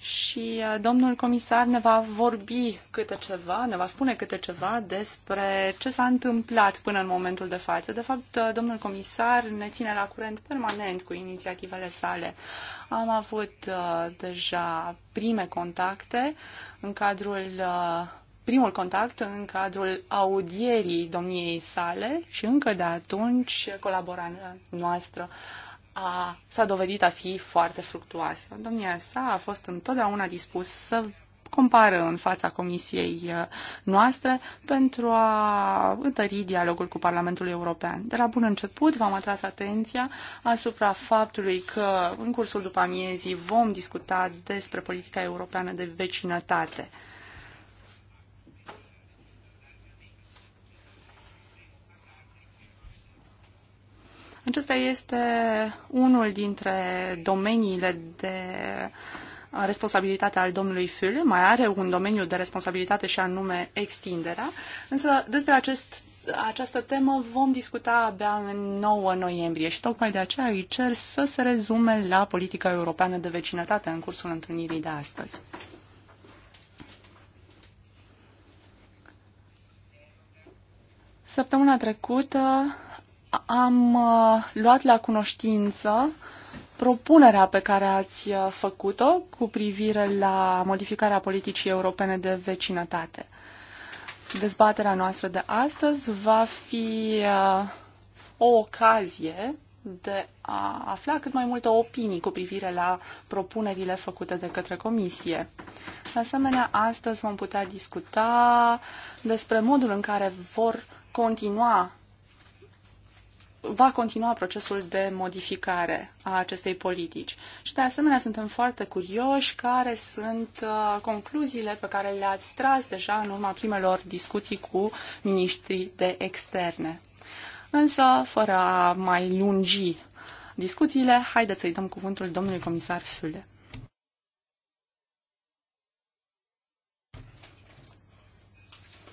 și uh, domnul comisar ne va vorbi câte ceva, ne va spune câte ceva despre ce s-a întâmplat până în momentul de față. De fapt, uh, domnul comisar ne ține la curent permanent cu inițiativele sale. Am avut uh, deja prime contacte în cadrul primul contact în cadrul audierii domniei sale și încă de atunci colaborarea noastră a, s-a dovedit a fi foarte fructuoasă. Domnia sa a fost întotdeauna dispus să compară în fața comisiei uh, noastre pentru a întări dialogul cu Parlamentul European. De la bun început v-am atras atenția asupra faptului că în cursul după amiezii vom discuta despre politica europeană de vecinătate. Acesta este unul dintre domeniile de responsabilitate al domnului Füle, mai are un domeniu de responsabilitate și anume extinderea, însă despre acest această temă vom discuta abia în 9 noiembrie și tocmai de aceea îi cer să se rezume la politica europeană de vecinătate în cursul întâlnirii de astăzi. Săptămâna trecută am uh, luat la cunoștință propunerea pe care ați uh, făcut-o cu privire la modificarea politicii europene de vecinătate. Dezbaterea noastră de astăzi va fi uh, o ocazie de a afla cât mai multe opinii cu privire la propunerile făcute de către Comisie. De asemenea, astăzi vom putea discuta despre modul în care vor continua va continua procesul de modificare a acestei politici. Și de asemenea suntem foarte curioși care sunt uh, concluziile pe care le-ați tras deja în urma primelor discuții cu ministrii de externe. Însă, fără a mai lungi discuțiile, haideți să-i dăm cuvântul domnului comisar Füle.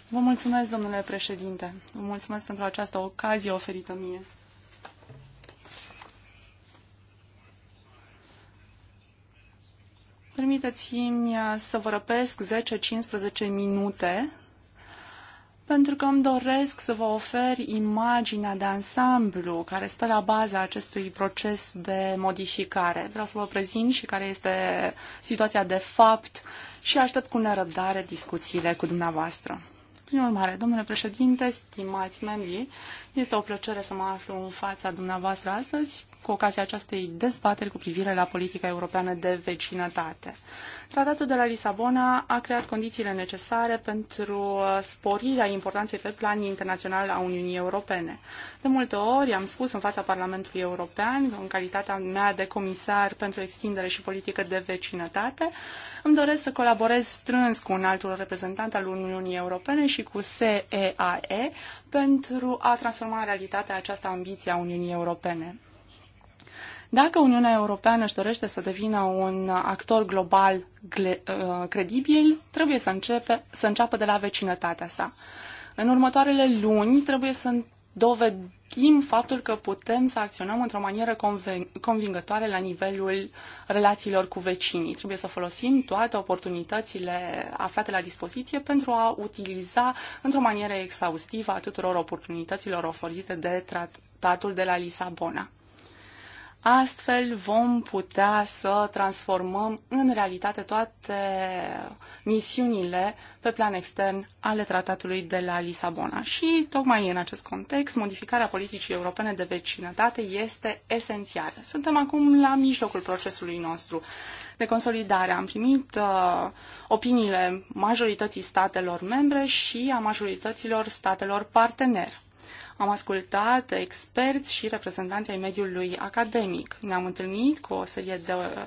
Vă mulțumesc, domnule președinte. Vă mulțumesc pentru această ocazie oferită mie. Permiteți-mi uh, să vă răpesc 10-15 minute pentru că îmi doresc să vă ofer imaginea de ansamblu care stă la baza acestui proces de modificare. Vreau să vă prezint și care este situația de fapt și aștept cu nerăbdare discuțiile cu dumneavoastră. Prin urmare, domnule președinte, stimați membri, este o plăcere să mă aflu în fața dumneavoastră astăzi cu ocazia acestei dezbateri cu privire la politica europeană de vecinătate. Tratatul de la Lisabona a creat condițiile necesare pentru uh, sporirea importanței pe plan internațional a Uniunii Europene. De multe ori am spus în fața Parlamentului European, în calitatea mea de comisar pentru extindere și politică de vecinătate, îmi doresc să colaborez strâns cu un altul reprezentant al Uniunii Europene și cu SEAE pentru a transforma în realitatea această ambiție a Uniunii Europene. Dacă Uniunea Europeană își dorește să devină un actor global uh, credibil, trebuie să, începe, să înceapă de la vecinătatea sa. În următoarele luni trebuie să dovedim faptul că putem să acționăm într-o manieră convingătoare la nivelul relațiilor cu vecinii. Trebuie să folosim toate oportunitățile aflate la dispoziție pentru a utiliza într-o manieră exhaustivă a tuturor oportunităților oferite de tratatul de la Lisabona. Astfel vom putea să transformăm în realitate toate misiunile pe plan extern ale tratatului de la Lisabona. Și tocmai în acest context, modificarea politicii europene de vecinătate este esențială. Suntem acum la mijlocul procesului nostru de consolidare. Am primit uh, opiniile majorității statelor membre și a majorităților statelor partener. Am ascultat experți și reprezentanții ai mediului academic. Ne-am întâlnit cu o serie de uh,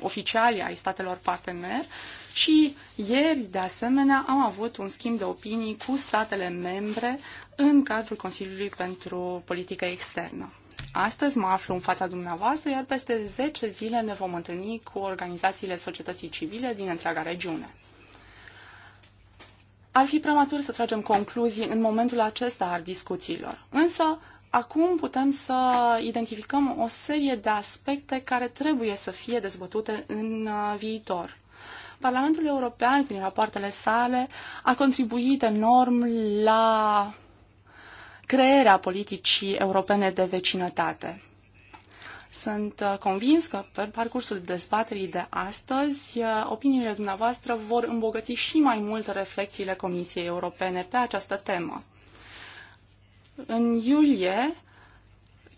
oficiali ai statelor partener și ieri, de asemenea, am avut un schimb de opinii cu statele membre în cadrul Consiliului pentru Politică Externă. Astăzi mă aflu în fața dumneavoastră, iar peste 10 zile ne vom întâlni cu organizațiile societății civile din întreaga regiune. Ar fi prematur să tragem concluzii în momentul acesta al discuțiilor. Însă, acum putem să identificăm o serie de aspecte care trebuie să fie dezbătute în uh, viitor. Parlamentul European, prin rapoartele sale, a contribuit enorm la crearea politicii europene de vecinătate. Sunt uh, convins că pe parcursul dezbaterii de astăzi, uh, opiniile dumneavoastră vor îmbogăți și mai mult reflexiile Comisiei Europene pe această temă. În iulie,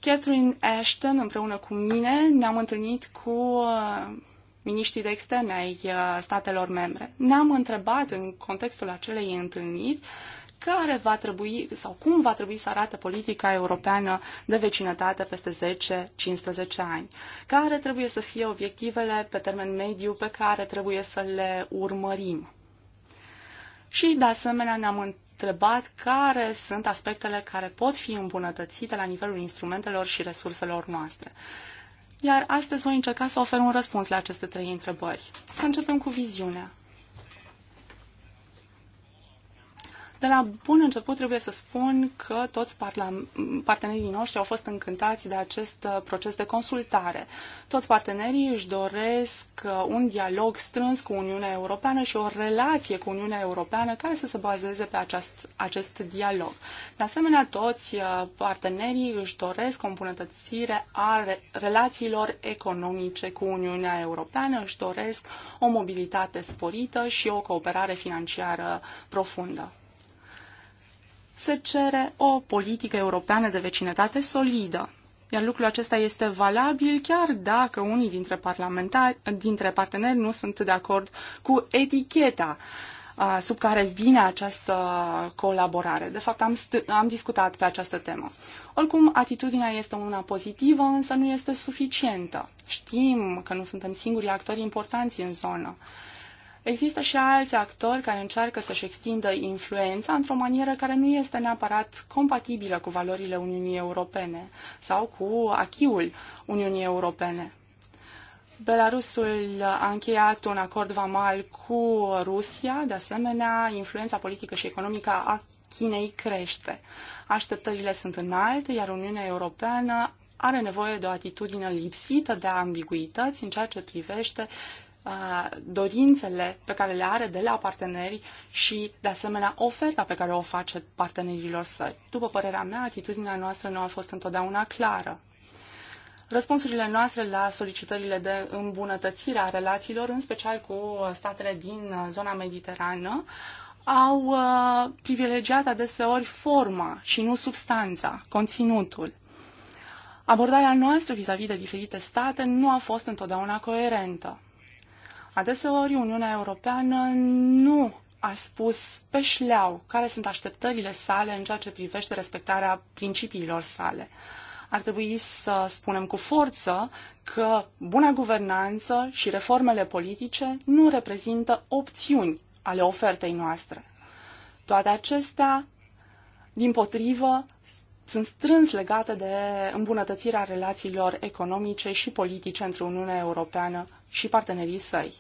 Catherine Ashton, împreună cu mine, ne-am întâlnit cu uh, miniștrii de externe ai statelor membre. Ne-am întrebat în contextul acelei întâlniri care va trebui sau cum va trebui să arate politica europeană de vecinătate peste 10-15 ani, care trebuie să fie obiectivele pe termen mediu pe care trebuie să le urmărim. Și, de asemenea, ne-am întrebat care sunt aspectele care pot fi îmbunătățite la nivelul instrumentelor și resurselor noastre. Iar astăzi voi încerca să ofer un răspuns la aceste trei întrebări. Să începem cu viziunea. De la bun început trebuie să spun că toți partenerii noștri au fost încântați de acest uh, proces de consultare. Toți partenerii își doresc uh, un dialog strâns cu Uniunea Europeană și o relație cu Uniunea Europeană care să se bazeze pe acest, acest dialog. De asemenea, toți uh, partenerii își doresc o îmbunătățire a relațiilor economice cu Uniunea Europeană, își doresc o mobilitate sporită și o cooperare financiară profundă se cere o politică europeană de vecinătate solidă. Iar lucrul acesta este valabil chiar dacă unii dintre, parlamentari, dintre parteneri nu sunt de acord cu eticheta sub care vine această colaborare. De fapt, am, am discutat pe această temă. Oricum, atitudinea este una pozitivă, însă nu este suficientă. Știm că nu suntem singurii actori importanți în zonă. Există și alți actori care încearcă să-și extindă influența într-o manieră care nu este neapărat compatibilă cu valorile Uniunii Europene sau cu achiul Uniunii Europene. Belarusul a încheiat un acord vamal cu Rusia, de asemenea, influența politică și economică a Chinei crește. Așteptările sunt înalte, iar Uniunea Europeană are nevoie de o atitudine lipsită de ambiguități în ceea ce privește Uh, dorințele pe care le are de la parteneri și, de asemenea, oferta pe care o face partenerilor săi. După părerea mea, atitudinea noastră nu a fost întotdeauna clară. Răspunsurile noastre la solicitările de îmbunătățire a relațiilor, în special cu statele din zona mediterană, au uh, privilegiat adeseori forma și nu substanța, conținutul. Abordarea noastră vis-a-vis -vis de diferite state nu a fost întotdeauna coerentă. Adeseori Uniunea Europeană nu a spus pe șleau care sunt așteptările sale în ceea ce privește respectarea principiilor sale. Ar trebui să spunem cu forță că buna guvernanță și reformele politice nu reprezintă opțiuni ale ofertei noastre. Toate acestea, din potrivă, sunt strâns legate de îmbunătățirea relațiilor economice și politice între Uniunea Europeană și partenerii săi.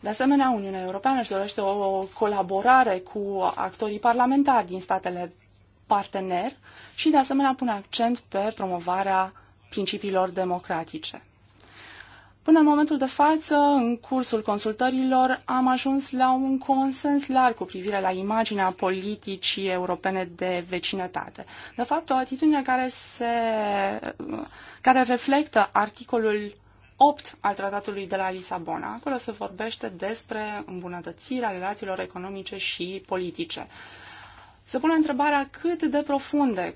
De asemenea, Uniunea Europeană își dorește o colaborare cu actorii parlamentari din statele partener și, de asemenea, pune accent pe promovarea principiilor democratice. Până în momentul de față, în cursul consultărilor, am ajuns la un consens larg cu privire la imaginea politicii europene de vecinătate. De fapt, o atitudine care, se, care reflectă articolul 8 al tratatului de la Lisabona. Acolo se vorbește despre îmbunătățirea relațiilor economice și politice. Se pune întrebarea cât de profunde,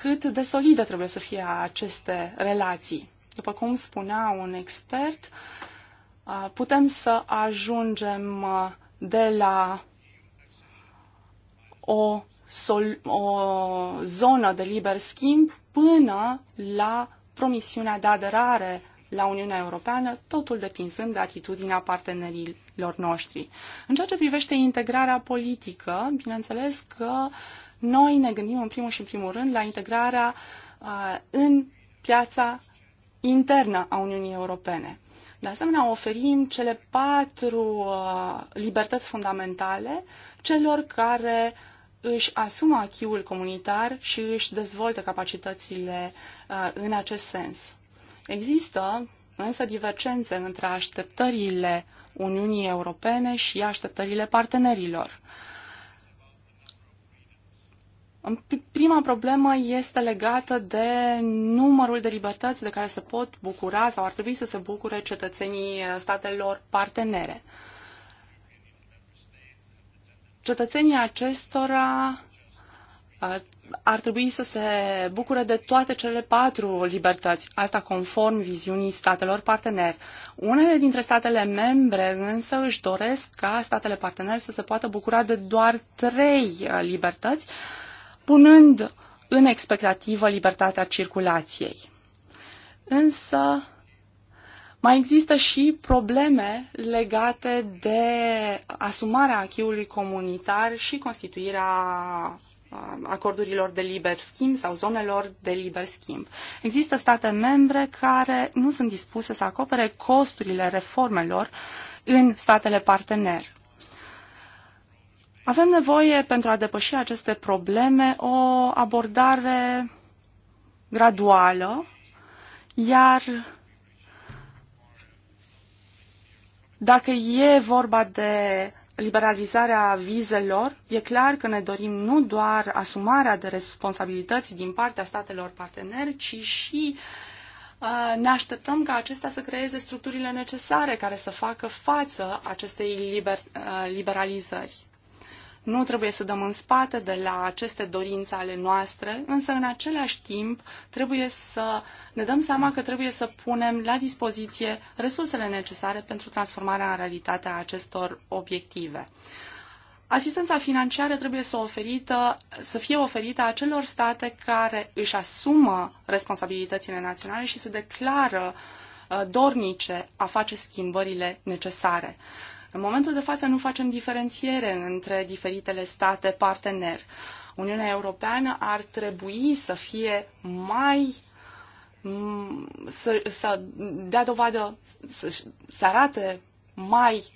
cât de solide trebuie să fie aceste relații. După cum spunea un expert, putem să ajungem de la o, sol, o zonă de liber schimb până la promisiunea de aderare la Uniunea Europeană, totul depinsând de atitudinea partenerilor noștri. În ceea ce privește integrarea politică, bineînțeles că noi ne gândim în primul și în primul rând la integrarea uh, în piața internă a Uniunii Europene. De asemenea, oferim cele patru uh, libertăți fundamentale celor care își asumă achiul comunitar și își dezvoltă capacitățile uh, în acest sens. Există însă divergențe între așteptările Uniunii Europene și așteptările partenerilor. Prima problemă este legată de numărul de libertăți de care se pot bucura sau ar trebui să se bucure cetățenii eh, statelor partenere. Cetățenii acestora eh, ar trebui să se bucure de toate cele patru libertăți, asta conform viziunii statelor parteneri. Unele dintre statele membre însă își doresc ca statele parteneri să se poată bucura de doar trei uh, libertăți, punând în expectativă libertatea circulației. Însă mai există și probleme legate de asumarea achiului comunitar și constituirea acordurilor de liber schimb sau zonelor de liber schimb. Există state membre care nu sunt dispuse să acopere costurile reformelor în statele partener. Avem nevoie, pentru a depăși aceste probleme, o abordare graduală, iar dacă e vorba de liberalizarea vizelor, e clar că ne dorim nu doar asumarea de responsabilități din partea statelor parteneri, ci și uh, ne așteptăm ca acestea să creeze structurile necesare care să facă față acestei liber, uh, liberalizări. Nu trebuie să dăm în spate de la aceste dorințe ale noastre, însă în același timp trebuie să ne dăm seama că trebuie să punem la dispoziție resursele necesare pentru transformarea în realitate a acestor obiective. Asistența financiară trebuie să, oferită, să fie oferită acelor state care își asumă responsabilitățile naționale și se declară uh, dornice a face schimbările necesare. În momentul de față nu facem diferențiere între diferitele state partener. Uniunea Europeană ar trebui să fie mai să, să dea dovadă, să, să arate mai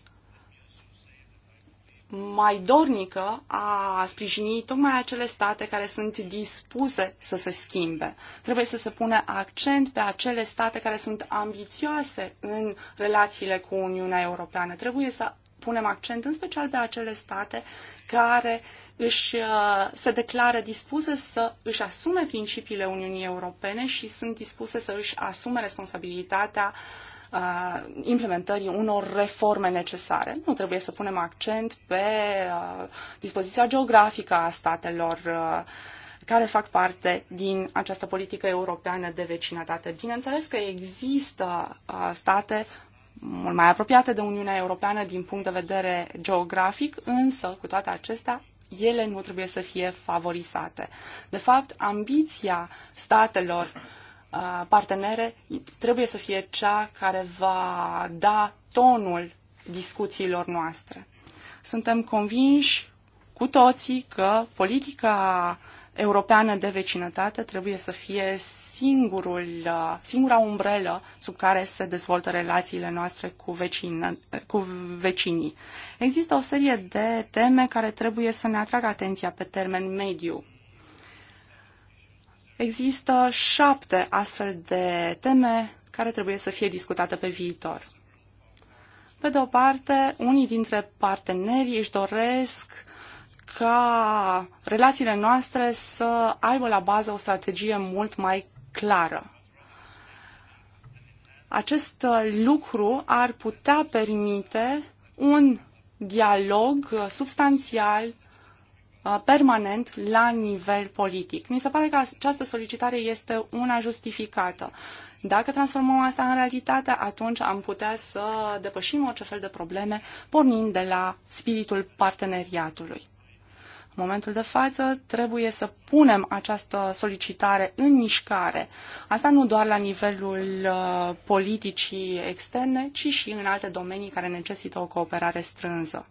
mai dornică a sprijini tocmai acele state care sunt dispuse să se schimbe. Trebuie să se pune accent pe acele state care sunt ambițioase în relațiile cu Uniunea Europeană. Trebuie să punem accent în special pe acele state care își uh, se declară dispuse să își asume principiile Uniunii Europene și sunt dispuse să își asume responsabilitatea uh, implementării unor reforme necesare. Nu trebuie să punem accent pe dispoziția geografică a statelor care fac parte din această politică europeană de vecinătate. Bineînțeles că există state mult mai apropiate de Uniunea Europeană din punct de vedere geografic, însă, cu toate acestea, ele nu trebuie să fie favorizate. De fapt, ambiția statelor Uh, partenere trebuie să fie cea care va da tonul discuțiilor noastre. Suntem convinși cu toții că politica europeană de vecinătate trebuie să fie singurul, uh, singura umbrelă sub care se dezvoltă relațiile noastre cu, vecină, cu vecinii. Există o serie de teme care trebuie să ne atragă atenția pe termen mediu. Există șapte astfel de teme care trebuie să fie discutate pe viitor. Pe de o parte, unii dintre partenerii își doresc ca relațiile noastre să aibă la bază o strategie mult mai clară. Acest uh, lucru ar putea permite un dialog uh, substanțial Uh, permanent la nivel politic. Mi se pare că această solicitare este una justificată. Dacă transformăm asta în realitate, atunci am putea să depășim orice fel de probleme pornind de la spiritul parteneriatului. În momentul de față trebuie să punem această solicitare în mișcare. Asta nu doar la nivelul uh, politicii externe, ci și în alte domenii care necesită o cooperare strânsă.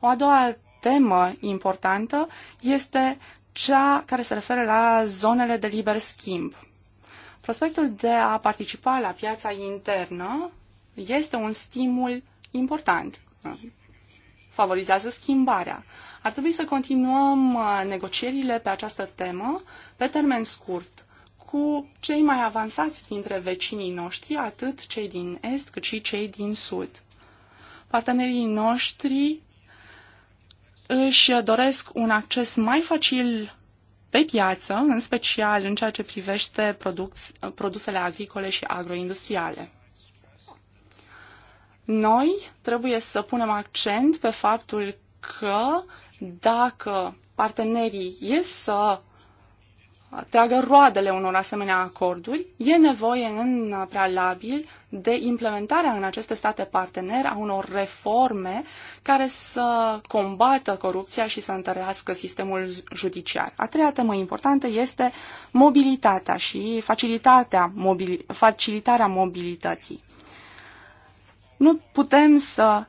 O a doua temă importantă este cea care se referă la zonele de liber schimb. Prospectul de a participa la piața internă este un stimul important. Favorizează schimbarea. Ar trebui să continuăm uh, negocierile pe această temă pe termen scurt cu cei mai avansați dintre vecinii noștri, atât cei din Est cât și cei din Sud. Partenerii noștri își doresc un acces mai facil pe piață, în special în ceea ce privește produc- produsele agricole și agroindustriale. Noi trebuie să punem accent pe faptul că dacă partenerii ies să tragă roadele unor asemenea acorduri, e nevoie în prealabil de implementarea în aceste state partener a unor reforme care să combată corupția și să întărească sistemul judiciar. A treia temă importantă este mobilitatea și facilitatea mobili- facilitarea mobilității. Nu putem să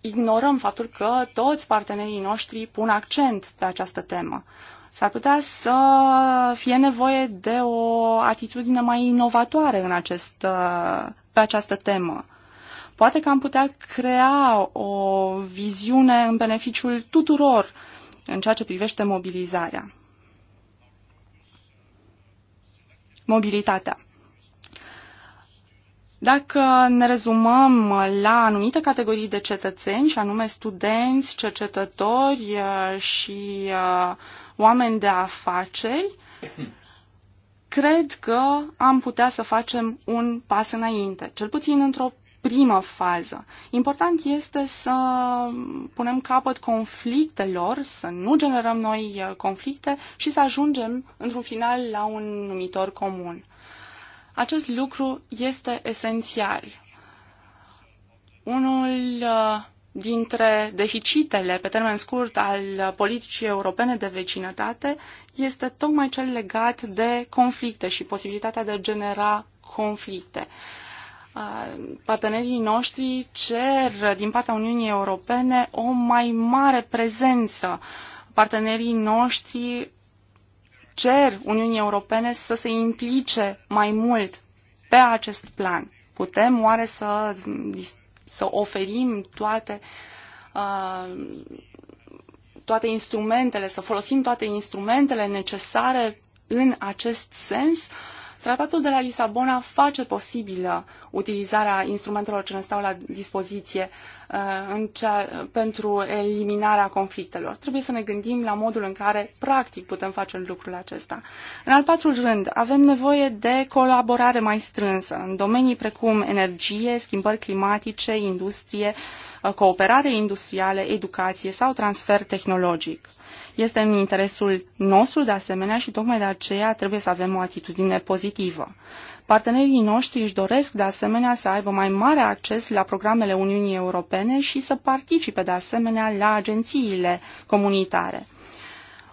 ignorăm faptul că toți partenerii noștri pun accent pe această temă. S-ar putea să fie nevoie de o atitudine mai inovatoare în acest, pe această temă. Poate că am putea crea o viziune în beneficiul tuturor în ceea ce privește mobilizarea. Mobilitatea. Dacă ne rezumăm la anumite categorii de cetățeni, și anume studenți, cercetători uh, și uh, oameni de afaceri, cred că am putea să facem un pas înainte, cel puțin într-o primă fază. Important este să punem capăt conflictelor, să nu generăm noi uh, conflicte și să ajungem într-un final la un numitor comun. Acest lucru este esențial. Unul uh, dintre deficitele pe termen scurt al politicii europene de vecinătate este tocmai cel legat de conflicte și posibilitatea de a genera conflicte. Partenerii noștri cer din partea Uniunii Europene o mai mare prezență. Partenerii noștri cer Uniunii Europene să se implice mai mult pe acest plan. Putem oare să să oferim toate uh, toate instrumentele, să folosim toate instrumentele necesare în acest sens uh, Tratatul de la Lisabona face posibilă utilizarea instrumentelor ce ne stau la dispoziție uh, în cea, pentru eliminarea conflictelor. Trebuie să ne gândim la modul în care practic putem face lucrul acesta. În al patrul rând, avem nevoie de colaborare mai strânsă în domenii precum energie, schimbări climatice, industrie, uh, cooperare industrială, educație sau transfer tehnologic. Este în interesul nostru de asemenea și tocmai de aceea trebuie să avem o atitudine pozitivă. Partenerii noștri își doresc de asemenea să aibă mai mare acces la programele Uniunii Europene și să participe de asemenea la agențiile comunitare.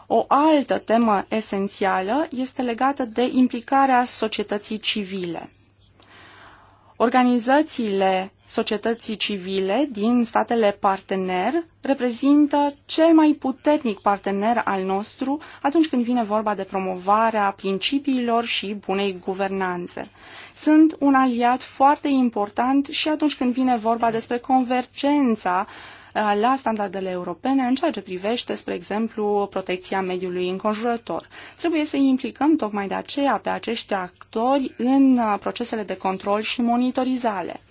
O altă temă esențială este legată de implicarea societății civile. Organizațiile societății civile din statele partener reprezintă cel mai puternic partener al nostru atunci când vine vorba de promovarea principiilor și bunei guvernanțe. Sunt un aliat foarte important și atunci când vine vorba despre convergența uh, Uh, la standardele europene în ceea ce privește, spre exemplu, protecția mediului înconjurător. Trebuie să îi implicăm tocmai de aceea pe acești actori în uh, procesele de control și monitorizare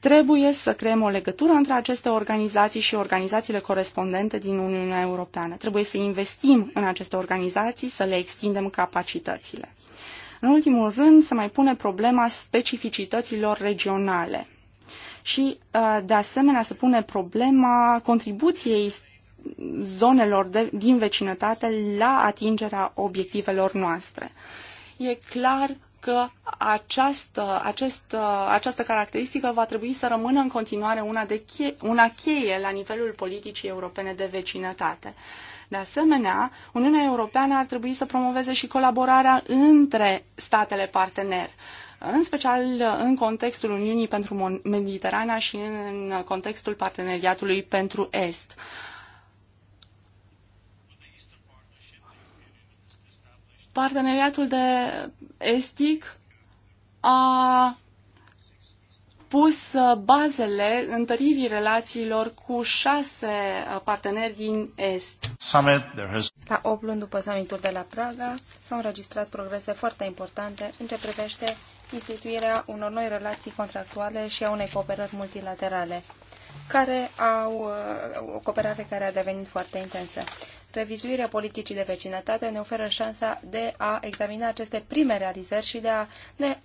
trebuie să creăm o legătură între aceste organizații și organizațiile corespondente din Uniunea Europeană. Trebuie să investim în aceste organizații, să le extindem capacitățile. În ultimul rând, se mai pune problema specificităților regionale și, uh, de asemenea, se pune problema contribuției zonelor de, din vecinătate la atingerea obiectivelor noastre. E clar că această, acest, uh, această caracteristică va trebui să rămână în continuare una, de che, una cheie la nivelul politicii europene de vecinătate. De asemenea, Uniunea Europeană ar trebui să promoveze și colaborarea între statele partener. Uh, în special în contextul Uniunii pentru Mediterana și în contextul parteneriatului pentru Est. Parteneriatul de estic a pus bazele întăririi relațiilor cu șase parteneri din Est. La 8 luni după summitul de la Praga s-au înregistrat progrese foarte importante în ce privește instituirea unor noi relații contractuale și a unei cooperări multilaterale, care au uh, o cooperare care a devenit foarte intensă. Revizuirea politicii de vecinătate ne oferă șansa de a examina aceste prime realizări și de a ne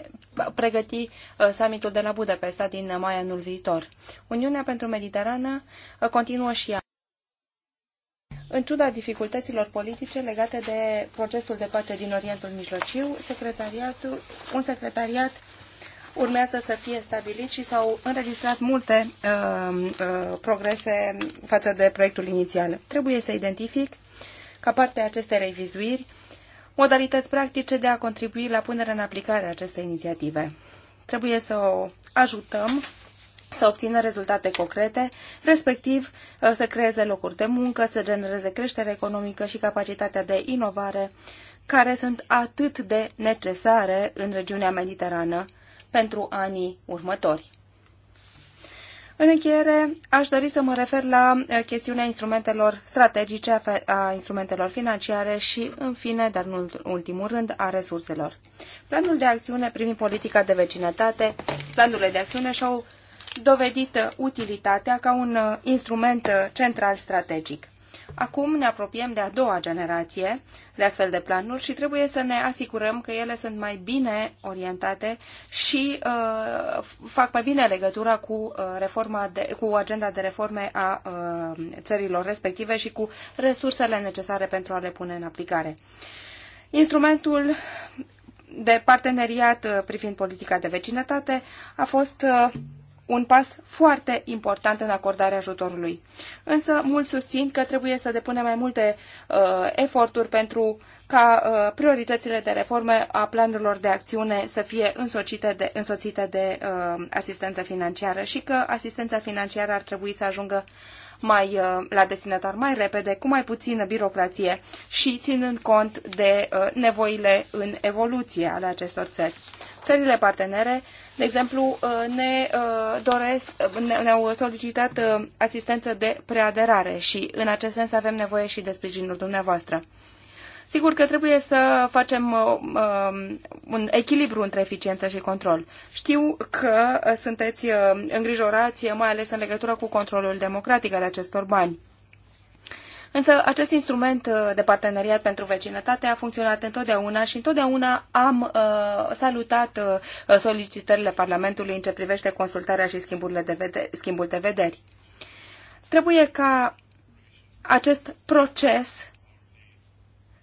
pregăti uh, summitul de la Budapesta din mai anul viitor. Uniunea pentru Mediterană uh, continuă și ea. În ciuda dificultăților politice legate de procesul de pace din Orientul Mijlociu, secretariatul, un secretariat urmează să fie stabilit și s-au înregistrat multe uh, uh, progrese față de proiectul inițial. Trebuie să identific, ca parte a acestei revizuiri, modalități practice de a contribui la punerea în aplicare a acestei inițiative. Trebuie să o ajutăm să obțină rezultate concrete, respectiv uh, să creeze locuri de muncă, să genereze creștere economică și capacitatea de inovare, care sunt atât de necesare în regiunea mediterană pentru anii următori. În încheiere, aș dori să mă refer la uh, chestiunea instrumentelor strategice, a instrumentelor financiare și, în fine, dar nu în ultimul rând, a resurselor. Planul de acțiune privind politica de vecinătate, planurile de acțiune și-au dovedit utilitatea ca un uh, instrument uh, central strategic. Acum ne apropiem de a doua generație de astfel de planuri și trebuie să ne asigurăm că ele sunt mai bine orientate și uh, fac mai bine legătura cu, uh, reforma de, cu agenda de reforme a uh, țărilor respective și cu resursele necesare pentru a le pune în aplicare. Instrumentul de parteneriat uh, privind politica de vecinătate a fost un pas foarte important în acordarea ajutorului. Însă, mulți susțin că trebuie să depunem mai multe uh, eforturi pentru ca uh, prioritățile de reforme a planurilor de acțiune să fie însoțite de, însoțite de uh, asistență financiară și că asistența financiară ar trebui să ajungă mai uh, la destinatar mai repede, cu mai puțină birocrație și ținând cont de uh, nevoile în evoluție ale acestor țări. Țările partenere, de exemplu, uh, ne uh, doresc, uh, ne-au solicitat asistență de preaderare și în acest sens avem nevoie și de sprijinul dumneavoastră. Sigur că trebuie să facem un echilibru între eficiență și control. Știu că sunteți îngrijorați, mai ales în legătură cu controlul democratic al acestor bani. Însă acest instrument uh, de parteneriat pentru vecinătate a funcționat întotdeauna și întotdeauna am uh, salutat uh, solicitările Parlamentului în ce privește consultarea și schimburile de schimbul de vederi. Trebuie ca acest proces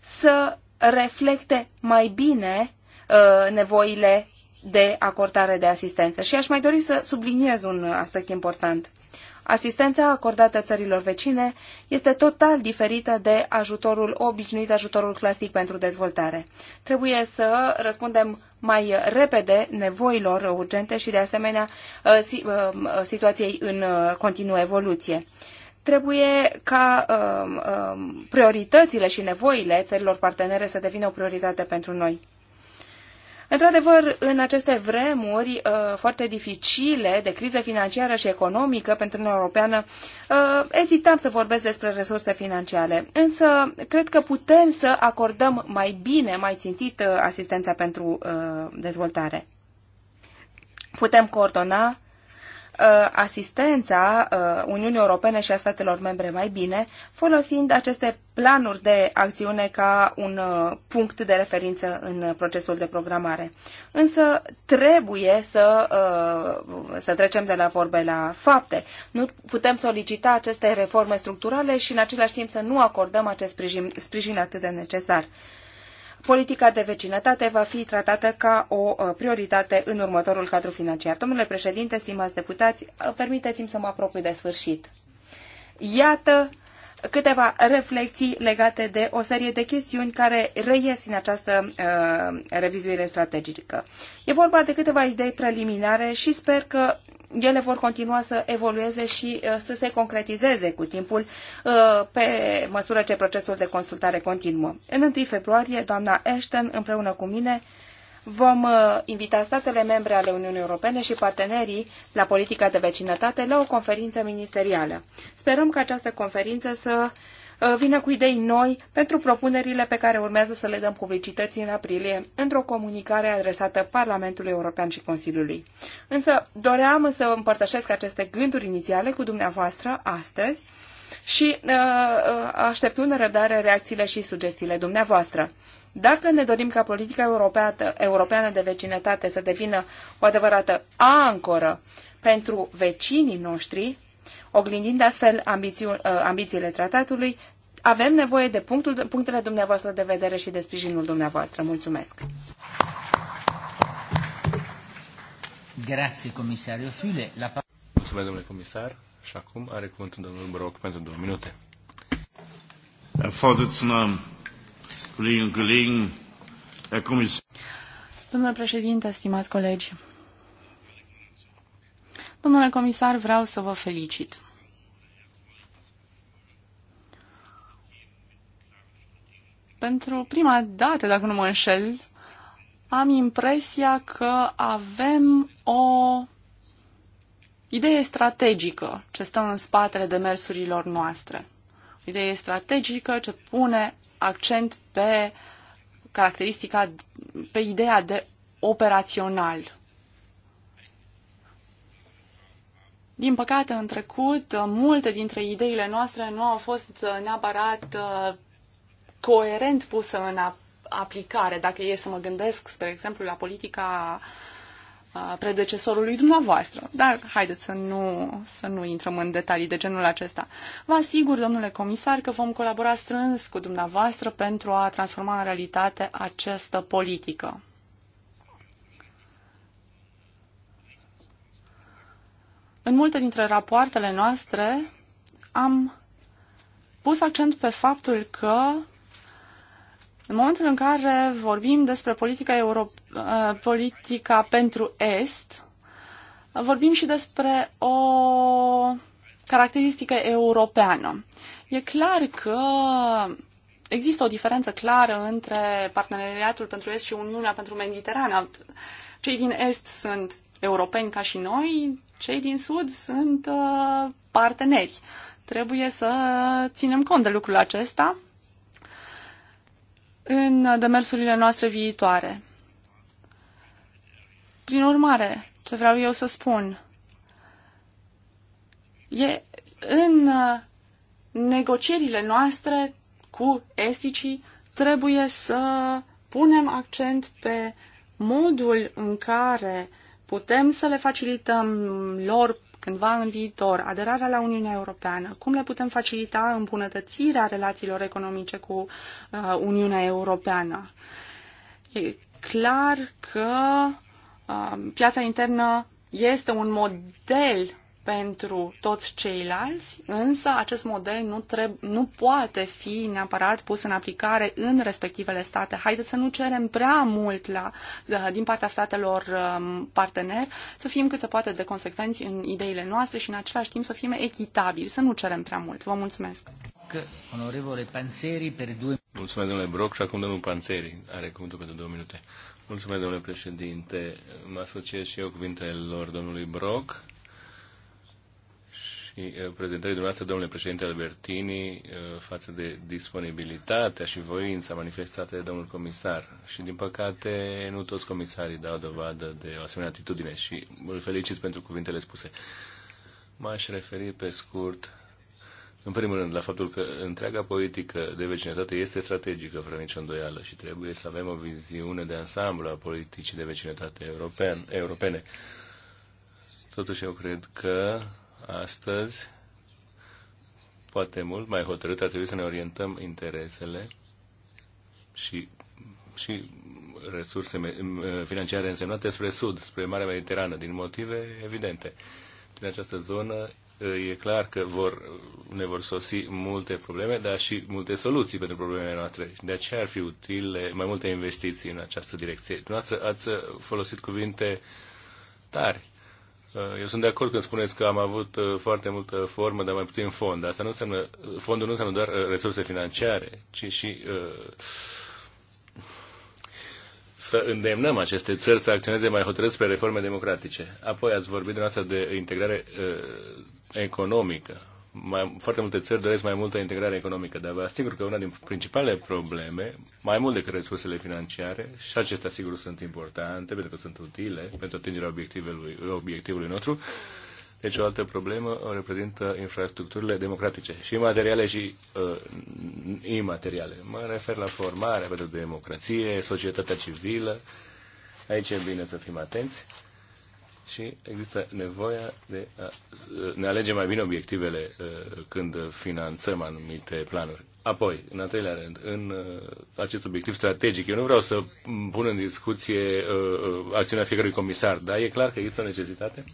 să reflecte mai bine uh, nevoile de acordare de asistență. Și aș mai dori să subliniez un aspect important. Asistența acordată țărilor vecine este total diferită de ajutorul obișnuit, ajutorul clasic pentru dezvoltare. Trebuie să răspundem mai repede nevoilor urgente și, de asemenea, uh, uh, situației în uh, continuă evoluție trebuie ca prioritățile și nevoile țărilor partenere să devină o prioritate pentru noi. Într-adevăr, în aceste vremuri uh, foarte dificile de criză financiară și economică pentru Uniunea Europeană, uh, ezitam să vorbesc despre resurse financiare, însă cred că putem să acordăm mai bine, mai țintit uh, asistența pentru dezvoltare. Putem coordona Uh, asistența uh, Uniunii Europene și a statelor membre mai bine, folosind aceste planuri de acțiune ca un uh, punct de referință în procesul de programare. Însă trebuie să, să trecem de la vorbe la fapte. Nu putem solicita aceste reforme structurale și în același timp să nu acordăm acest sprijin, sprijin atât de necesar politica de vecinătate va fi tratată ca o uh, prioritate în următorul cadru financiar. Domnule președinte, stimați deputați, uh, permiteți-mi să mă apropii de sfârșit. Iată câteva reflexii legate de o serie de chestiuni care reies în această uh, revizuire strategică. E vorba de câteva idei preliminare și sper că ele vor continua să evolueze și uh, să se concretizeze cu timpul uh, pe măsură ce procesul de consultare continuă. În 1 februarie, doamna Ashton, împreună cu mine, uh, Vom uh, invita statele membre ale Uniunii Europene și partenerii la politica de vecinătate la o conferință ministerială. Sperăm că această conferință să uh, vină cu idei noi pentru propunerile pe care urmează să le dăm publicității în aprilie, într-o comunicare adresată Parlamentului European și Consiliului. Însă doream să împărtășesc aceste gânduri inițiale cu dumneavoastră astăzi și uh, uh aștept cu nerăbdare reacțiile și sugestiile dumneavoastră. Dacă ne dorim ca politica europeană de vecinătate să devină o adevărată ancoră pentru vecinii noștri, oglindind astfel uh, ambițiile tratatului, avem nevoie de punctul, punctele dumneavoastră de vedere și de sprijinul dumneavoastră. Mulțumesc! Grazie, comisario Fule. La... Mulțumesc, domnule comisar. Și acum are cuvântul domnul Broc pentru două minute. Herr Domnule președinte, stimați colegi, domnule comisar, vreau să vă felicit. Pentru prima dată, dacă nu mă înșel, am impresia că avem o idee strategică ce stă în spatele demersurilor noastre. O idee strategică ce pune accent pe caracteristica, pe ideea de operațional. Din păcate, în trecut, multe dintre ideile noastre nu au fost neapărat uh, coerent pusă în aplicare. Dacă e să mă gândesc, spre exemplu, la politica uh, predecesorului dumneavoastră. Dar haideți să nu, să nu intrăm în detalii de genul acesta. Vă asigur, domnule comisar, că vom colabora strâns cu dumneavoastră pentru a transforma în realitate această politică. În multe dintre rapoartele noastre am pus accent pe faptul că în momentul în care vorbim despre politica, euro, uh, politica pentru Est, vorbim și despre o caracteristică europeană. E clar că există o diferență clară între Parteneriatul pentru Est și Uniunea pentru Mediterana. Cei din Est sunt europeni ca și noi, cei din Sud sunt uh, parteneri. Trebuie să ținem cont de lucrul acesta în demersurile noastre viitoare. Prin urmare, ce vreau eu să spun e în uh, negocierile noastre cu esticii trebuie să punem accent pe modul în care putem să le facilităm lor cândva în viitor, aderarea la Uniunea Europeană, cum le putem facilita îmbunătățirea relațiilor economice cu uh, Uniunea Europeană. E clar că uh, piața internă este un model pentru toți ceilalți, însă acest model nu, treb- nu poate fi neapărat pus în aplicare în respectivele state. Haideți să nu cerem prea mult la, da, din partea statelor um, partener, să fim cât se poate de consecvenți în ideile noastre și în același timp să fim echitabili, să nu cerem prea mult. Vă mulțumesc! Mulțumesc, domnule Broc, și acum domnul Panzeri are cuvântul pentru două minute. Mulțumesc, domnule președinte. Mă asociez și eu cuvintelor domnului Broc și prezentării dumneavoastră, domnule președinte Albertini, față de disponibilitatea și voința manifestată de domnul comisar. Și, din păcate, nu toți comisarii dau dovadă de o asemenea atitudine și îl felicit pentru cuvintele spuse. M-aș referi pe scurt, în primul rând, la faptul că întreaga politică de vecinătate este strategică, fără nicio îndoială, și trebuie să avem o viziune de ansamblu a politicii de vecinătate europeană. europene. Totuși, eu cred că astăzi, poate mult mai hotărât, ar trebui să ne orientăm interesele și, și resurse financiare însemnate spre sud, spre Marea Mediterană, din motive evidente. Din această zonă e clar că vor, ne vor sosi multe probleme, dar și multe soluții pentru problemele noastre. De aceea ar fi utile mai multe investiții în această direcție. Noastră ați folosit cuvinte tari Eh, eu sunt de acord când spuneți că am avut eh, foarte multă formă, dar mai puțin fond. Asta nu înseamnă, fondul nu înseamnă doar eh, resurse financiare, ci și să îndemnăm aceste țări să acționeze mai hotărât spre reforme democratice. Apoi ați vorbit dumneavoastră de integrare uh, economică mai, foarte multe țări doresc mai multă integrare economică, dar vă asigur că una din principalele probleme, mai mult decât resursele financiare, și acestea sigur sunt importante pentru că sunt utile pentru atingerea obiectivului, obiectivului nostru, deci o altă problemă o reprezintă infrastructurile democratice, și materiale și uh, imateriale. Mă refer la formarea pentru democrație, societatea civilă. Aici e bine să fim atenți și există nevoia de a ne alege mai bine obiectivele uh, când finanțăm anumite planuri. Apoi, în al treilea rând, în uh, acest obiectiv strategic, eu nu vreau să pun în discuție uh, acțiunea fiecărui comisar, dar e clar că există o necesitate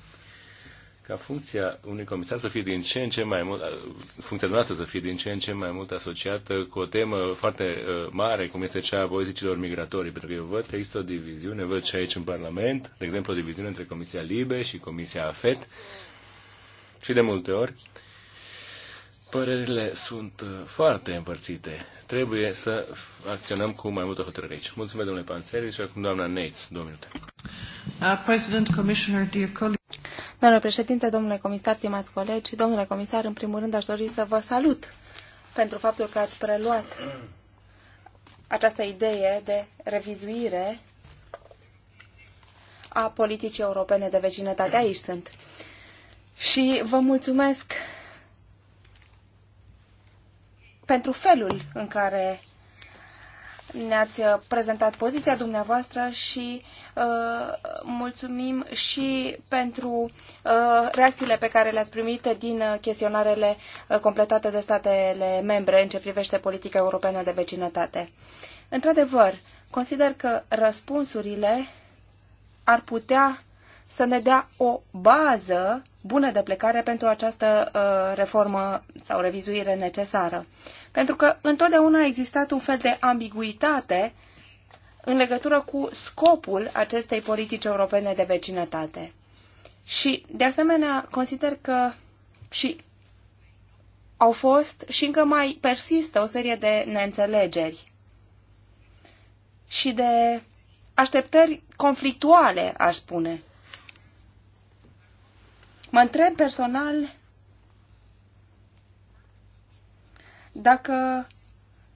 ca funcția unui comisar să fie din ce în ce mai mult, funcția dumneavoastră să fie din ce în ce mai mult asociată cu o temă foarte uh, mare, cum este cea a politicilor migratorii, pentru că eu văd că există o diviziune, văd și aici în Parlament, de exemplu o diviziune între Comisia Libe și Comisia AFET și de multe ori părerile sunt uh, foarte împărțite. Trebuie să acționăm cu mai multă hotărâre aici. Mulțumesc, domnule Panțeri, și acum doamna Neitz, două minute. Uh, President, Commissioner, dear colleagues. Doamnă președinte, domnule comisar, stimați colegi, domnule comisar, în primul rând aș dori să vă salut pentru faptul că ați preluat această idee de revizuire a politicii europene de vecinătate. Aici sunt. Și vă mulțumesc pentru felul în care ne-ați prezentat poziția dumneavoastră și Uh, mulțumim și pentru uh, reacțiile pe care le-ați primit din uh, chestionarele completate de statele membre în ce privește politica europeană de vecinătate. Într-adevăr, consider că răspunsurile ar putea să ne dea o bază bună de plecare pentru această uh, reformă sau revizuire necesară. Pentru că întotdeauna a existat un fel de ambiguitate uh, în legătură cu scopul acestei politici europene de vecinătate. Și, de asemenea, consider că și au fost și încă mai persistă o serie de neînțelegeri și de așteptări conflictuale, aș spune. Mă întreb personal dacă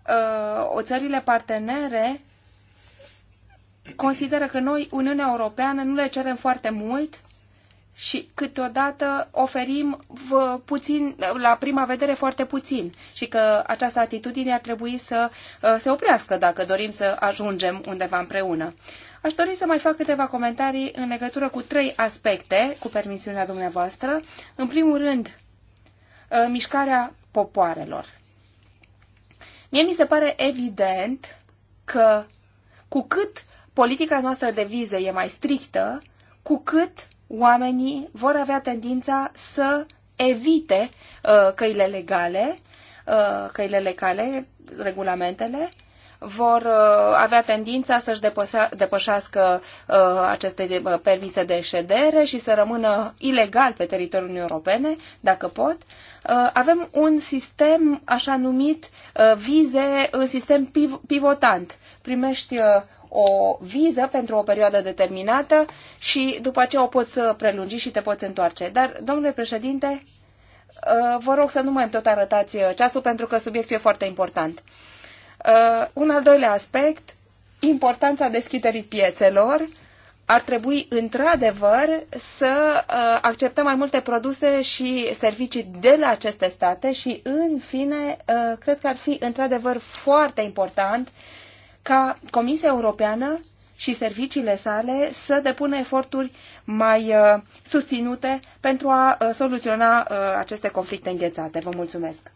uh, o țările partenere consideră că noi, Uniunea Europeană, nu le cerem foarte mult și câteodată oferim puțin, la prima vedere foarte puțin și că această atitudine ar trebui să uh, se oprească dacă dorim să ajungem undeva împreună. Aș dori să mai fac câteva comentarii în legătură cu trei aspecte, cu permisiunea dumneavoastră. În primul rând, uh, mișcarea popoarelor. Mie mi se pare evident că cu cât politica noastră de vize e mai strictă, cu cât oamenii vor avea tendința să evite uh, căile legale, uh, căile legale, regulamentele, vor uh, avea tendința să-și depășească uh, aceste uh, permise de ședere și să rămână ilegal pe teritoriul Uniunii Europene, dacă pot. Uh, avem un sistem așa numit uh, vize, un sistem piv pivotant. Primești uh, o viză pentru o perioadă determinată și după aceea o poți uh, prelungi și te poți întoarce. Dar, domnule președinte, uh, vă rog să nu mai tot arătați uh, ceasul pentru că subiectul e foarte important. Un al doilea aspect, importanța deschiderii piețelor ar trebui într-adevăr să acceptăm mai multe produse și servicii de la aceste state și, în fine, cred că ar fi într-adevăr foarte important ca Comisia Europeană și serviciile sale să depună eforturi mai uh, susținute pentru a uh, soluționa uh, aceste conflicte înghețate. Vă mulțumesc!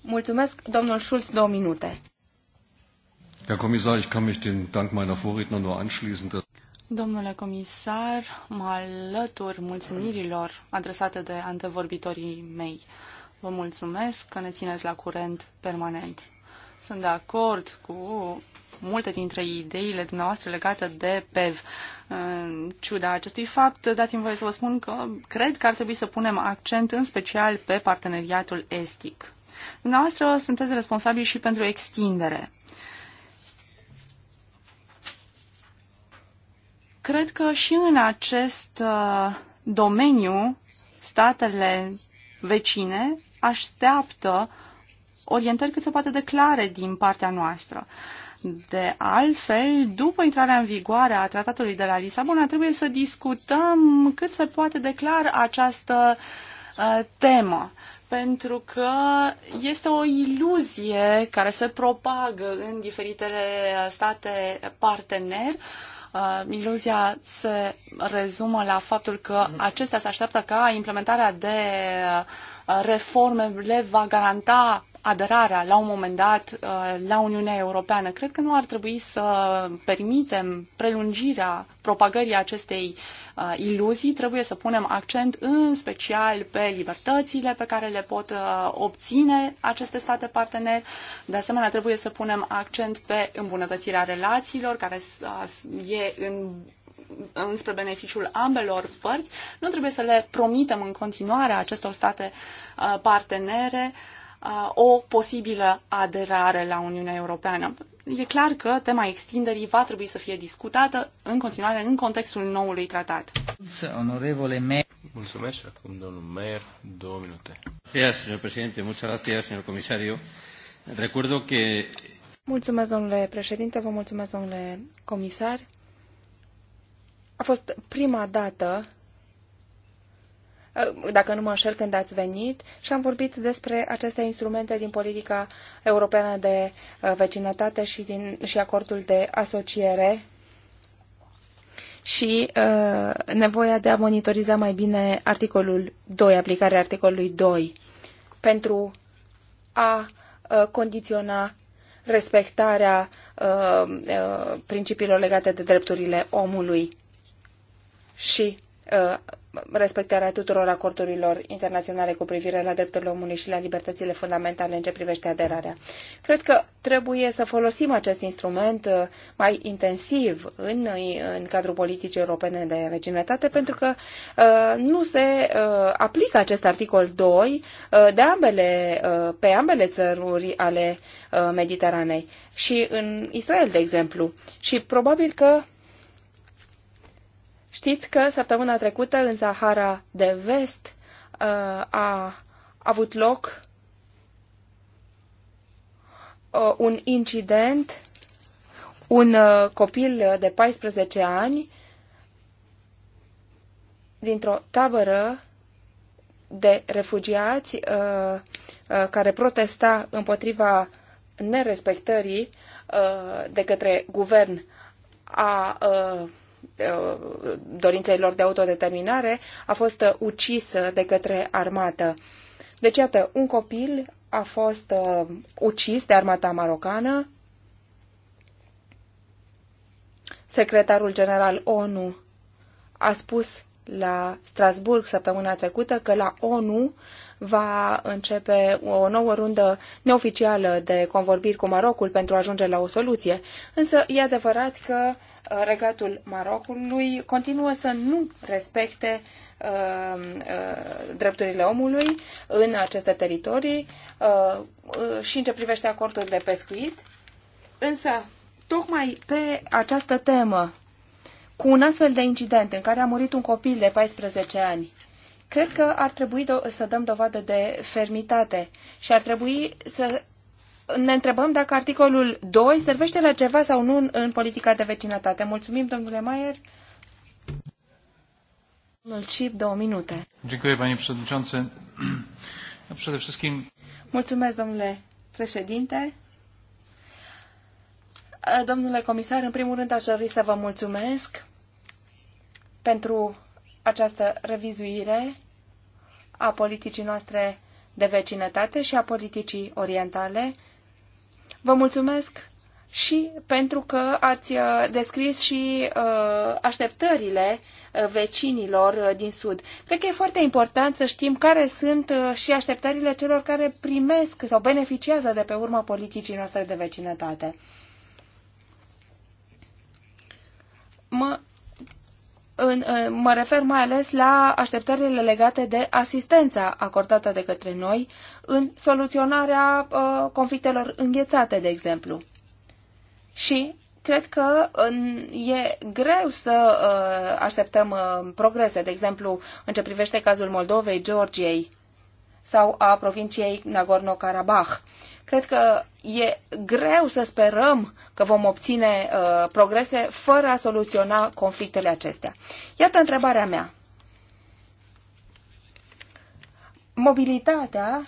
Mulțumesc, domnul Schulz, două minute. Herr Kommissar, ich kann mich den Dank meiner Vorredner nur anschließen. Domnule comisar, mă alătur mulțumirilor adresate de antevorbitorii mei. Vă mulțumesc că ne țineți la curent permanent. Sunt de acord cu multe dintre ideile dumneavoastră legate de PEV. În ciuda acestui fapt, dați-mi voie să vă spun că cred că ar trebui să punem accent în special pe parteneriatul estic. Dumneavoastră sunteți responsabili și pentru extindere. Cred că și în acest uh, domeniu statele vecine așteaptă uh, orientări cât se poate de clare din partea noastră. De altfel, după intrarea în vigoare a tratatului de la Lisabona, trebuie să discutăm cât se poate de clar această uh, temă pentru că este o iluzie care se propagă în diferitele state partener. Uh, iluzia se rezumă la faptul că acestea se așteaptă ca implementarea de uh, reforme le va garanta aderarea la un moment dat uh, la Uniunea Europeană. Cred că nu ar trebui să permitem prelungirea propagării acestei uh, iluzii. Trebuie să punem accent în special pe libertățile pe care le pot uh, obține aceste state parteneri. De asemenea, trebuie să punem accent pe îmbunătățirea relațiilor care e în înspre beneficiul ambelor părți, nu trebuie să le promitem în continuare acestor state partenere uh, Uh, o posibilă aderare la Uniunea Europeană. E clar că tema extinderii va trebui să fie discutată în continuare în contextul noului tratat. Onorevole Mer. Mulțumesc acum, domnul Mer, două minute. Gracias, señor presidente. Muchas gracias, señor comisario. Recuerdo que... Mulțumesc, domnule președinte, vă mulțumesc, domnule comisar. A fost prima dată Uh, dacă nu mă înșel când ați venit, și am vorbit despre aceste instrumente din politica europeană de uh, vecinătate și, din, și acordul de asociere și uh, nevoia de a monitoriza mai bine articolul 2, aplicarea articolului 2, pentru a uh, condiționa respectarea uh, uh, principiilor legate de drepturile omului și Uh, respectarea tuturor acordurilor internaționale cu privire la drepturile omului și la libertățile fundamentale în ce privește aderarea. Cred că trebuie să folosim acest instrument uh, mai intensiv în, în cadrul politicii europene de vecinătate, pentru că uh, nu se aplică acest articol 2 de ambele, pe ambele țăruri ale Mediteranei și în Israel, de exemplu. Și probabil că Știți că săptămâna trecută în Sahara de Vest uh, a avut loc uh, un incident, un uh, copil de 14 ani dintr-o tabără de refugiați care protesta împotriva nerespectării de către guvern a Uh, lor de autodeterminare a fost uh, ucis de către armată. Deci, iată, un copil a fost uh, ucis de armata marocană. Secretarul general ONU a spus la Strasburg săptămâna trecută că la ONU va începe o nouă rundă neoficială de convorbiri cu Marocul pentru a ajunge la o soluție. Însă e adevărat că uh, regatul Marocului continuă să nu respecte uh, uh, drepturile omului în aceste teritorii și în ce privește acordul de pescuit. Însă, tocmai pe această temă, cu un astfel de incident în care a murit un copil de 14 ani, Cred că ar trebui să dăm dovadă de fermitate și ar trebui să ne întrebăm dacă articolul 2 servește la ceva sau nu în, în politica de vecinătate. Mulțumim, domnule Maier. Domnul Cip, două minute. Dziękuję, panie przewodniczący. Przede wszystkim... Mulțumesc, domnule președinte. Domnule comisar, în primul rând aș dori să vă mulțumesc pentru această revizuire a politicii noastre de vecinătate și a politicii orientale. Vă mulțumesc și pentru că ați uh, descris și uh, așteptările uh, vecinilor din Sud. Cred că e foarte important să știm care sunt și așteptările celor care primesc sau beneficiază de pe urma politicii noastre de vecinătate. Mă în, mă refer mai ales la așteptările legate de asistența acordată de către noi în soluționarea uh, conflictelor înghețate, de exemplu. Și cred că e greu să uh, așteptăm uh, progrese, de exemplu, în ce privește cazul Moldovei, Georgiei sau a provinciei Nagorno-Karabakh. Cred că e greu să sperăm că vom obține uh, progrese fără a soluționa conflictele acestea. Iată întrebarea mea. Mobilitatea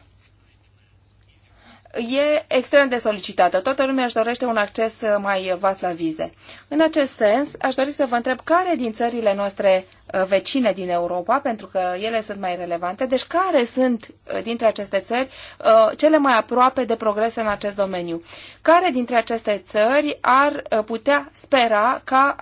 e extrem de solicitată. Toată lumea își dorește un acces uh, mai vast la vize. În acest sens, aș dori să vă întreb care din țările noastre Uh, vecine din Europa, pentru că ele sunt mai relevante. Deci care sunt uh, dintre aceste țări uh, cele mai aproape de progres în acest domeniu? Care dintre aceste țări ar putea spera ca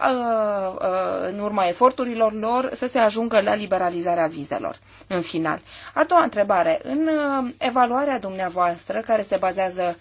în urma eforturilor lor să se ajungă la liberalizarea vizelor? În final. A doua întrebare. În evaluarea dumneavoastră, care se bazează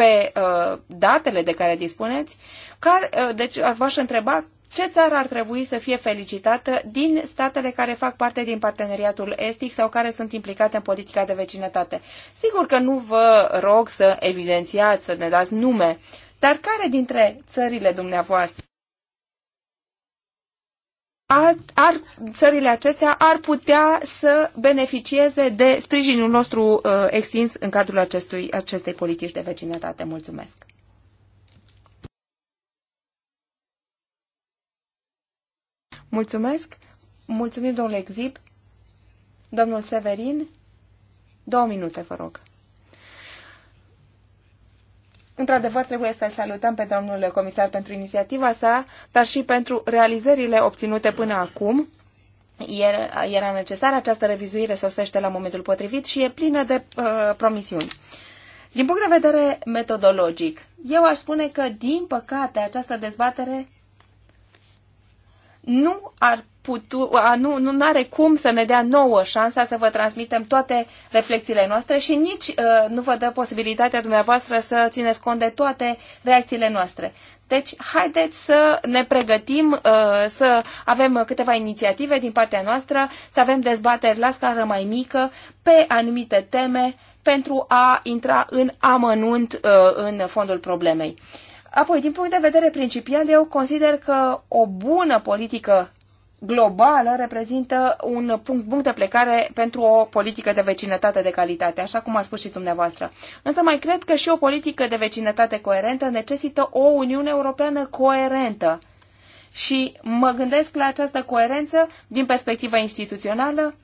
pe uh, datele de care dispuneți, care, uh, deci uh, v-aș întreba ce țară ar trebui să fie felicitată din statele care fac parte din parteneriatul estic sau care sunt implicate în politica de vecinătate? Sigur că nu vă rog să evidențiați, să ne dați nume, dar care dintre țările dumneavoastră ar, ar, țările acestea ar putea să beneficieze de sprijinul nostru uh, extins în cadrul acestui, acestei politici de vecinătate. Mulțumesc! Mulțumesc! Mulțumim, domnule Exib, domnul Severin. Două minute, vă rog. Într-adevăr, trebuie să-l salutăm pe domnul comisar pentru inițiativa sa, dar și pentru realizările obținute până acum. Era, era necesară această revizuire, sosește la momentul potrivit și e plină de uh, promisiuni. Din punct de vedere metodologic, eu aș spune că, din păcate, această dezbatere nu ar putu, a, nu, nu are cum să ne dea nouă șansa să vă transmitem toate reflexiile noastre și nici uh, nu vă dă posibilitatea dumneavoastră să țineți cont de toate reacțiile noastre. Deci, haideți să ne pregătim, uh, să avem câteva inițiative din partea noastră, să avem dezbateri la scară mai mică pe anumite teme pentru a intra în amănunt uh, în fondul problemei. Apoi, din punct de vedere principial, eu consider că o bună politică globală reprezintă un punct, punct de plecare pentru o politică de vecinătate de calitate, așa cum a spus și dumneavoastră. Însă mai cred că și o politică de vecinătate coerentă necesită o Uniune Europeană coerentă. Și mă gândesc la această coerență din perspectiva instituțională,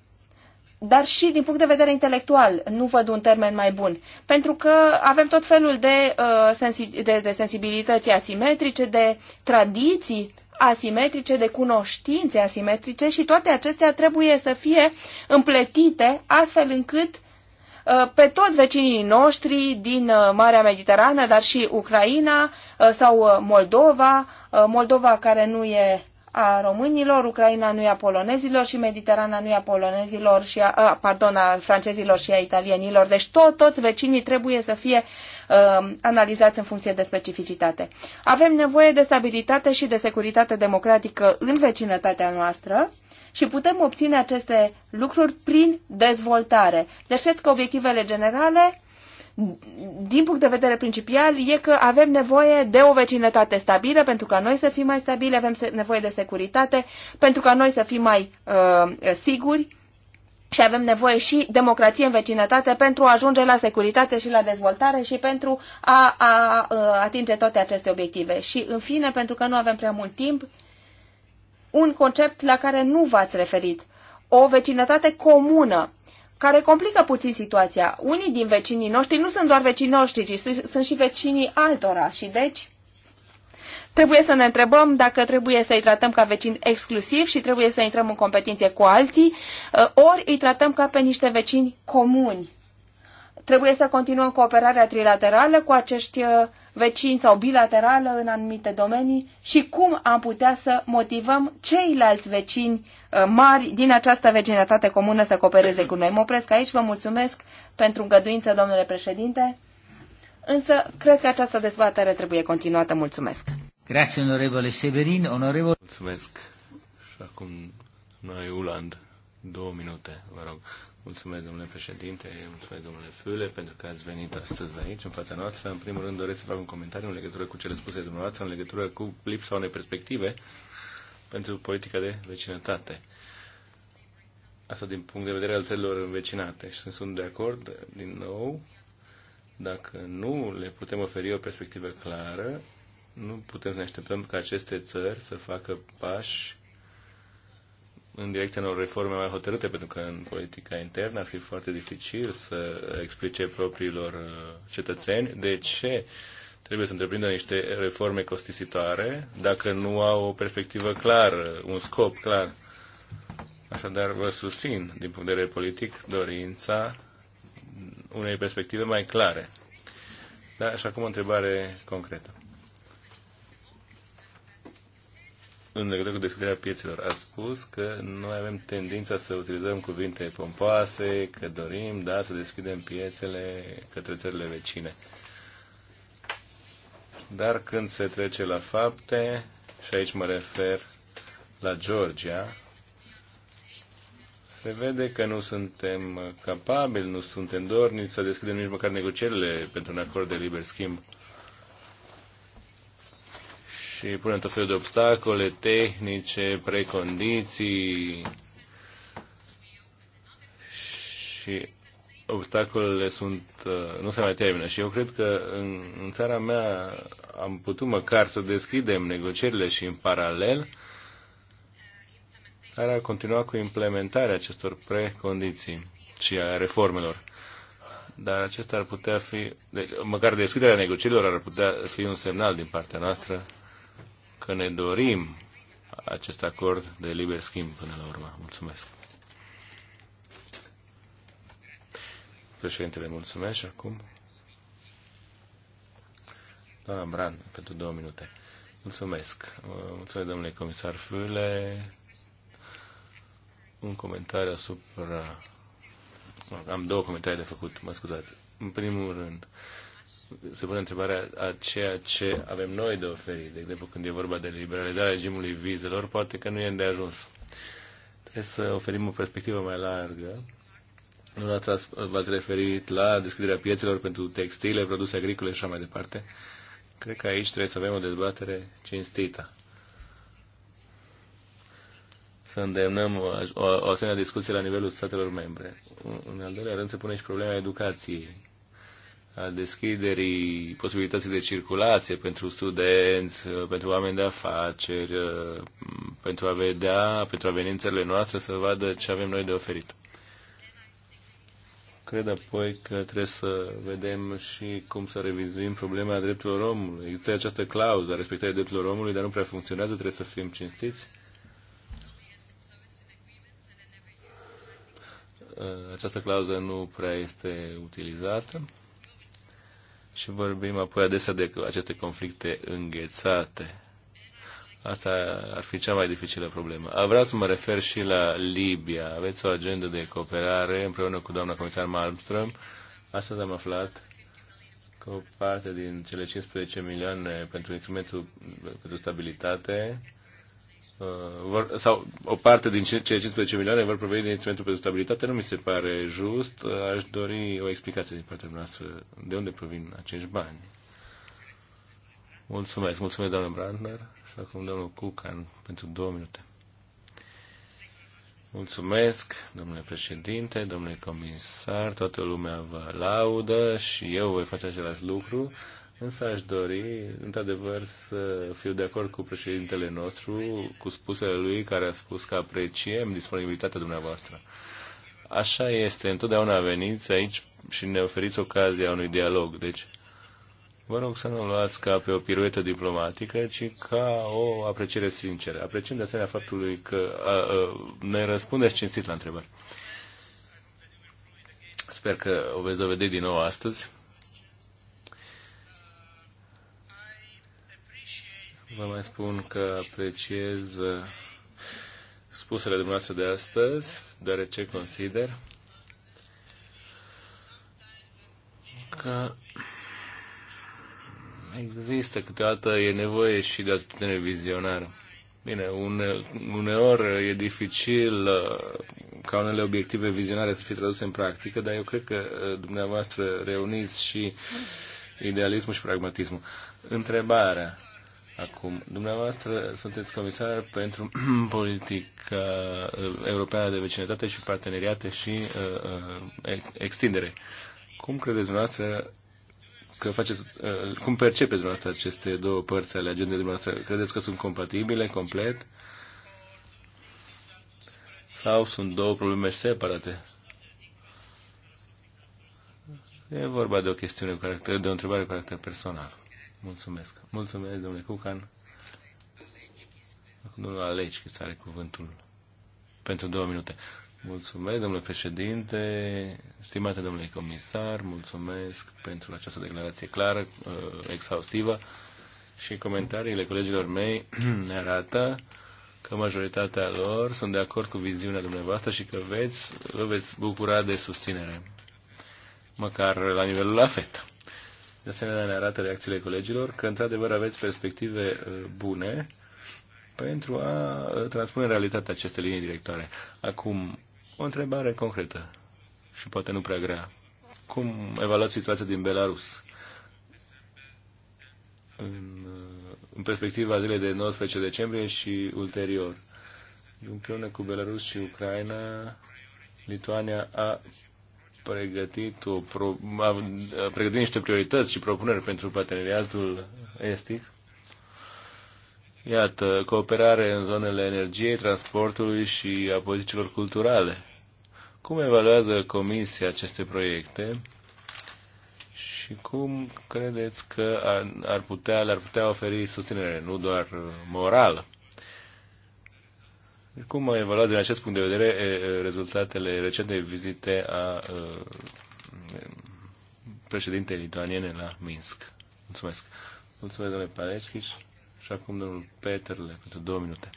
dar și din punct de vedere intelectual nu văd un termen mai bun. Pentru că avem tot felul de, uh, sensi- de, de sensibilități asimetrice, de tradiții asimetrice, de cunoștințe asimetrice și toate acestea trebuie să fie împletite astfel încât uh, pe toți vecinii noștri din uh, Marea Mediterană, dar și Ucraina uh, sau Moldova, Moldova care nu e a românilor, Ucraina nu e a polonezilor și Mediterana nu e a polonezilor și a, a, pardon, a francezilor și a italienilor. Deci tot, toți vecinii trebuie să fie Uh, analizați în funcție de specificitate. Avem nevoie de stabilitate și de securitate democratică în vecinătatea noastră și putem obține aceste lucruri prin dezvoltare. Deci cred că obiectivele generale din punct de vedere principial, e că avem nevoie de o vecinătate stabilă pentru ca noi să fim mai stabili, avem nevoie de securitate pentru ca noi să fim mai uh, siguri și avem nevoie și democrație în vecinătate pentru a ajunge la securitate și la dezvoltare și pentru a, a, a atinge toate aceste obiective. Și, în fine, pentru că nu avem prea mult timp, un concept la care nu v-ați referit. O vecinătate comună care complică puțin situația. Unii din vecinii noștri nu sunt doar vecinii noștri, ci sunt și vecinii altora și deci Trebuie să ne întrebăm dacă trebuie să-i tratăm ca vecini exclusiv și trebuie să intrăm în competiție cu alții, uh, ori îi tratăm ca pe niște vecini comuni. Trebuie să continuăm cooperarea trilaterală cu acești uh, vecini sau bilaterală în anumite domenii și cum am putea să motivăm ceilalți vecini uh, mari din această vecinătate comună să coopereze cu noi. Mă opresc aici, vă mulțumesc pentru îngăduință, domnule președinte, însă cred că această dezbatere trebuie continuată. Mulțumesc! Grazie, onorevole Severin. Onorevole... Mulțumesc. Și acum noi, Uland, două minute, vă rog. Mulțumesc, domnule președinte, mulțumesc, domnule Fule, pentru că ați venit astăzi aici, în fața noastră. În primul rând, doresc să fac un comentariu în legătură cu cele spuse dumneavoastră, în legătură cu lipsa unei perspective pentru politica de vecinătate. Asta din punct de vedere al țărilor învecinate. Și sunt de acord, din nou, dacă nu le putem oferi o perspectivă clară, nu putem să ne așteptăm ca aceste țări să facă pași în direcția unor reforme mai hotărâte, pentru că în politica internă ar fi foarte dificil să explice propriilor uh, cetățeni de ce trebuie să întreprindă niște reforme costisitoare dacă nu au o perspectivă clară, un scop clar. Așadar, vă susțin, din punct de vedere politic, dorința unei perspective mai clare. Da, și acum o întrebare concretă. în legătură cu deschiderea piețelor, a spus că noi avem tendința să utilizăm cuvinte pompoase, că dorim, da, să deschidem piețele către țările vecine. Dar când se trece la fapte, și aici mă refer la Georgia, se vede că nu suntem capabili, nu suntem dornici să deschidem nici măcar negocierile pentru un acord de liber schimb și punem tot felul de obstacole tehnice, precondiții și obstacolele sunt, uh, nu se mai termină. Și eu cred că în, în țara mea am putut măcar să deschidem negocierile și în paralel care a continuat cu implementarea acestor precondiții și a reformelor. Dar acesta ar putea fi, deci, măcar deschiderea negocierilor ar putea fi un semnal din partea noastră că ne dorim acest acord de liber schimb până la urmă. Mulțumesc. Președintele, mulțumesc și acum. Doamna Bran, pentru două minute. Mulțumesc. Mulțumesc, domnule comisar Füle. Un comentariu asupra... Am două comentarii de făcut, mă scuzați. În primul rând, uh, se pune întrebarea a ceea ce avem noi de oferit. De exemplu, când e vorba de liberalizarea regimului vizelor, poate că nu e îndeajuns. Trebuie să oferim o perspectivă mai largă. Nu v-ați referit la deschiderea piețelor pentru textile, produse agricole și așa mai departe. Cred că aici trebuie să avem o dezbatere cinstită. Să îndemnăm o, o, o asemenea discuție la nivelul statelor membre. În al doilea rând se pune și problema educației a deschiderii posibilității de circulație pentru studenți, pentru oameni de afaceri, pentru a vedea, pentru a veni în țările noastre să vadă ce avem noi de oferit. Cred apoi că trebuie să vedem și cum să revizuim problema drepturilor omului. Există această clauză a respectării drepturilor omului, dar nu prea funcționează, trebuie să fim cinstiți. Această clauză nu prea este utilizată și vorbim apoi adesea de aceste conflicte înghețate. Asta ar fi cea mai dificilă problemă. A vreau să mă refer și la Libia. Aveți o agendă de cooperare împreună cu doamna comisar Malmström. Astăzi am aflat că o parte din cele 15 milioane pentru instrumentul pentru stabilitate Uh, vor, sau o parte din cele 15 milioane vor proveni din instrumentul pentru stabilitate, nu mi se pare just. Uh, aș dori o explicație din partea noastră de unde provin acești bani. Mulțumesc, mulțumesc doamnă Brandner și acum domnul Cucan pentru două minute. Mulțumesc, domnule președinte, domnule comisar, toată lumea vă laudă și eu voi face același lucru. Însă aș dori, într-adevăr, să fiu de acord cu președintele nostru, cu spusele lui care a spus că apreciem disponibilitatea dumneavoastră. Așa este, întotdeauna veniți aici și ne oferiți ocazia unui dialog. Deci, vă rog să nu luați ca pe o piruetă diplomatică, ci ca o apreciere sinceră. Apreciem de asemenea faptului că a, a, ne răspundeți cinstit la întrebări. Sper că o veți dovedi din nou astăzi Vă mai spun că apreciez uh, spusele dumneavoastră de astăzi, deoarece consider că există câteodată e nevoie și de atitudine vizionară. Bine, une, uneori e dificil uh, ca unele obiective vizionare să fie traduse în practică, dar eu cred că uh, dumneavoastră reuniți și idealismul și pragmatismul. Întrebarea Acum, dumneavoastră sunteți comisar pentru politica uh, europeană de vecinătate și parteneriate și uh, uh, extindere. Cum credeți dumneavoastră că faceți, uh, cum percepeți dumneavoastră aceste două părți ale agendei dumneavoastră? Credeți că sunt compatibile complet? Sau sunt două probleme separate? E vorba de o chestiune cu caracter, de o întrebare cu caracter personal. Mulțumesc. Mulțumesc, domnule Cucan. Acum domnul Aleci, că are cuvântul pentru două minute. Mulțumesc, domnule președinte, stimate domnule comisar, mulțumesc pentru această declarație clară, uh, exhaustivă și comentariile colegilor mei ne arată că majoritatea lor sunt de acord cu viziunea dumneavoastră și că veți, vă veți bucura de susținere, măcar la nivelul la de asemenea, ne arată reacțiile colegilor că, într-adevăr, aveți perspective uh, bune pentru a uh, transpune în realitate aceste linii directoare. Acum, o întrebare concretă și poate nu prea grea. Cum evaluați situația din Belarus? În, uh, în perspectiva zilei de 19 decembrie și ulterior. Împreună cu Belarus și Ucraina, Lituania a pregătit, o pro, a pregătit niște priorități și propuneri pentru parteneriatul estic. Iată, cooperare în zonele energiei, transportului și a politicilor culturale. Cum evaluează Comisia aceste proiecte și cum credeți că ar, ar putea, le-ar putea oferi susținere, nu doar morală? Cum a evaluat din acest punct de vedere rezultatele recentei vizite a președintei lituaniene la Minsk? Mulțumesc. Mulțumesc, domnule Pareschis. Și acum domnul Peterle, pentru două minute.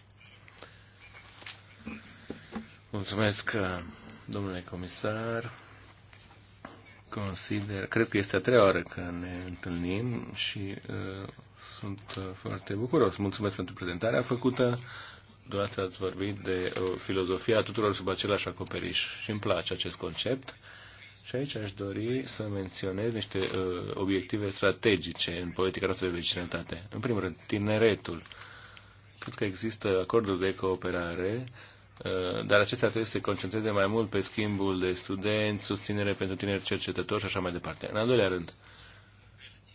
Mulțumesc, domnule comisar. Consider, cred că este a treia oară că ne întâlnim și uh, sunt foarte bucuros. Mulțumesc pentru prezentarea făcută Dumneavoastră ați vorbit de o uh, filozofie a tuturor sub același acoperiș și îmi place acest concept. Și aici aș dori să menționez niște uh, obiective strategice în politica noastră de vecinătate. În primul rând, tineretul. Cred că există acorduri de cooperare, uh, dar acestea trebuie să se concentreze mai mult pe schimbul de studenți, susținere pentru tineri cercetători și așa mai departe. În al doilea rând, uh,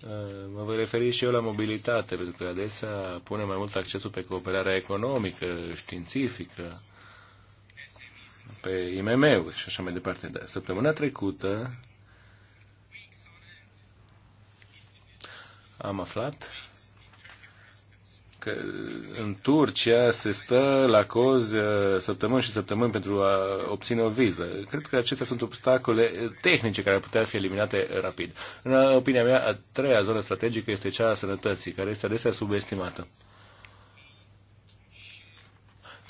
Eh, mă voi referi și eu la mobilitate, pentru că adesea pune mai mult accesul pe cooperarea economică, științifică, pe IMM-uri și așa mai departe. Dar săptămâna trecută am aflat că în Turcia se stă la cozi uh, săptămâni și săptămâni pentru a obține o viză. Cred că acestea sunt obstacole tehnice care ar putea fi eliminate rapid. În opinia mea, a treia zonă strategică este cea a sănătății, care este adesea subestimată.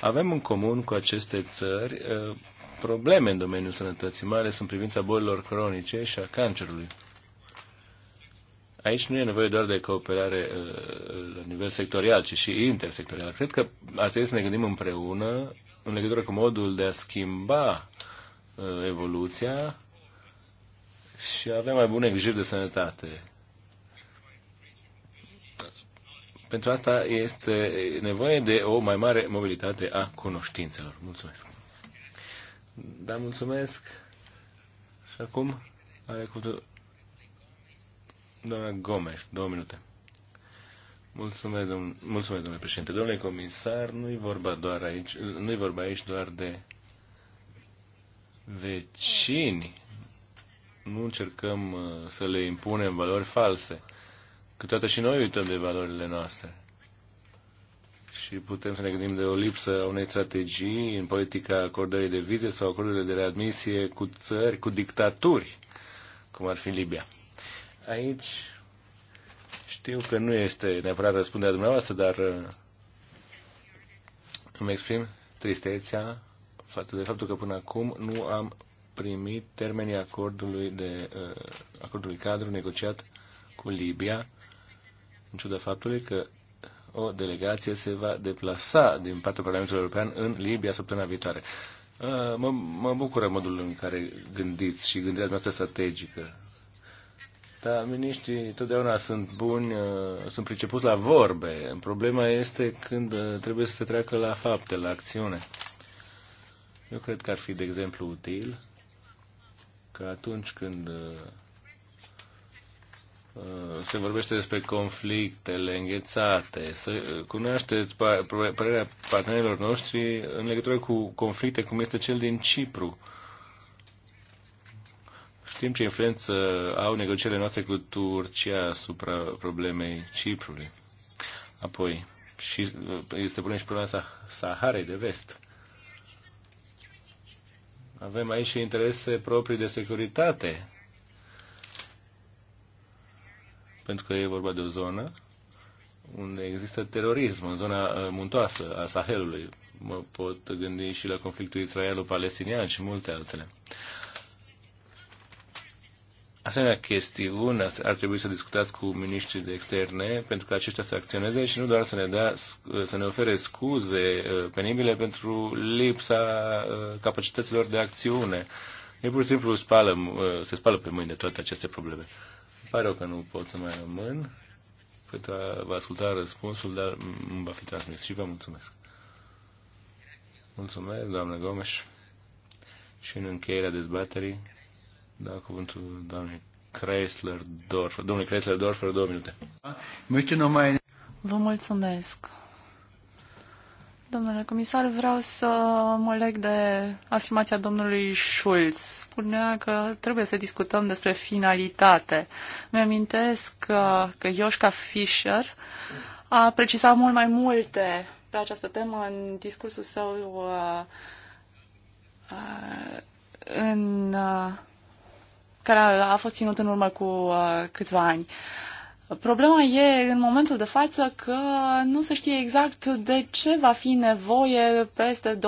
Avem în comun cu aceste țări uh, probleme în domeniul sănătății, mai ales în privința bolilor cronice și a cancerului aici nu e nevoie doar de cooperare uh, la nivel sectorial, ci și intersectorial. Cred că ar trebui să ne gândim împreună în legătură cu modul de a schimba uh, evoluția și a avea mai bune grijiri de sănătate. Pentru asta este nevoie de o mai mare mobilitate a cunoștințelor. Mulțumesc. Da, mulțumesc. Și acum are cuvântul Doamna Gomes, două minute. Mulțumesc, domn... Mulțumesc, domnule președinte. Domnule comisar, nu-i vorba, doar aici, nu-i vorba aici doar de vecini. Nu încercăm uh, să le impunem valori false. Câteodată și noi uităm de valorile noastre. Și putem să ne gândim de o lipsă a unei strategii în politica acordării de vize sau acordurile de readmisie cu țări, cu dictaturi, cum ar fi Libia. Aici știu că nu este neapărat răspunderea dumneavoastră, dar uh, îmi exprim tristețea față de faptul că până acum nu am primit termenii acordului, de, uh, acordului cadru negociat cu Libia, în ciuda faptului că o delegație se va deplasa din partea Parlamentului European în Libia săptămâna viitoare. Uh, mă, mă bucură modul în care gândiți și gândirea noastră strategică dar miniștrii totdeauna sunt buni, uh, sunt pricepuți la vorbe. Problema este când uh, trebuie să se treacă la fapte, la acțiune. Eu cred că ar fi, de exemplu, util că atunci când uh, se vorbește despre conflictele înghețate, să cunoașteți părerea partenerilor noștri în legătură cu conflicte cum este cel din Cipru. Știm ce influență au negocierile noastre cu Turcia asupra problemei Ciprului. Apoi, și uh, se pune și problema Saharei de vest. Avem aici și interese proprii de securitate. Pentru că e vorba de o zonă unde există terorism, în zona uh, muntoasă a Sahelului. Mă pot gândi și la conflictul israelo-palestinian și multe altele asemenea chestiuni ar trebui să discutați cu miniștrii de externe pentru că aceștia să acționeze și nu doar să ne, dea, să ne ofere scuze uh, penibile pentru lipsa uh, capacităților de acțiune. E pur și simplu spală, uh, se spală pe mâini de toate aceste probleme. Îmi pare că nu pot să mai rămân pentru a vă asculta răspunsul, dar nu va fi transmis și vă mulțumesc. Mulțumesc, doamnă Gomes. Și în încheierea dezbaterii da cuvântul doamnei Chrysler Dorfer. Domnule Chrysler Dorfer, două minute. Vă mulțumesc. Domnule comisar, vreau să mă leg de afirmația domnului Schulz. Spunea că trebuie să discutăm despre finalitate. Mi-amintesc că, că Ioșca Fischer a precizat mult mai multe pe această temă în discursul său uh, uh, în uh, care a fost ținut în urmă cu uh, câțiva ani. Problema e în momentul de față că nu se știe exact de ce va fi nevoie peste 20-30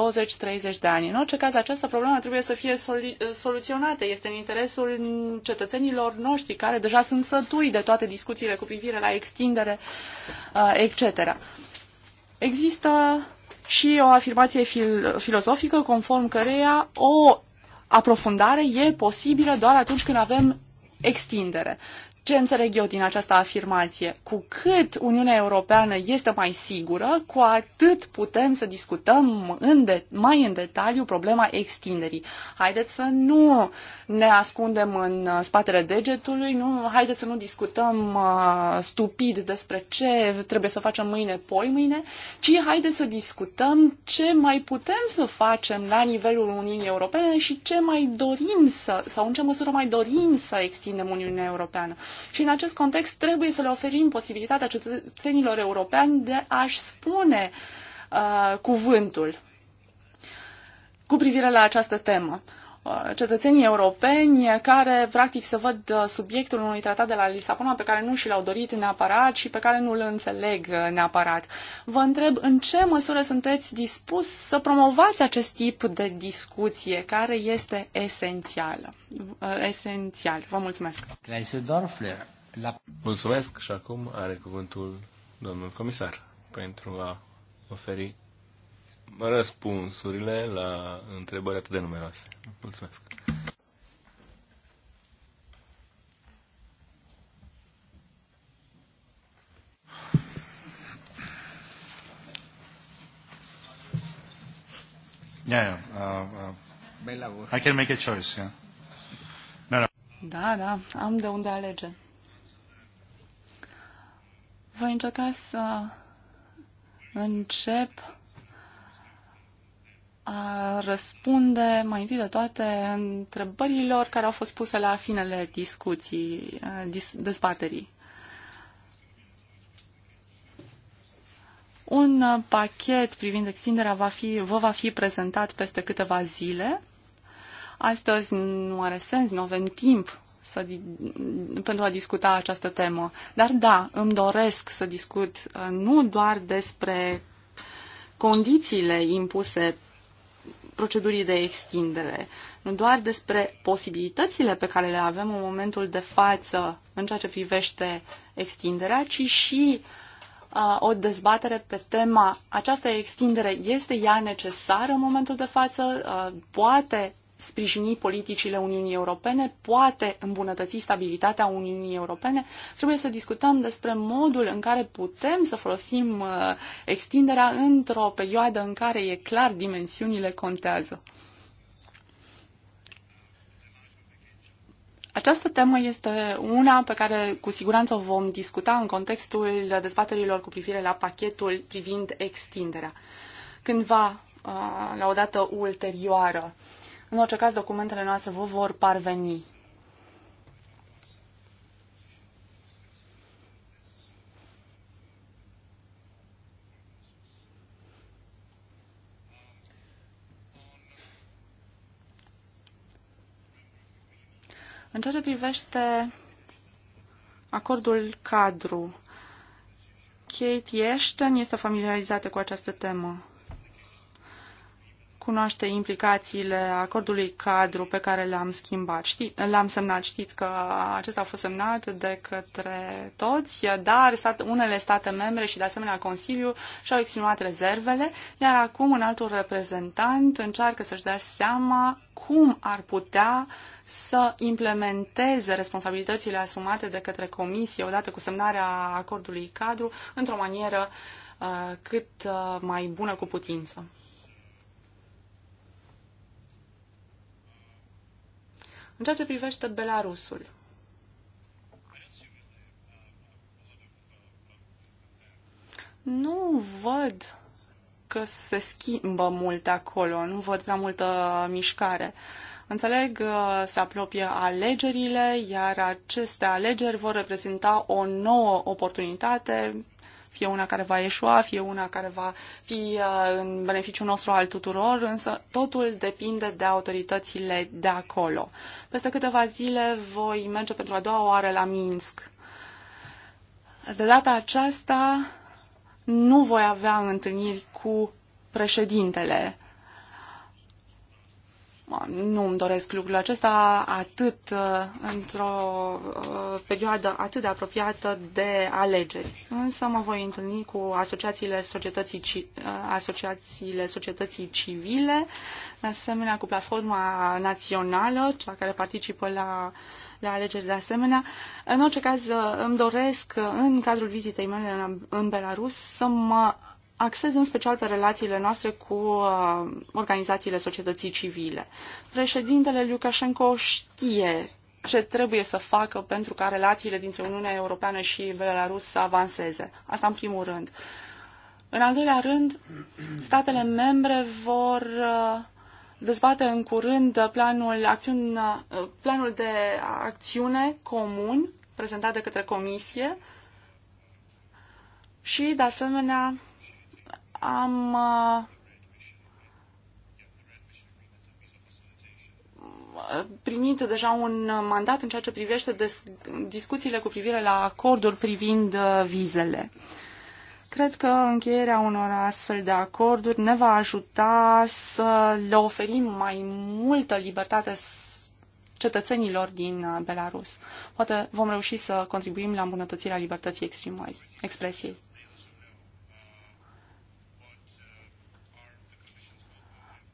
de ani. În orice caz, această problemă trebuie să fie uh, soluționată. Este în interesul cetățenilor noștri care deja sunt sătui de toate discuțiile cu privire la extindere, uh, etc. Există și o afirmație fil- filozofică conform căreia o aprofundare e posibilă doar atunci când avem extindere. Ce înțeleg eu din această afirmație? Cu cât Uniunea Europeană este mai sigură, cu atât putem să discutăm în de- mai în detaliu problema extinderii. Haideți să nu ne ascundem în uh, spatele degetului, nu, haideți să nu discutăm uh, stupid despre ce trebuie să facem mâine, poi mâine, ci haideți să discutăm ce mai putem să facem la nivelul Uniunii Europene și ce mai dorim să, sau în ce măsură mai dorim să extindem Uniunea Europeană. Și în acest context trebuie să le oferim posibilitatea cetățenilor europeni de a-și spune uh, cuvântul cu privire la această temă cetățenii europeni care practic să văd uh, subiectul unui tratat de la Lisabona pe care nu și l-au dorit neapărat și pe care nu îl înțeleg uh, neapărat. Vă întreb în ce măsură sunteți dispus să promovați acest tip de discuție care este esențială. Uh, esențial. Vă mulțumesc. Mulțumesc și acum are cuvântul domnul comisar pentru a oferi răspunsurile la întrebări atât de numeroase. Mulțumesc! Yeah, yeah. Uh, uh, I can make a choice, yeah. No, no. Da, da, am de unde alege. Voi încerca să încep răspunde mai întâi de toate întrebărilor care au fost puse la finele discuții, dezbaterii. Un pachet privind extinderea va fi, vă va fi prezentat peste câteva zile. Astăzi nu are sens, nu avem timp să, pentru a discuta această temă. Dar da, îmi doresc să discut nu doar despre condițiile impuse procedurii de extindere, nu doar despre posibilitățile pe care le avem în momentul de față în ceea ce privește extinderea, ci și uh, o dezbatere pe tema această extindere este ea necesară în momentul de față, uh, poate sprijini politicile Uniunii Europene, poate îmbunătăți stabilitatea Uniunii Europene, trebuie să discutăm despre modul în care putem să folosim uh, extinderea într-o perioadă în care e clar dimensiunile contează. Această temă este una pe care cu siguranță o vom discuta în contextul dezbaterilor cu privire la pachetul privind extinderea. Cândva, uh, la o dată ulterioară, în orice caz, documentele noastre vă vor parveni. În ceea ce privește acordul cadru, Kate Ashton este familiarizată cu această temă cunoaște implicațiile acordului cadru pe care l-am schimbat. Ști, l-am semnat, știți că acesta a fost semnat de către toți, dar stat, unele state membre și de asemenea Consiliu și-au exprimat rezervele, iar acum un altul reprezentant încearcă să-și dea seama cum ar putea să implementeze responsabilitățile asumate de către Comisie odată cu semnarea acordului cadru într-o manieră uh, cât uh, mai bună cu putință. În ceea ce privește Belarusul, nu văd că se schimbă mult acolo, nu văd prea multă mișcare. Înțeleg, uh, se apropie alegerile, iar aceste alegeri vor reprezenta o nouă oportunitate fie una care va ieșua, fie una care va fi uh, în beneficiul nostru al tuturor, însă totul depinde de autoritățile de acolo. Peste câteva zile voi merge pentru a doua oară la Minsk. De data aceasta nu voi avea întâlniri cu președintele nu îmi doresc lucrul acesta atât uh, într-o uh, perioadă atât de apropiată de alegeri. Însă mă voi întâlni cu asociațiile societății, uh, asociațiile societății civile, de asemenea cu platforma națională, cea care participă la la alegeri de asemenea. În orice caz, îmi doresc, în cadrul vizitei mele în Belarus, să mă axez în special pe relațiile noastre cu uh, organizațiile societății civile. Președintele Lukashenko știe ce trebuie să facă pentru ca relațiile dintre Uniunea Europeană și Belarus să avanseze. Asta în primul rând. În al doilea rând, statele membre vor uh, dezbate în curând planul, acțiun, uh, planul de acțiune comun prezentat de către Comisie și, de asemenea, am uh, primit deja un mandat în ceea ce privește discuțiile cu privire la acordul privind uh, vizele. Cred că încheierea unor astfel de acorduri ne va ajuta să le oferim mai multă libertate cetățenilor din uh, Belarus. Poate vom reuși să contribuim la îmbunătățirea libertății exprimării, expresiei.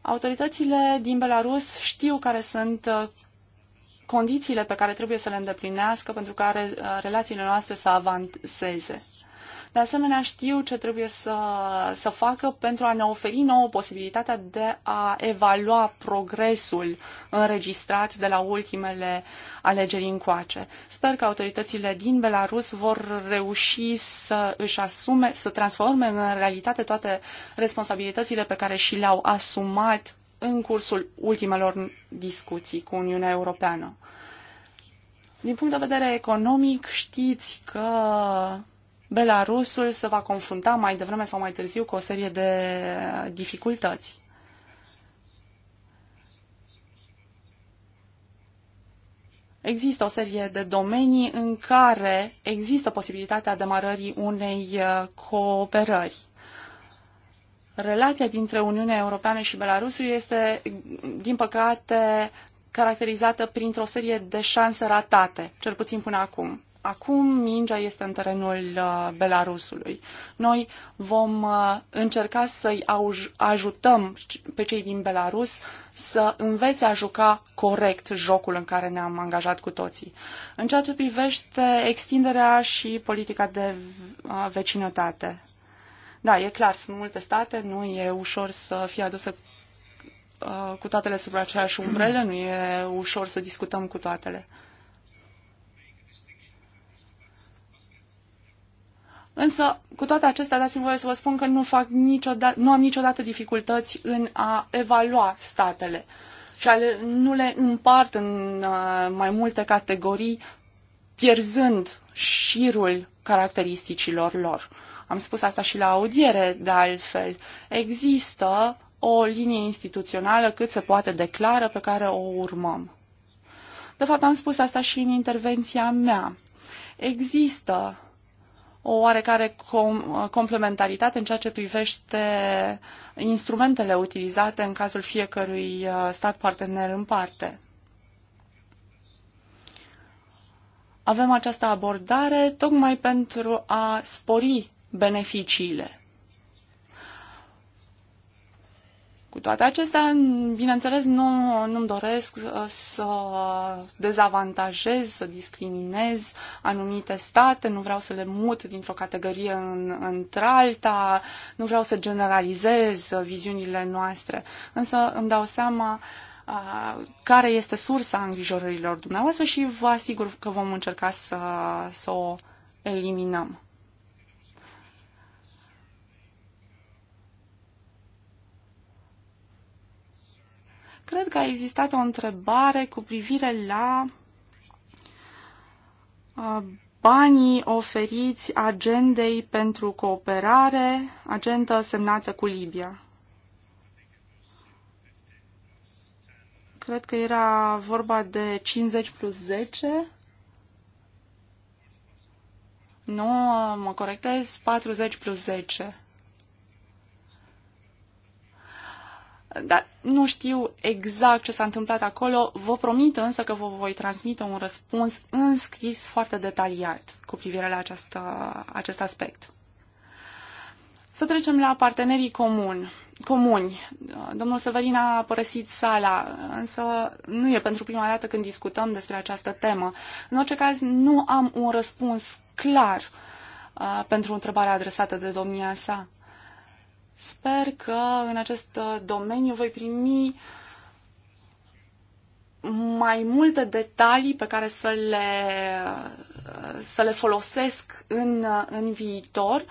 Autoritățile din Belarus știu care sunt uh, condițiile pe care trebuie să le îndeplinească pentru ca uh, relațiile noastre să avanseze. De asemenea, știu ce trebuie să, să facă pentru a ne oferi nouă posibilitatea de a evalua progresul înregistrat de la ultimele uh, alegerii încoace. Sper că autoritățile din Belarus vor reuși să își asume, să transforme în realitate toate responsabilitățile pe care și le-au asumat în cursul ultimelor discuții cu Uniunea Europeană. Din punct de vedere economic, știți că Belarusul se va confrunta mai devreme sau mai târziu cu o serie de dificultăți. Există o serie de domenii în care există posibilitatea demarării unei uh, cooperări. Relația dintre Uniunea Europeană și Belarusul este, din păcate, caracterizată printr-o serie de șanse ratate, cel puțin până acum. Acum mingea este în terenul uh, Belarusului. Noi vom uh, încerca să-i ajutăm pe cei din Belarus să învețe a juca corect jocul în care ne-am angajat cu toții. În ceea ce privește extinderea și politica de uh, vecinătate. Da, e clar, sunt multe state, nu e ușor să fie adusă uh, cu toatele sub aceeași umbrelă, nu e ușor să discutăm cu toatele. Însă, cu toate acestea, dați-mi voie să vă spun că nu, fac niciodată, nu am niciodată dificultăți în a evalua statele și ale, nu le împart în uh, mai multe categorii, pierzând șirul caracteristicilor lor. Am spus asta și la audiere, de altfel. Există o linie instituțională cât se poate declară pe care o urmăm. De fapt, am spus asta și în intervenția mea. Există o oarecare com- complementaritate în ceea ce privește instrumentele utilizate în cazul fiecărui uh, stat partener în parte. Avem această abordare tocmai pentru a spori beneficiile Cu toate acestea, bineînțeles, nu, nu-mi doresc uh, să dezavantajez, să discriminez anumite state, nu vreau să le mut dintr-o categorie în, într-alta, nu vreau să generalizez uh, viziunile noastre, însă îmi dau seama uh, care este sursa îngrijorărilor dumneavoastră și vă asigur că vom încerca să, să o eliminăm. Cred că a existat o întrebare cu privire la uh, banii oferiți agendei pentru cooperare, agenda semnată cu Libia. Cred că era vorba de 50 plus 10. Nu, mă corectez, 40 plus 10. Dar nu știu exact ce s-a întâmplat acolo, vă promit însă că vă voi transmite un răspuns înscris foarte detaliat cu privire la această, acest aspect. Să trecem la partenerii comuni. comuni. Domnul Severin a părăsit sala, însă nu e pentru prima dată când discutăm despre această temă. În orice caz, nu am un răspuns clar uh, pentru întrebarea adresată de domnia sa. Sper că în acest uh, domeniu voi primi mai multe detalii pe care să le, uh, să le folosesc în, uh, în viitor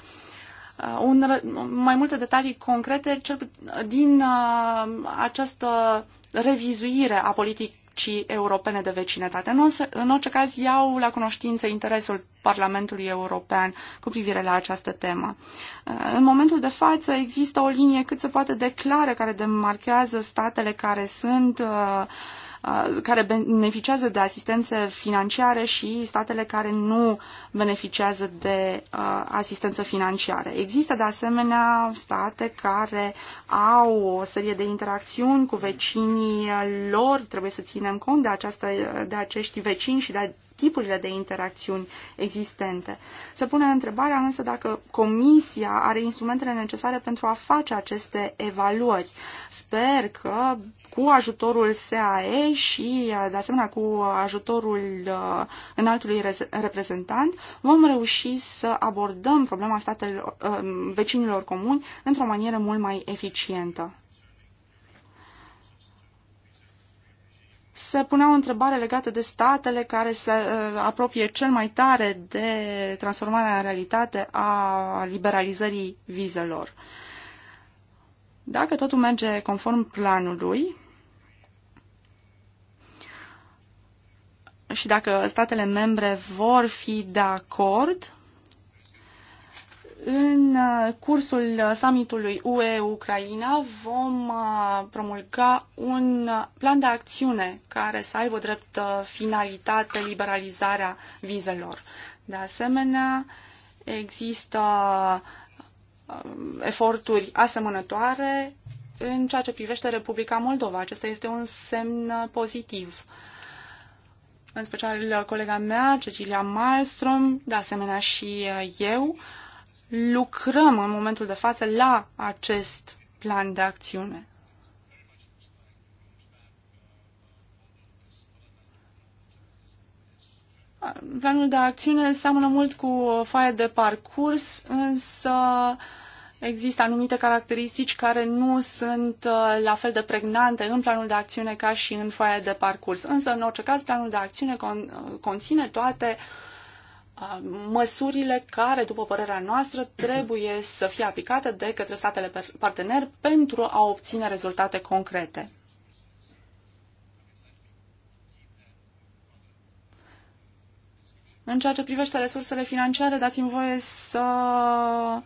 un, mai multe detalii concrete cel, din uh, această revizuire a politic, politicii europene de vecinătate. Nu, în orice caz, iau la cunoștință interesul Parlamentului European cu privire la această temă. Uh, în momentul de față există o linie cât se poate de clară care demarchează statele care sunt uh, care beneficiază de asistențe financiare și statele care nu beneficiază de asistență financiară. Există de asemenea state care au o serie de interacțiuni cu vecinii lor, trebuie să ținem cont de, această, de acești vecini și de tipurile de interacțiuni existente. Se pune întrebarea însă dacă Comisia are instrumentele necesare pentru a face aceste evaluări. Sper că cu ajutorul SAE și, uh, de asemenea, cu ajutorul uh, înaltului reprezentant, vom reuși să abordăm problema statelor, uh, vecinilor comuni într-o manieră mult mai eficientă. se punea o întrebare legată de statele care se apropie cel mai tare de transformarea în realitate a liberalizării vizelor. Uh, dacă totul merge conform planului și dacă statele membre vor fi de acord, în uh, cursul summitului UE-Ucraina vom uh, promulga un uh, plan de acțiune care să aibă drept finalitate liberalizarea vizelor. De asemenea, există Um, eforturi asemănătoare în ceea ce privește Republica Moldova. Acesta este un semn pozitiv. În special colega mea, Cecilia Malmström, de asemenea și uh, eu, lucrăm în momentul de față la acest plan de acțiune. Planul de acțiune seamănă mult cu foaia de parcurs, însă uh, Există anumite caracteristici care nu sunt uh, la fel de pregnante în planul de acțiune ca și în foaia de parcurs. Însă, în orice caz, planul de acțiune uh, conține toate uh, măsurile care, după părerea noastră, trebuie să fie aplicate de către statele parteneri pentru a obține rezultate concrete. În ceea ce privește resursele financiare, dați-mi voie să uh,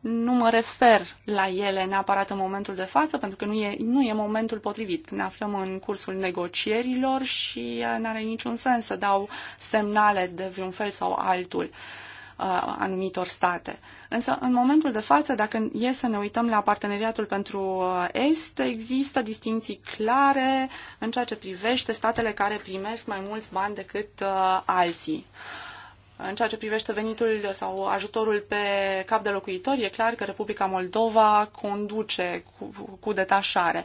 nu mă refer la ele neapărat în momentul de față, pentru că nu e, nu e momentul potrivit. Ne aflăm în cursul negocierilor și uh, nu are niciun sens să dau semnale de vreun fel sau altul uh, anumitor state. Însă, în momentul de față, dacă e să ne uităm la parteneriatul pentru uh, Est, există distinții clare în ceea ce privește statele care primesc mai mulți bani decât alții. Uh, în ceea ce privește venitul sau ajutorul pe cap de locuitor, e clar că Republica Moldova conduce cu, cu detașare,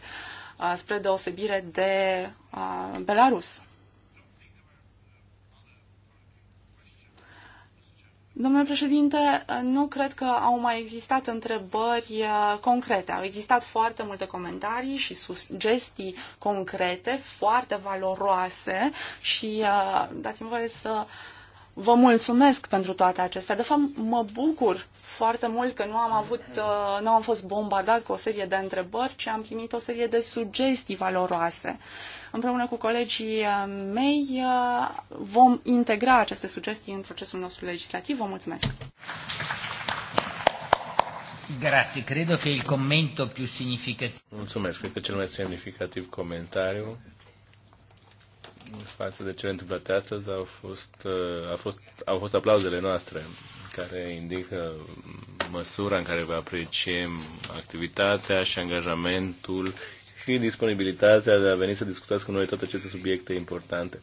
spre deosebire de Belarus. Domnule președinte, nu cred că au mai existat întrebări concrete. Au existat foarte multe comentarii și sugestii concrete, foarte valoroase și dați-mi voie să Vă mulțumesc pentru toate acestea. De fapt, mă bucur foarte mult că nu am avut, uh, nu am fost bombardat cu o serie de întrebări, ci am primit o serie de sugestii valoroase. Împreună cu colegii uh, mei uh, vom integra aceste sugestii în procesul nostru legislativ. Vă mulțumesc! Grazie, credo che il commento più significativo. Mulțumesc, cred că cel mai semnificativ comentariu față de cele întâmplate astăzi au fost, uh, a fost, au fost aplauzele noastre care indică măsura în care vă apreciem activitatea și angajamentul și disponibilitatea de a veni să discutați cu noi toate aceste subiecte importante.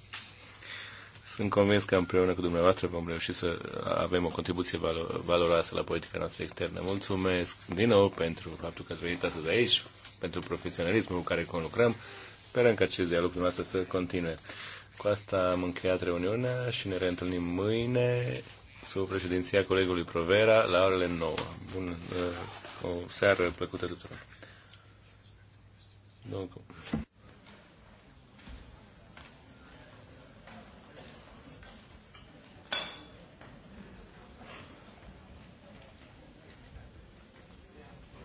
Sunt convins că împreună cu dumneavoastră vom reuși să avem o contribuție valoroasă la politica noastră externă. Mulțumesc din nou pentru faptul că ați venit astăzi aici, pentru profesionalismul cu care conlucrăm. Sperăm că acest dialog dumneavoastră să continue. Cu asta am încheiat reuniunea și ne reîntâlnim mâine sub președinția colegului Provera la orele 9. Bun, uh, o seară plăcută tuturor. Domnul